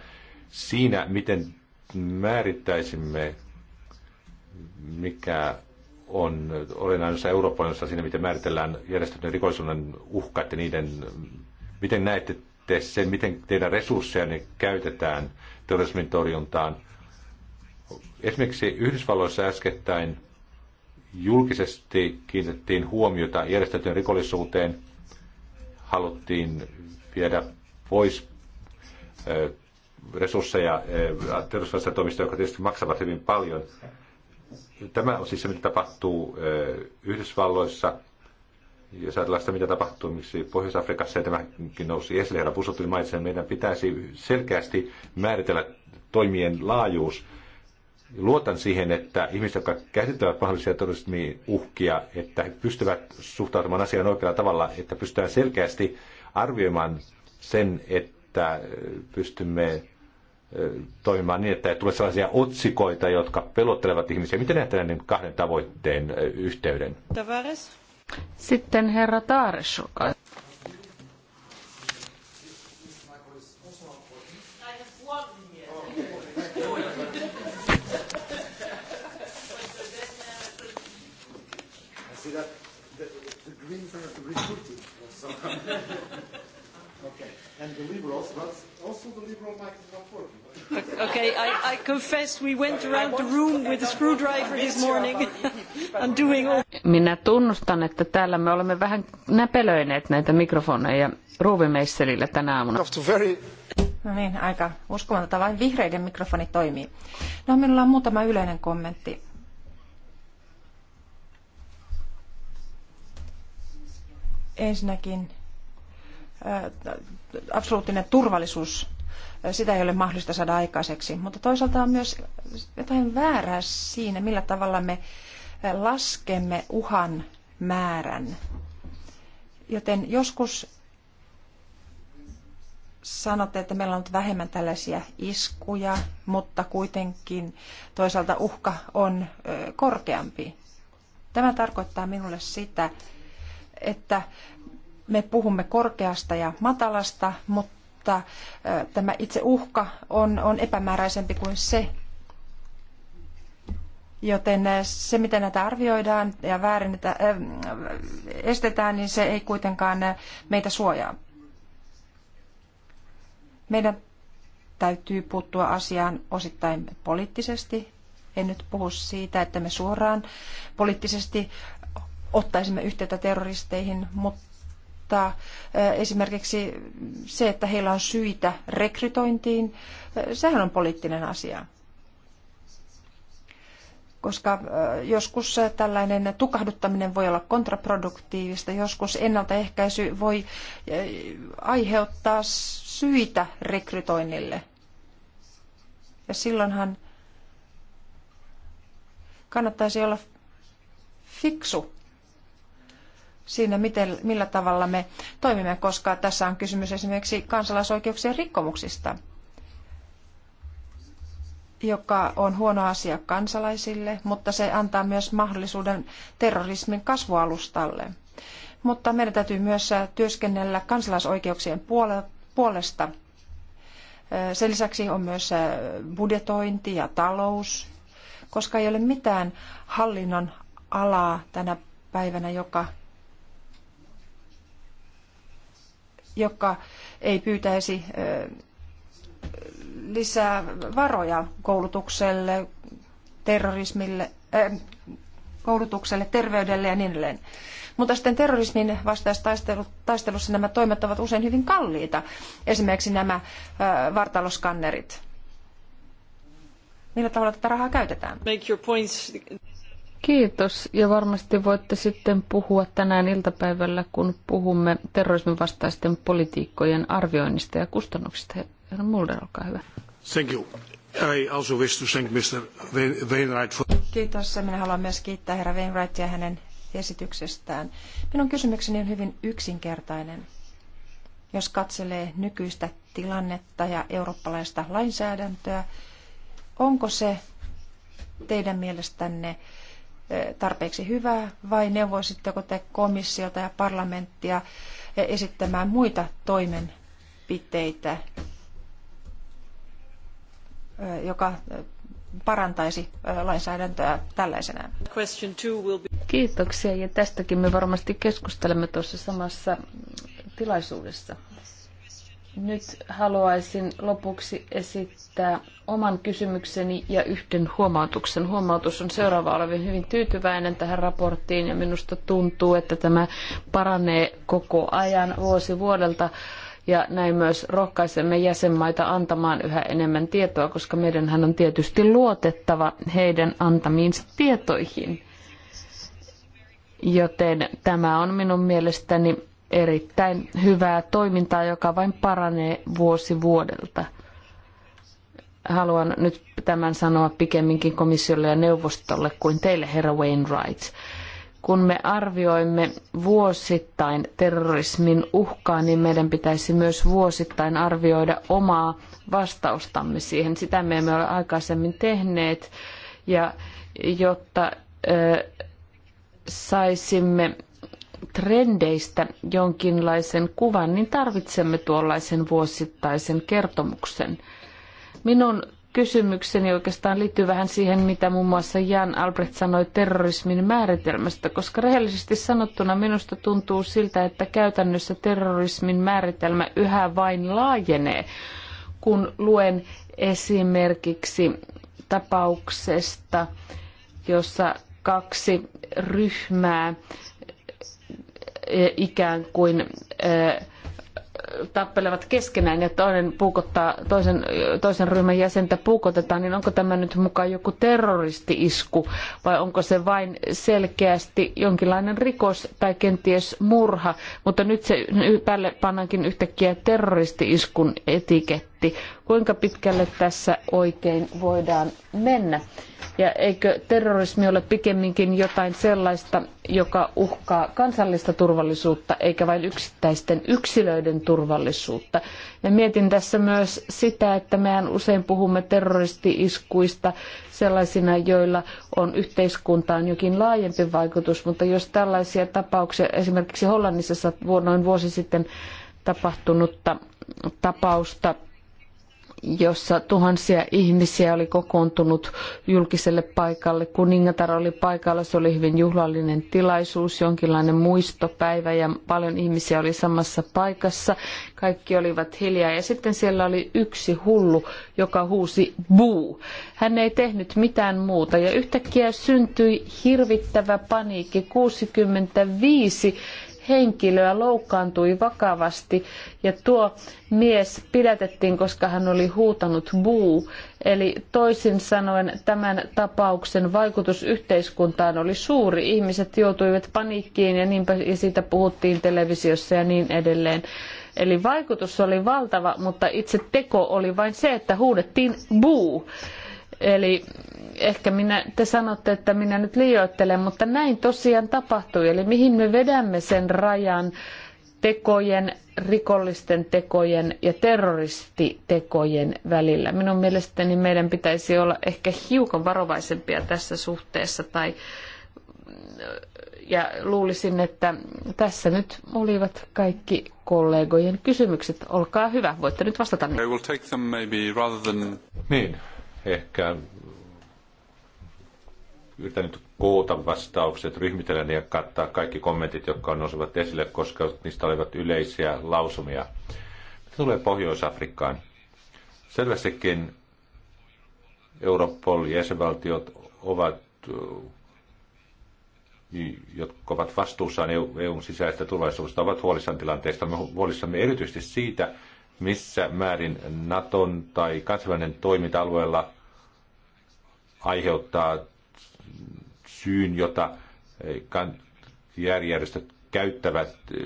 Siinä, miten määrittäisimme, mikä on olennaisessa Euroopassa siinä, miten määritellään järjestetyn rikollisuuden uhkat ja niiden, miten näette te sen, miten teidän resurssejanne käytetään terrorismin torjuntaan. Esimerkiksi Yhdysvalloissa äskettäin julkisesti kiinnitettiin huomiota järjestetyn rikollisuuteen – haluttiin viedä pois resursseja terveysvastaantoimistoja, jotka tietysti maksavat hyvin paljon. Tämä on siis se, mitä tapahtuu Yhdysvalloissa. Jos ajatellaan sitä, mitä tapahtuu miksi Pohjois-Afrikassa, ja tämäkin nousi esille, herra Pusotin mainitsen, meidän pitäisi selkeästi määritellä toimien laajuus luotan siihen, että ihmiset, jotka käsittelevät mahdollisia terrorismin uhkia, että he pystyvät suhtautumaan asiaan oikealla tavalla, että pystytään selkeästi arvioimaan sen, että pystymme toimimaan niin, että ei tule sellaisia otsikoita, jotka pelottelevat ihmisiä. Miten näette näiden kahden tavoitteen yhteyden? Tavares. Sitten herra Taares, olkaa *laughs* And the liberals, but also the liberal mic is not working. okay, I, I confess we went around the room with a screwdriver this morning. *laughs* I'm doing all... Minä tunnustan, että täällä me olemme vähän näpelöineet näitä mikrofoneja ruuvimeisselillä tänä aamuna. No niin, aika uskomatonta. Vain vihreiden mikrofoni toimii. No, minulla on muutama yleinen kommentti. Ensinnäkin absoluuttinen turvallisuus, sitä ei ole mahdollista saada aikaiseksi. Mutta toisaalta on myös jotain väärää siinä, millä tavalla me laskemme uhan määrän. Joten joskus sanotte, että meillä on nyt vähemmän tällaisia iskuja, mutta kuitenkin toisaalta uhka on korkeampi. Tämä tarkoittaa minulle sitä, että me puhumme korkeasta ja matalasta, mutta tämä itse uhka on, on epämääräisempi kuin se, Joten se, miten näitä arvioidaan ja väärinnetä, estetään, niin se ei kuitenkaan meitä suojaa. Meidän täytyy puuttua asiaan osittain poliittisesti. En nyt puhu siitä, että me suoraan poliittisesti ottaisimme yhteyttä terroristeihin, mutta tarkoittaa esimerkiksi se, että heillä on syitä rekrytointiin. Sehän on poliittinen asia. Koska joskus tällainen tukahduttaminen voi olla kontraproduktiivista, joskus ennaltaehkäisy voi aiheuttaa syitä rekrytoinnille. Ja silloinhan kannattaisi olla fiksu siinä, miten, millä tavalla me toimimme, koska tässä on kysymys esimerkiksi kansalaisoikeuksien rikkomuksista, joka on huono asia kansalaisille, mutta se antaa myös mahdollisuuden terrorismin kasvualustalle. Mutta meidän täytyy myös työskennellä kansalaisoikeuksien puolesta. Sen lisäksi on myös budjetointi ja talous, koska ei ole mitään hallinnon alaa tänä päivänä, joka joka ei pyytäisi lisää varoja koulutukselle, terrorismille, koulutukselle, terveydelle ja niin edelleen. Mutta sitten terrorismin vastaisessa taistelussa nämä toimet ovat usein hyvin kalliita, esimerkiksi nämä vartaloskannerit. Millä tavalla tätä rahaa käytetään? Kiitos ja varmasti voitte sitten puhua tänään iltapäivällä, kun puhumme terrorismin vastaisten politiikkojen arvioinnista ja kustannuksista. Herra Mulder, olkaa hyvä. Thank you. I also wish to thank Mr. Wainwright for... Kiitos. Minä haluan myös kiittää herra Wainwrightia hänen esityksestään. Minun kysymykseni on hyvin yksinkertainen. Jos katselee nykyistä tilannetta ja eurooppalaista lainsäädäntöä, onko se teidän mielestänne tarpeeksi hyvää vai neuvoisitteko te komissiota ja parlamenttia esittämään muita toimenpiteitä, joka parantaisi lainsäädäntöä tällaisena. Kiitoksia ja tästäkin me varmasti keskustelemme tuossa samassa tilaisuudessa. Nyt haluaisin lopuksi esittää oman kysymykseni ja yhden huomautuksen. Huomautus on seuraava. Olen hyvin tyytyväinen tähän raporttiin ja minusta tuntuu, että tämä paranee koko ajan vuosi vuodelta ja näin myös rohkaisemme jäsenmaita antamaan yhä enemmän tietoa, koska meidänhän on tietysti luotettava heidän antamiinsa tietoihin. Joten tämä on minun mielestäni erittäin hyvää toimintaa, joka vain paranee vuosi vuodelta. Haluan nyt tämän sanoa pikemminkin komissiolle ja neuvostolle kuin teille, herra Wainwright. Kun me arvioimme vuosittain terrorismin uhkaa, niin meidän pitäisi myös vuosittain arvioida omaa vastaustamme siihen. Sitä me emme ole aikaisemmin tehneet. Ja jotta saisimme trendeistä jonkinlaisen kuvan, niin tarvitsemme tuollaisen vuosittaisen kertomuksen. Minun kysymykseni oikeastaan liittyy vähän siihen, mitä muun muassa Jan Albrecht sanoi terrorismin määritelmästä, koska rehellisesti sanottuna minusta tuntuu siltä, että käytännössä terrorismin määritelmä yhä vain laajenee, kun luen esimerkiksi tapauksesta, jossa kaksi ryhmää ikään kuin tappelevat keskenään ja toinen puukottaa toisen, toisen ryhmän jäsentä puukotetaan, niin onko tämä nyt mukaan joku terroristi-isku vai onko se vain selkeästi jonkinlainen rikos tai kenties murha, mutta nyt se päälle pannaankin yhtäkkiä terroristi-iskun etiketti paketti. Kuinka pitkälle tässä oikein voidaan mennä? Ja eikö terrorismi ole pikemminkin jotain sellaista, joka uhkaa kansallista turvallisuutta, eikä vain yksittäisten yksilöiden turvallisuutta? Ja mietin tässä myös sitä, että mehän usein puhumme terroristi-iskuista sellaisina, joilla on yhteiskuntaan jokin laajempi vaikutus, mutta jos tällaisia tapauksia, esimerkiksi Hollannissa noin vuosi sitten tapahtunutta tapausta jossa tuhansia ihmisiä oli kokoontunut julkiselle paikalle. Kuningatar oli paikalla, se oli hyvin juhlallinen tilaisuus, jonkinlainen muistopäivä ja paljon ihmisiä oli samassa paikassa. Kaikki olivat hiljaa ja sitten siellä oli yksi hullu, joka huusi buu. Hän ei tehnyt mitään muuta ja yhtäkkiä syntyi hirvittävä paniikki. 65 henkilöä loukkaantui vakavasti ja tuo mies pidätettiin, koska hän oli huutanut buu. Eli toisin sanoen tämän tapauksen vaikutus yhteiskuntaan oli suuri. Ihmiset joutuivat paniikkiin ja, niinpä, ja siitä puhuttiin televisiossa ja niin edelleen. Eli vaikutus oli valtava, mutta itse teko oli vain se, että huudettiin buu. Eli ehkä minä, te sanotte, että minä nyt liioittelen, mutta näin tosiaan tapahtui. Eli mihin me vedämme sen rajan tekojen, rikollisten tekojen ja terroristitekojen välillä. Minun mielestäni meidän pitäisi olla ehkä hiukan varovaisempia tässä suhteessa tai ja luulisin, että tässä nyt olivat kaikki kollegojen kysymykset. Olkaa hyvä, voitte nyt vastata. Niin, ehkä yrittänyt koota vastaukset, ryhmitellä ne ja kattaa kaikki kommentit, jotka nousevat esille, koska niistä olivat yleisiä lausumia. Mitä tulee Pohjois-Afrikkaan? Selvästikin Europol ja jäsenvaltiot ovat, jotka ovat vastuussaan EUn e sisäistä turvallisuudesta, ovat huolissaan tilanteesta. Me huolissamme erityisesti siitä, missä määrin Naton tai kansainvälinen toiminta-alueella aiheuttaa syyn, jota eh, järjestöt käyttävät eh,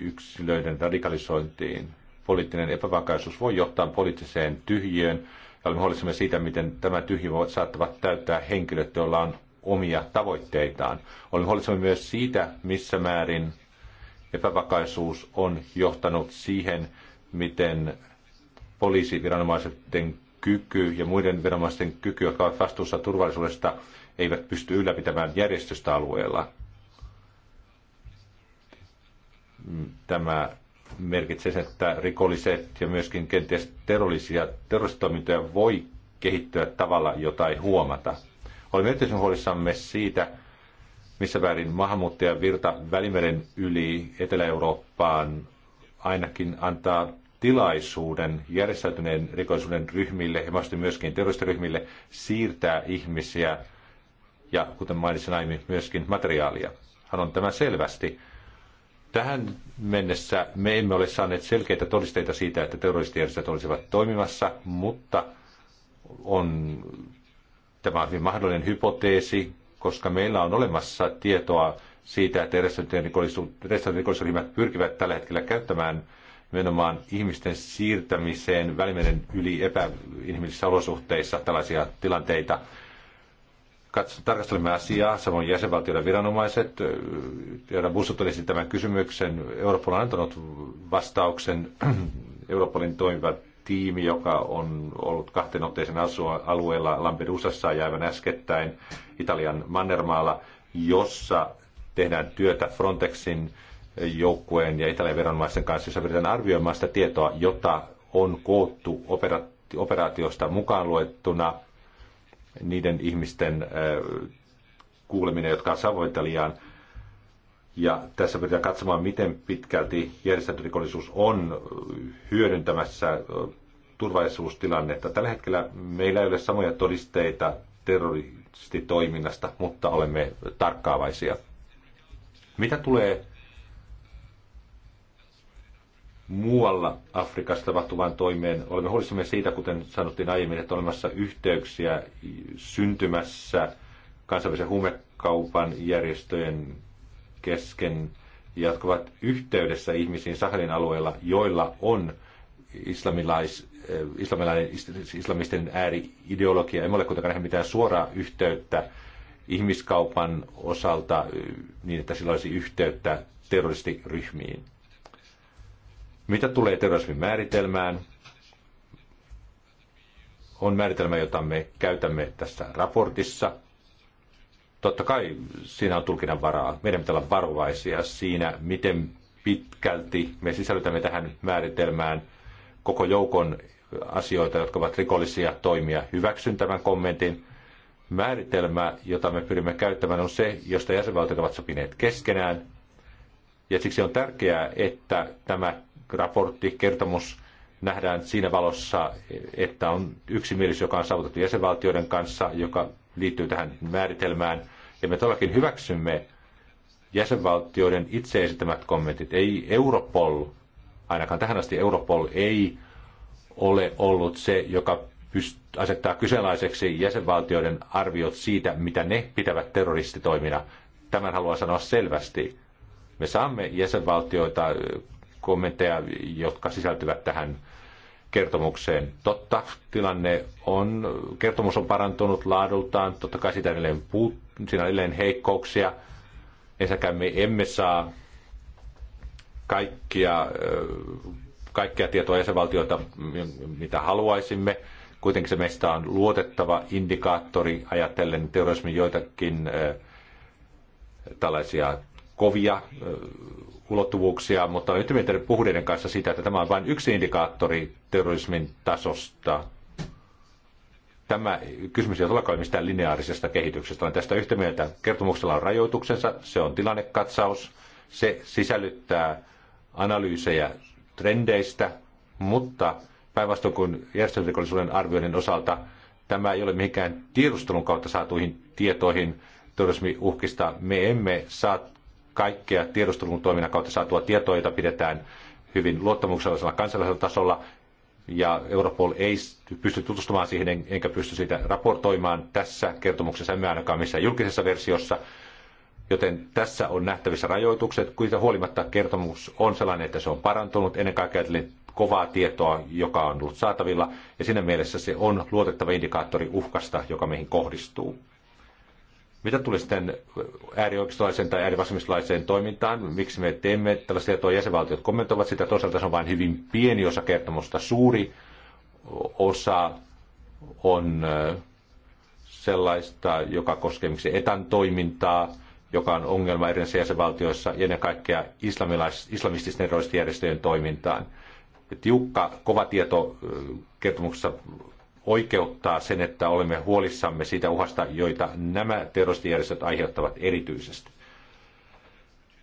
yksilöiden radikalisointiin. Poliittinen epävakaisuus voi johtaa poliittiseen tyhjiöön, ja olemme huolissamme siitä, miten tämä tyhjö voi saattavat täyttää henkilöt, joilla on omia tavoitteitaan. Olemme huolissamme myös siitä, missä määrin epävakaisuus on johtanut siihen, miten poliisiviranomaisten kyky ja muiden viranomaisten kyky, jotka ovat vastuussa turvallisuudesta, eivät pysty ylläpitämään järjestöstä alueella. Tämä merkitsee sen, että rikolliset ja myöskin kenties terrorisia terroristitoimintoja voi kehittyä tavalla, jota ei huomata. Olemme erityisen huolissamme siitä, missä väärin maahanmuuttajan virta Välimeren yli Etelä-Eurooppaan ainakin antaa tilaisuuden järjestäytyneen rikollisuuden ryhmille ja myöskin terroristiryhmille siirtää ihmisiä ja kuten mainitsin aiemmin, myöskin materiaalia. Haluan tämä selvästi. Tähän mennessä me emme ole saaneet selkeitä todisteita siitä, että terroristijärjestöt olisivat toimimassa, mutta on, tämä on hyvin mahdollinen hypoteesi, koska meillä on olemassa tietoa siitä, että rikollisryhmät pyrkivät tällä hetkellä käyttämään nimenomaan ihmisten siirtämiseen välimeren yli epäinhimillisissä olosuhteissa tällaisia tilanteita tarkastelemme asiaa, samoin jäsenvaltioiden viranomaiset. joilla Bussut olisi tämän kysymyksen. Eurooppa on antanut vastauksen. *clears throat* Euroopanin toimiva tiimi, joka on ollut kahteen otteeseen alueella Lampedusassa ja aivan äskettäin Italian Mannermaalla, jossa tehdään työtä Frontexin joukkueen ja Italian viranomaisten kanssa, jossa pyritään arvioimaan sitä tietoa, jota on koottu operaatiosta mukaan luettuna niiden ihmisten kuuleminen, jotka on savoitelijaan. Ja tässä pitää katsomaan, miten pitkälti järjestäytyrikollisuus on hyödyntämässä turvallisuustilannetta. Tällä hetkellä meillä ei ole samoja todisteita terroristitoiminnasta, mutta olemme tarkkaavaisia. Mitä tulee muualla Afrikassa tapahtuvaan toimeen. Olemme huolissamme siitä, kuten sanottiin aiemmin, että on olemassa yhteyksiä syntymässä kansainvälisen huumekaupan järjestöjen kesken, jotka ovat yhteydessä ihmisiin Sahelin alueella, joilla on islamilais, eh, islamilainen, siis islamisten ääriideologia. Emme ole kuitenkaan nähneet mitään suoraa yhteyttä ihmiskaupan osalta eh, niin, että sillä olisi yhteyttä terroristiryhmiin. Mitä tulee terrorismin määritelmään, on määritelmä, jota me käytämme tässä raportissa. Totta kai siinä on tulkinnan varaa. Meidän pitää olla varovaisia siinä, miten pitkälti me sisällytämme tähän määritelmään koko joukon asioita, jotka ovat rikollisia toimia. Hyväksyn tämän kommentin. Määritelmä, jota me pyrimme käyttämään, on se, josta jäsenvaltiot ovat sopineet keskenään. Ja siksi on tärkeää, että tämä raportti, kertomus nähdään siinä valossa, että on yksimielisyys, joka on saavutettu jäsenvaltioiden kanssa, joka liittyy tähän määritelmään. Ja me todellakin hyväksymme jäsenvaltioiden itse esittämät kommentit. Ei Europol, ainakaan tähän asti Europol ei ole ollut se, joka pyst- asettaa kyseenalaiseksi jäsenvaltioiden arviot siitä, mitä ne pitävät terroristitoimina. Tämän haluan sanoa selvästi. Me saamme jäsenvaltioita kommentteja, jotka sisältyvät tähän kertomukseen. Totta, tilanne on, kertomus on parantunut laadultaan, totta kai sitä edelleen puut, siinä on edelleen heikkouksia. Ensinnäkään me emme saa kaikkia, kaikkia tietoa jäsenvaltioita, mitä haluaisimme. Kuitenkin se meistä on luotettava indikaattori ajatellen terrorismin joitakin tällaisia kovia ulottuvuuksia, mutta olen yhtä puhuneiden kanssa sitä, että tämä on vain yksi indikaattori terrorismin tasosta. Tämä kysymys ei ole mistään lineaarisesta kehityksestä. Olen tästä yhtä mieltä. Kertomuksella on rajoituksensa, se on tilannekatsaus, se sisällyttää analyysejä trendeistä, mutta päinvastoin kuin järjestelmärikollisuuden arvioinnin osalta tämä ei ole mihinkään tiedustelun kautta saatuihin tietoihin terrorismiuhkista. Me emme saa kaikkea tiedustelun toiminnan kautta saatua tietoa, jota pidetään hyvin luottamuksellisella kansallisella tasolla, ja Europol ei pysty tutustumaan siihen, enkä pysty siitä raportoimaan tässä kertomuksessa, emme ainakaan missään julkisessa versiossa. Joten tässä on nähtävissä rajoitukset. Kuitenkin huolimatta kertomus on sellainen, että se on parantunut ennen kaikkea kovaa tietoa, joka on ollut saatavilla, ja siinä mielessä se on luotettava indikaattori uhkasta, joka meihin kohdistuu. Mitä tulee sitten äärioikeistolaiseen tai äärivasemmistolaiseen toimintaan, miksi me teemme tällaisia, tuo jäsenvaltiot kommentoivat sitä, toisaalta se on vain hyvin pieni osa kertomusta, suuri osa on sellaista, joka koskee miksi etan toimintaa, joka on ongelma erilaisissa jäsenvaltioissa, ja ennen kaikkea islamististen terroristijärjestöjen toimintaan. Tiukka, kova tieto kertomuksessa oikeuttaa sen, että olemme huolissamme siitä uhasta, joita nämä terroristijärjestöt aiheuttavat erityisesti.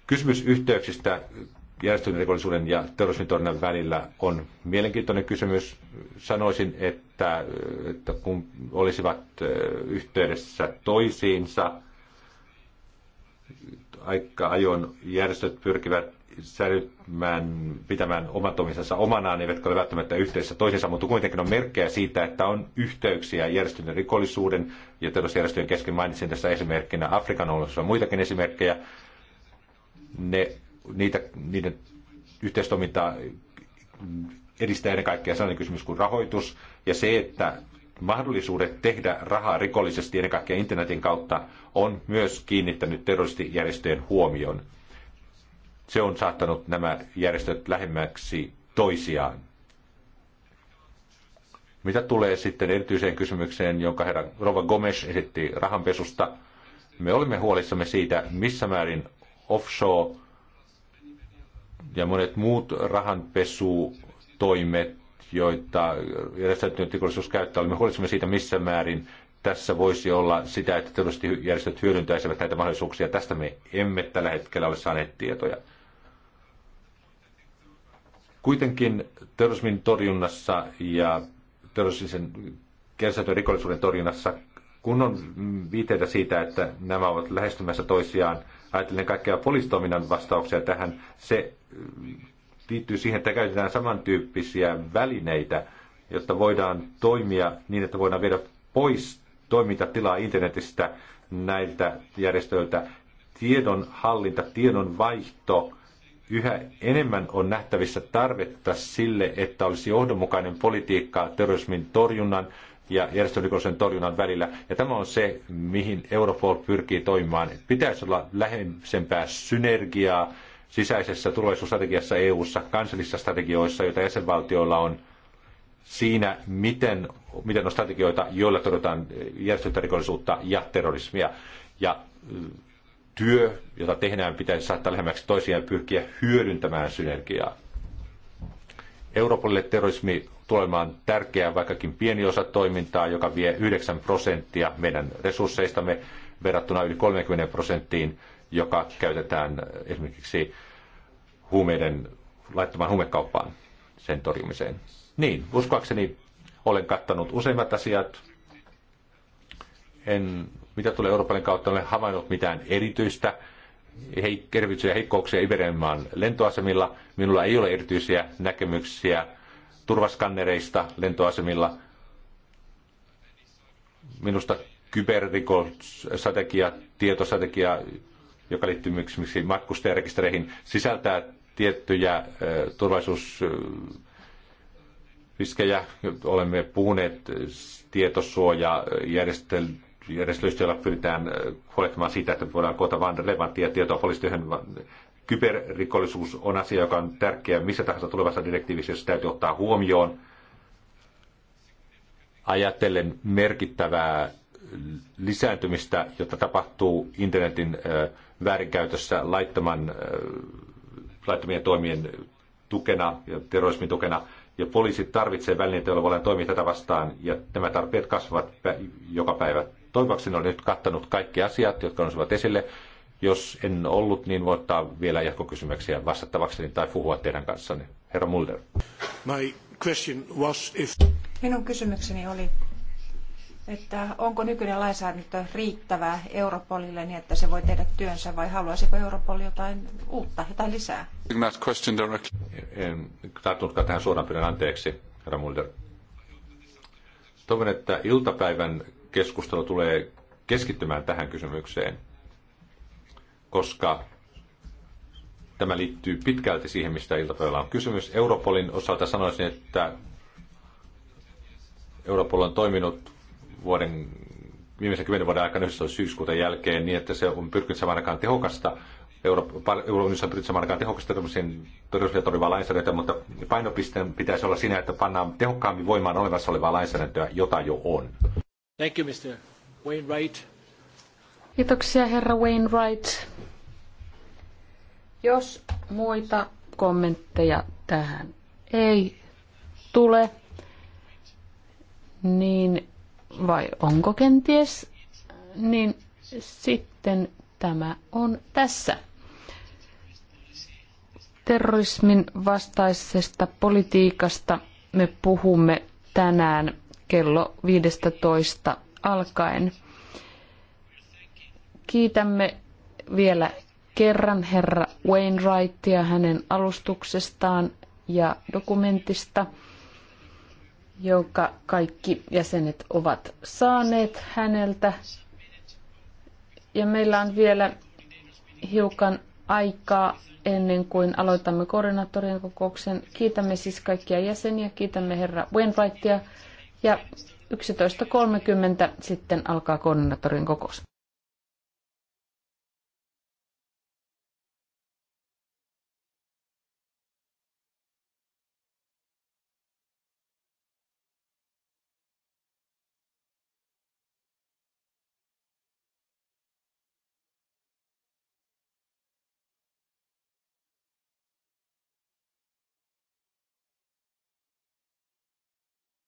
Kysymys yhteyksistä järjestyneen rikollisuuden ja terrorismin torjunnan välillä on mielenkiintoinen kysymys. Sanoisin, että, että kun olisivat yhteydessä toisiinsa, aika ajoin järjestöt pyrkivät säilyttämään, pitämään omat omisensa omanaan, eivätkä ole välttämättä yhteydessä toisensa, mutta kuitenkin on merkkejä siitä, että on yhteyksiä järjestyneen rikollisuuden ja terroristijärjestöjen kesken. Mainitsin tässä esimerkkinä Afrikan olossa muitakin esimerkkejä. Ne, niitä, niiden yhteistoimintaa edistää ennen kaikkea sellainen kysymys kuin rahoitus ja se, että mahdollisuudet tehdä rahaa rikollisesti ennen kaikkea internetin kautta on myös kiinnittänyt terroristijärjestöjen huomion. Se on saattanut nämä järjestöt lähemmäksi toisiaan. Mitä tulee sitten erityiseen kysymykseen, jonka herra Rova Gomes esitti rahanpesusta, me olimme huolissamme siitä, missä määrin offshore ja monet muut rahanpesutoimet, joita järjestäytynyt rikollisuus käyttää, olimme huolissamme siitä, missä määrin tässä voisi olla sitä, että järjestöt hyödyntäisivät näitä mahdollisuuksia. Tästä me emme tällä hetkellä ole saaneet tietoja. Kuitenkin terrorismin torjunnassa ja terroristisen järjestäytyneen rikollisuuden torjunnassa, kun on viiteitä siitä, että nämä ovat lähestymässä toisiaan, ajattelen kaikkea poliisitoiminnan vastauksia tähän, se äh, liittyy siihen, että käytetään samantyyppisiä välineitä, jotta voidaan toimia niin, että voidaan viedä pois toimintatilaa internetistä näiltä järjestöiltä. Tiedon hallinta, tiedon vaihto yhä enemmän on nähtävissä tarvetta sille, että olisi johdonmukainen politiikka terrorismin torjunnan ja järjestörikollisuuden torjunnan välillä. Ja tämä on se, mihin Europol pyrkii toimimaan. Pitäisi olla läheisempää synergiaa sisäisessä turvallisuusstrategiassa EU-ssa, kansallisissa strategioissa, joita jäsenvaltioilla on siinä, miten, miten on strategioita, joilla torjutaan järjestörikollisuutta ja terrorismia. Ja työ, jota tehdään, pitäisi saattaa lähemmäksi toisiaan pyrkiä hyödyntämään synergiaa. Euroopalle terrorismi tulemaan tärkeä, vaikkakin pieni osa toimintaa, joka vie 9 prosenttia meidän resursseistamme verrattuna yli 30 prosenttiin, joka käytetään esimerkiksi huumeiden, laittamaan huumekauppaan sen torjumiseen. Niin, uskoakseni olen kattanut useimmat asiat. En mitä tulee Euroopan kautta, olen havainnut mitään erityistä erityisiä heikkouksia Iberianmaan lentoasemilla. Minulla ei ole erityisiä näkemyksiä turvaskannereista lentoasemilla. Minusta kyberrikosstrategia, tietostrategia, joka liittyy esimerkiksi matkustajarekistereihin, sisältää tiettyjä turvallisuusriskejä. Olemme puhuneet tietosuojajärjestelmistä järjestelyistä, joilla pyritään huolehtimaan siitä, että voidaan koota vain relevanttia tietoa poliisityöhön. Kyberrikollisuus on asia, joka on tärkeä missä tahansa tulevassa direktiivissä, jossa täytyy ottaa huomioon. Ajatellen merkittävää lisääntymistä, jota tapahtuu internetin väärinkäytössä laittoman, laittomien toimien tukena ja terrorismin tukena. Ja poliisit tarvitsee välineitä, joilla voidaan toimia tätä vastaan, ja nämä tarpeet kasvavat joka päivä. Toivakseni olen nyt kattanut kaikki asiat, jotka nousivat esille. Jos en ollut, niin voi ottaa vielä jatkokysymyksiä vastattavakseni tai puhua teidän kanssanne. Herra Mulder. My question was if... Minun kysymykseni oli, että onko nykyinen lainsäädäntö riittävää Europolille niin, että se voi tehdä työnsä vai haluaisiko Europol jotain uutta, jotain lisää? En tartunutkaan tähän suoraan pyydän anteeksi, herra Mulder. Toivon, että iltapäivän keskustelu tulee keskittymään tähän kysymykseen, koska tämä liittyy pitkälti siihen, mistä iltapäivällä on kysymys. Europolin osalta sanoisin, että Europol on toiminut vuoden, viimeisen kymmenen vuoden aikana yhdessä syyskuuta jälkeen niin, että se on pyrkinyt samaan aikaan tehokasta Euroopan unionissa on pyritty samaan tehokasta terveysviä lainsäädäntöä, mutta painopisteen pitäisi olla siinä, että pannaan tehokkaammin voimaan olevassa olevaa lainsäädäntöä, jota jo on. Thank you, Mr. Wainwright. Kiitoksia, herra Wainwright. Jos muita kommentteja tähän ei tule, niin vai onko kenties, niin sitten tämä on tässä. Terrorismin vastaisesta politiikasta me puhumme tänään kello 15 alkaen. Kiitämme vielä kerran herra Wainwrightia hänen alustuksestaan ja dokumentista, jonka kaikki jäsenet ovat saaneet häneltä. Ja meillä on vielä hiukan aikaa ennen kuin aloitamme koordinaattorien kokouksen. Kiitämme siis kaikkia jäseniä, kiitämme herra Wainwrightia. Ja 11.30 sitten alkaa koordinaattorin kokous.